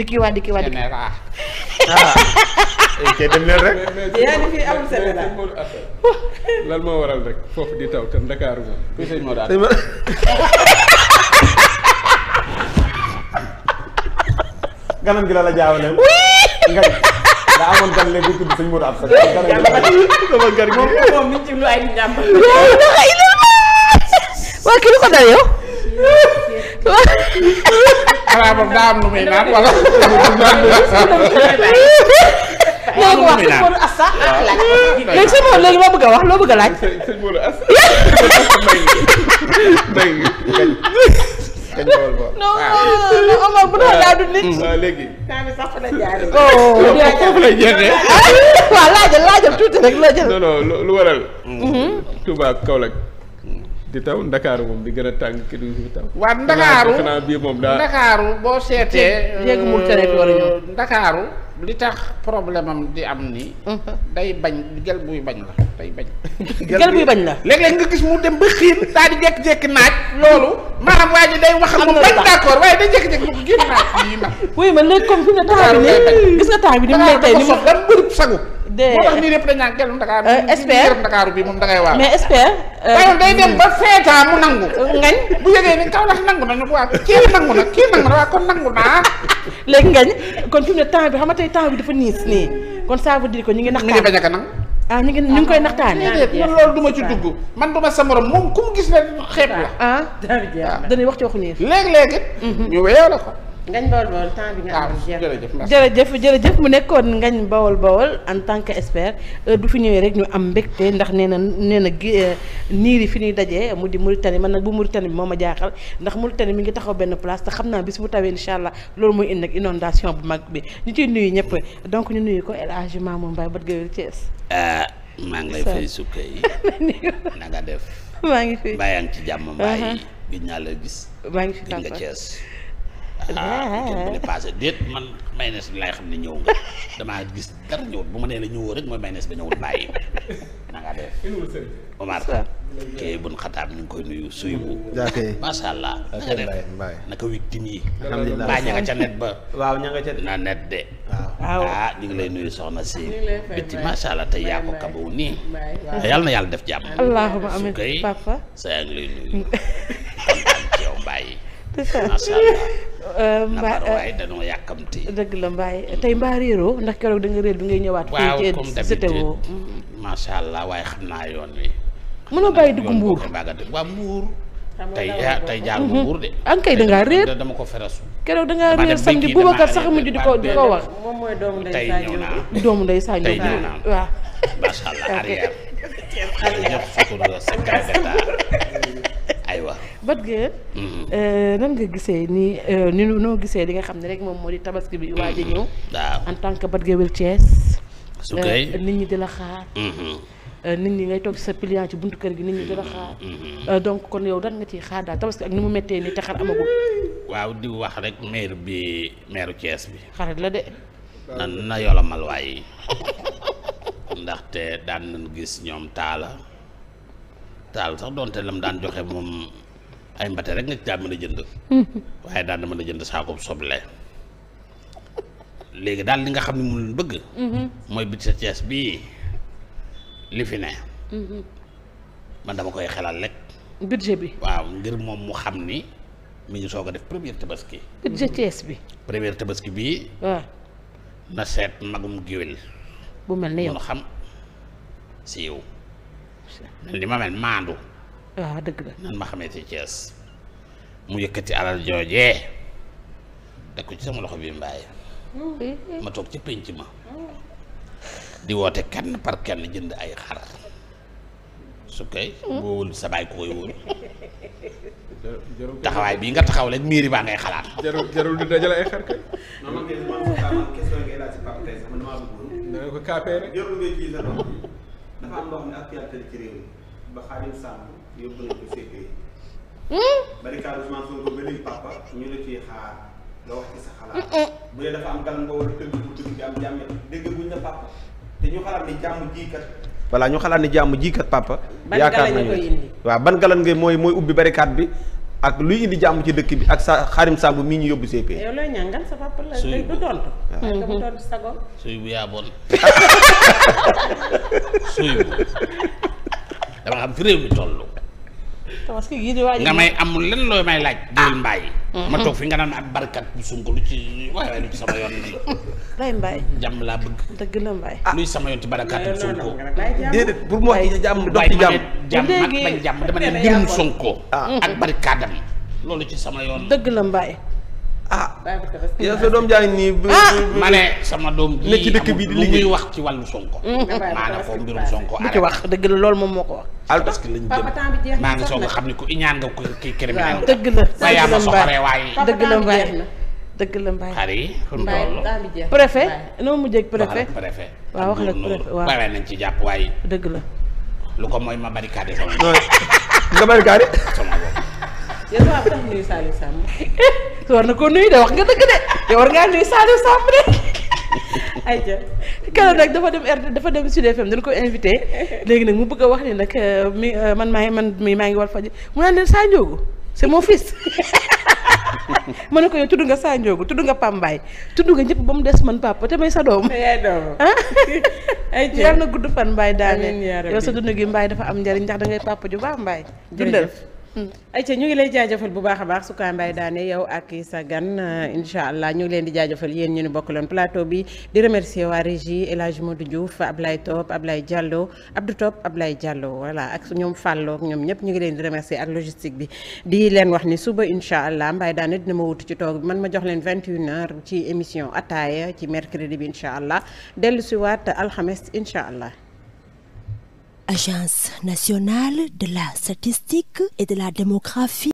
[SPEAKER 1] dikkiwaat dikkiwaat dikkiwaat.
[SPEAKER 3] Ah. ok eh, dem leen rek. yaa ngi fi amul seen la lan moo waral rek foofu di taw te Ndakaaru moom. kuy sëñ Modou Anta.
[SPEAKER 7] ganam gi la la jaawale. nga
[SPEAKER 2] daa amoon gan léegi tudd sëñ Modou Anta.
[SPEAKER 7] sama gan
[SPEAKER 6] gi moom moom mi ngi ci lu ay njàmb. waaw kii lu ko dal
[SPEAKER 2] yow.
[SPEAKER 5] xanaa moom lu muy naan wala. daa am lu muy naan ah, léegi
[SPEAKER 3] sëñ Maodo léegi loo bëgg a a laaj. sëñ Maodo as.
[SPEAKER 6] dégg
[SPEAKER 3] nga dégg lu waral. Mm-hmm. Touba di taw ndakaaru moom di gën a tàng ki du fi taw. waaw ndakaaru bii moom daa
[SPEAKER 5] ndakaaru boo seetee. jéeg mu traité wala euh, ndakaaru li tax problème am di am ni mhm. day bañ gel buy bañ la day bañ.
[SPEAKER 1] gel buy bañ la
[SPEAKER 5] léeg-léeg nga gis mu dem ba xiin daa di jékki-jékki naaj. loolu maanaam waa ji day wax ak moom bañ d'accord waaye day jékki-jékki mu génn naaj. yii nag
[SPEAKER 1] oui comme fi nga taxaw bi ne gis nga taxaw bi ni mu lay bëri sagu. de
[SPEAKER 5] moo tax nii lépp
[SPEAKER 4] dañ naan gellum euh,
[SPEAKER 5] bi moom da ngay waar. mais espère.
[SPEAKER 4] Euh, day dem ba seetaan mu nangu. Euh, ngañ
[SPEAKER 1] bu yëgee ni kaw ndax nangu nañu waa kii nangu na kii nangu na waa kon nangu naa. léegi ngañ kon fi mu ne temps bi xam temps bi dafa niis nii kon ça veut dire que ñu ngi naxtaan mi ngi bañ a nang. ah ñu ngi ñu ngi koy naxtaane. man loolu du ma ci dugg man du ma sa morom moom ku mu gis ne xeeb la. ah dañuy wax ci waxu nii. léeg-léeg mhm. ñu wéyoo la ko. ngañ bawol bawol temps bi nga am jërëjëf jërëjëf jërëjëf mu nekkoon ngañ bawol bawol en tan que expert euh, du fi ñëwee rek ñu am mbégte ndax nee na nee na euh, niir yi fi ñuy dajee mu di mu Mauritanie man nag bu Mauritanie bi moom ma jaaxal ndax Mauritanie mi ngi taxaw benn place te xam naa bis bu tawee incha allah loolu mooy indi nag inondation bu mag bi ñu ciy nuyu ñëpp donc ñu nuyu ko El Hadj Mamour Mbaye bat gayol Thiès
[SPEAKER 5] ah, maa ngi lay fay sukka yi
[SPEAKER 4] maa ngi
[SPEAKER 1] fi
[SPEAKER 5] bàyyi ci jàmm mbaay gis gis maa ngi fi nga Thiès ah kenn ah. bu passé déet man maynes bi laay xam ne ñëw nga damaa gis dara ñëwut bu ma nee la ñëwoo rek mooy maynes bi ñëwul bàyyi na nga def Omar kii na net waaw ña de waaw ah, ñu ngi lay nuyu soxna si bitti masha allah tey yaa ko kabaw nii ah, yàlla na yàlla def jàmm allahumma
[SPEAKER 6] amin
[SPEAKER 1] papa
[SPEAKER 5] sa yaa ngi lay nuyu kontaan ci yow mbàyyi
[SPEAKER 6] macha allah.
[SPEAKER 1] Euh, mbaar euh, waaye danoo yàkkamti. dëgg la mbaay tey mbaa réeroo ndax keroog da nga réer bi ngay ñëwaat. fii ci CTO
[SPEAKER 5] mm. macha allah waaye xam naa yoon wi.
[SPEAKER 1] mënoo bàyyi dugg mbuur waaw mbuur. tey ah,
[SPEAKER 5] mbuur de. an ah, kay da ngaa réer dama ko
[SPEAKER 6] ferasu.
[SPEAKER 1] keroog da ngaa réer samedi Boubacar sax mujj di ko di ko wax. moom mooy doomu ndey saa ñëw doomu ndey saa ñëw naa bët gër euh, nan nga gisee ni euh, ni noo gisee li nga xam ne rek moom moo di tabaski bi waa a ñëw mm-hmm. waaw en tant que gee gëwël Thiès su kay euh, nit ñi di la xaar mm-hmm. nit ñi ngay toog sa client ci buntu kër gi nit ñi di la mm-hmm. xaar donc kon yow dan nga ciy xaar daal tabaski ak ni mu méttee ni te xar amagul
[SPEAKER 5] waaw di wax rek maire bi maire Thiès bi xarit la de na na yolamal waay ndaxte daan nañu gis ñoom taala taal sax doonte mu daan joxe moom ay mbate rek nga ci daan mën a jënd waaye daal na mën a jënd saakoob soble léegi daal li nga xam ne mu lañ bëgg mhm. mooy sa Thiès bii li fi ne mhm. man dama koy xelal rek budget bi waaw ngir moom mu xam ni mu ngi soog a def première tabaski
[SPEAKER 1] budget Thiès bi
[SPEAKER 5] première tabaski bii waaw na seet magum géwél bu mel ni yow xam si yow ni ma mel maandu waaw ah, dëgg la nan ma xamee ci Thiès mu yëkkati alal joojee teg ko ci sama loxo bi mbaay
[SPEAKER 6] mm-hmm.
[SPEAKER 5] ma toog ci pénc ma di woote kenn par kenn jënd ay xar su koy wóowul mm-hmm. sa baay ko koy wóolu taxawaay bii nga taxaw rek miiri baa ngay xalaat
[SPEAKER 7] yóbbu nañ ko CPI. Hmm? barricade Ousmane Sonko ba léegi papa ñu xalaat. dafa am galan boo war a tëgg bu bi am jàmm dégg buñ la papa te ñu xalaat ni jàmm jiikat. voilà ñu xalaat ni jàmm jiikat papa. yaakaar nañu waaw ban galan nga mooy mooy ubbi barricade bi. ak luy indi jàmm ci dëkk bi ak sa xarim Samb mii ñu yóbbu CP. yow
[SPEAKER 1] looy ñàngal sa papa la suy bu
[SPEAKER 7] yaa bon. suy bu dama xam fi réew
[SPEAKER 1] nga may
[SPEAKER 5] amul lenn loo may laaj déwén ah. mbaay ma toog fi nga naan ab barkat bu sunko lu ci waay waay lu ci sama yoon lay mbaay jàmm laa bëgg dëgg la mbaay ah. luy sama yoon ci barakaatu sunko déedéet pour mu wax jàmm dox ci jàmm jàmm ak
[SPEAKER 1] bañ jàmm dama ne mbirum
[SPEAKER 7] sunko ah. ak barkaadam loolu ci sama yoon
[SPEAKER 1] dëgg la mbaay
[SPEAKER 6] ah yow sa
[SPEAKER 7] doom jaay nii. Ah! ma ne sama doom. ne ci dëkk bi di liggéey muy wax ci wàllu sonko.
[SPEAKER 6] maa ne
[SPEAKER 1] ko
[SPEAKER 7] mbirum sonko. bu ci
[SPEAKER 1] wax dëgg la loolu moom moo ko wax. al parce que lañ jëm maa ngi soog a xam
[SPEAKER 5] ne ko iñaan nga ko kii criminel. waaw dëgg
[SPEAKER 1] la waaye yaa ma soxoree waaye. dëgg la noo mujjee préfet. waaw wax la préfet waaw bare nañ
[SPEAKER 5] ci jàpp waaye. dëgg la. lu ko mooy ma barricade sama.
[SPEAKER 1] nga barricade sama yéen waa war na koo nuyu de wax nga dëgg de te war ngaa nuyu Saliou Samb de. ayca kanam nag dafa dem r dafa dem Sud FM dañ ko invité léegi nag mu bëgg a wax ni nag euh, mi euh, man maa ngi man mi maa ngi war faj mu naan leen Sa Ndiogou c'est mon ne ko yow tudd nga Sa tudd nga pam mbaay tudd nga ñëpp ba mu des man papa te may sa doom ah yàlla na gudd fan mbaay daane yow sa dund gi mbaay dafa am njariñ ndax da ngay papa ju baax mbaay dundal ayca ñu ngi lay jaajëfal bu baax a baax Souka Mbaye Daane yow ak sa gan euh, incha allah ñu ngi leen di jaajëfal yéen ñu ni bokkaloon plateau bi di remercier waa régie El Hadj Modou ab lay Top Ablaye Diallo Abdou ab Ablaye Diallo voilà ak ñoom Fallou ak ñoom ñëpp ñu ngi leen di remercier ak logistique bi di leen wax ni suba incha allah Mbaye Daane dina ma wutu ci toog bi man ma jox leen 21h ci émission ataaya ci mercredi bi incha allah dellu alxames incha allah. Agence nationale de la statistique et de la démographie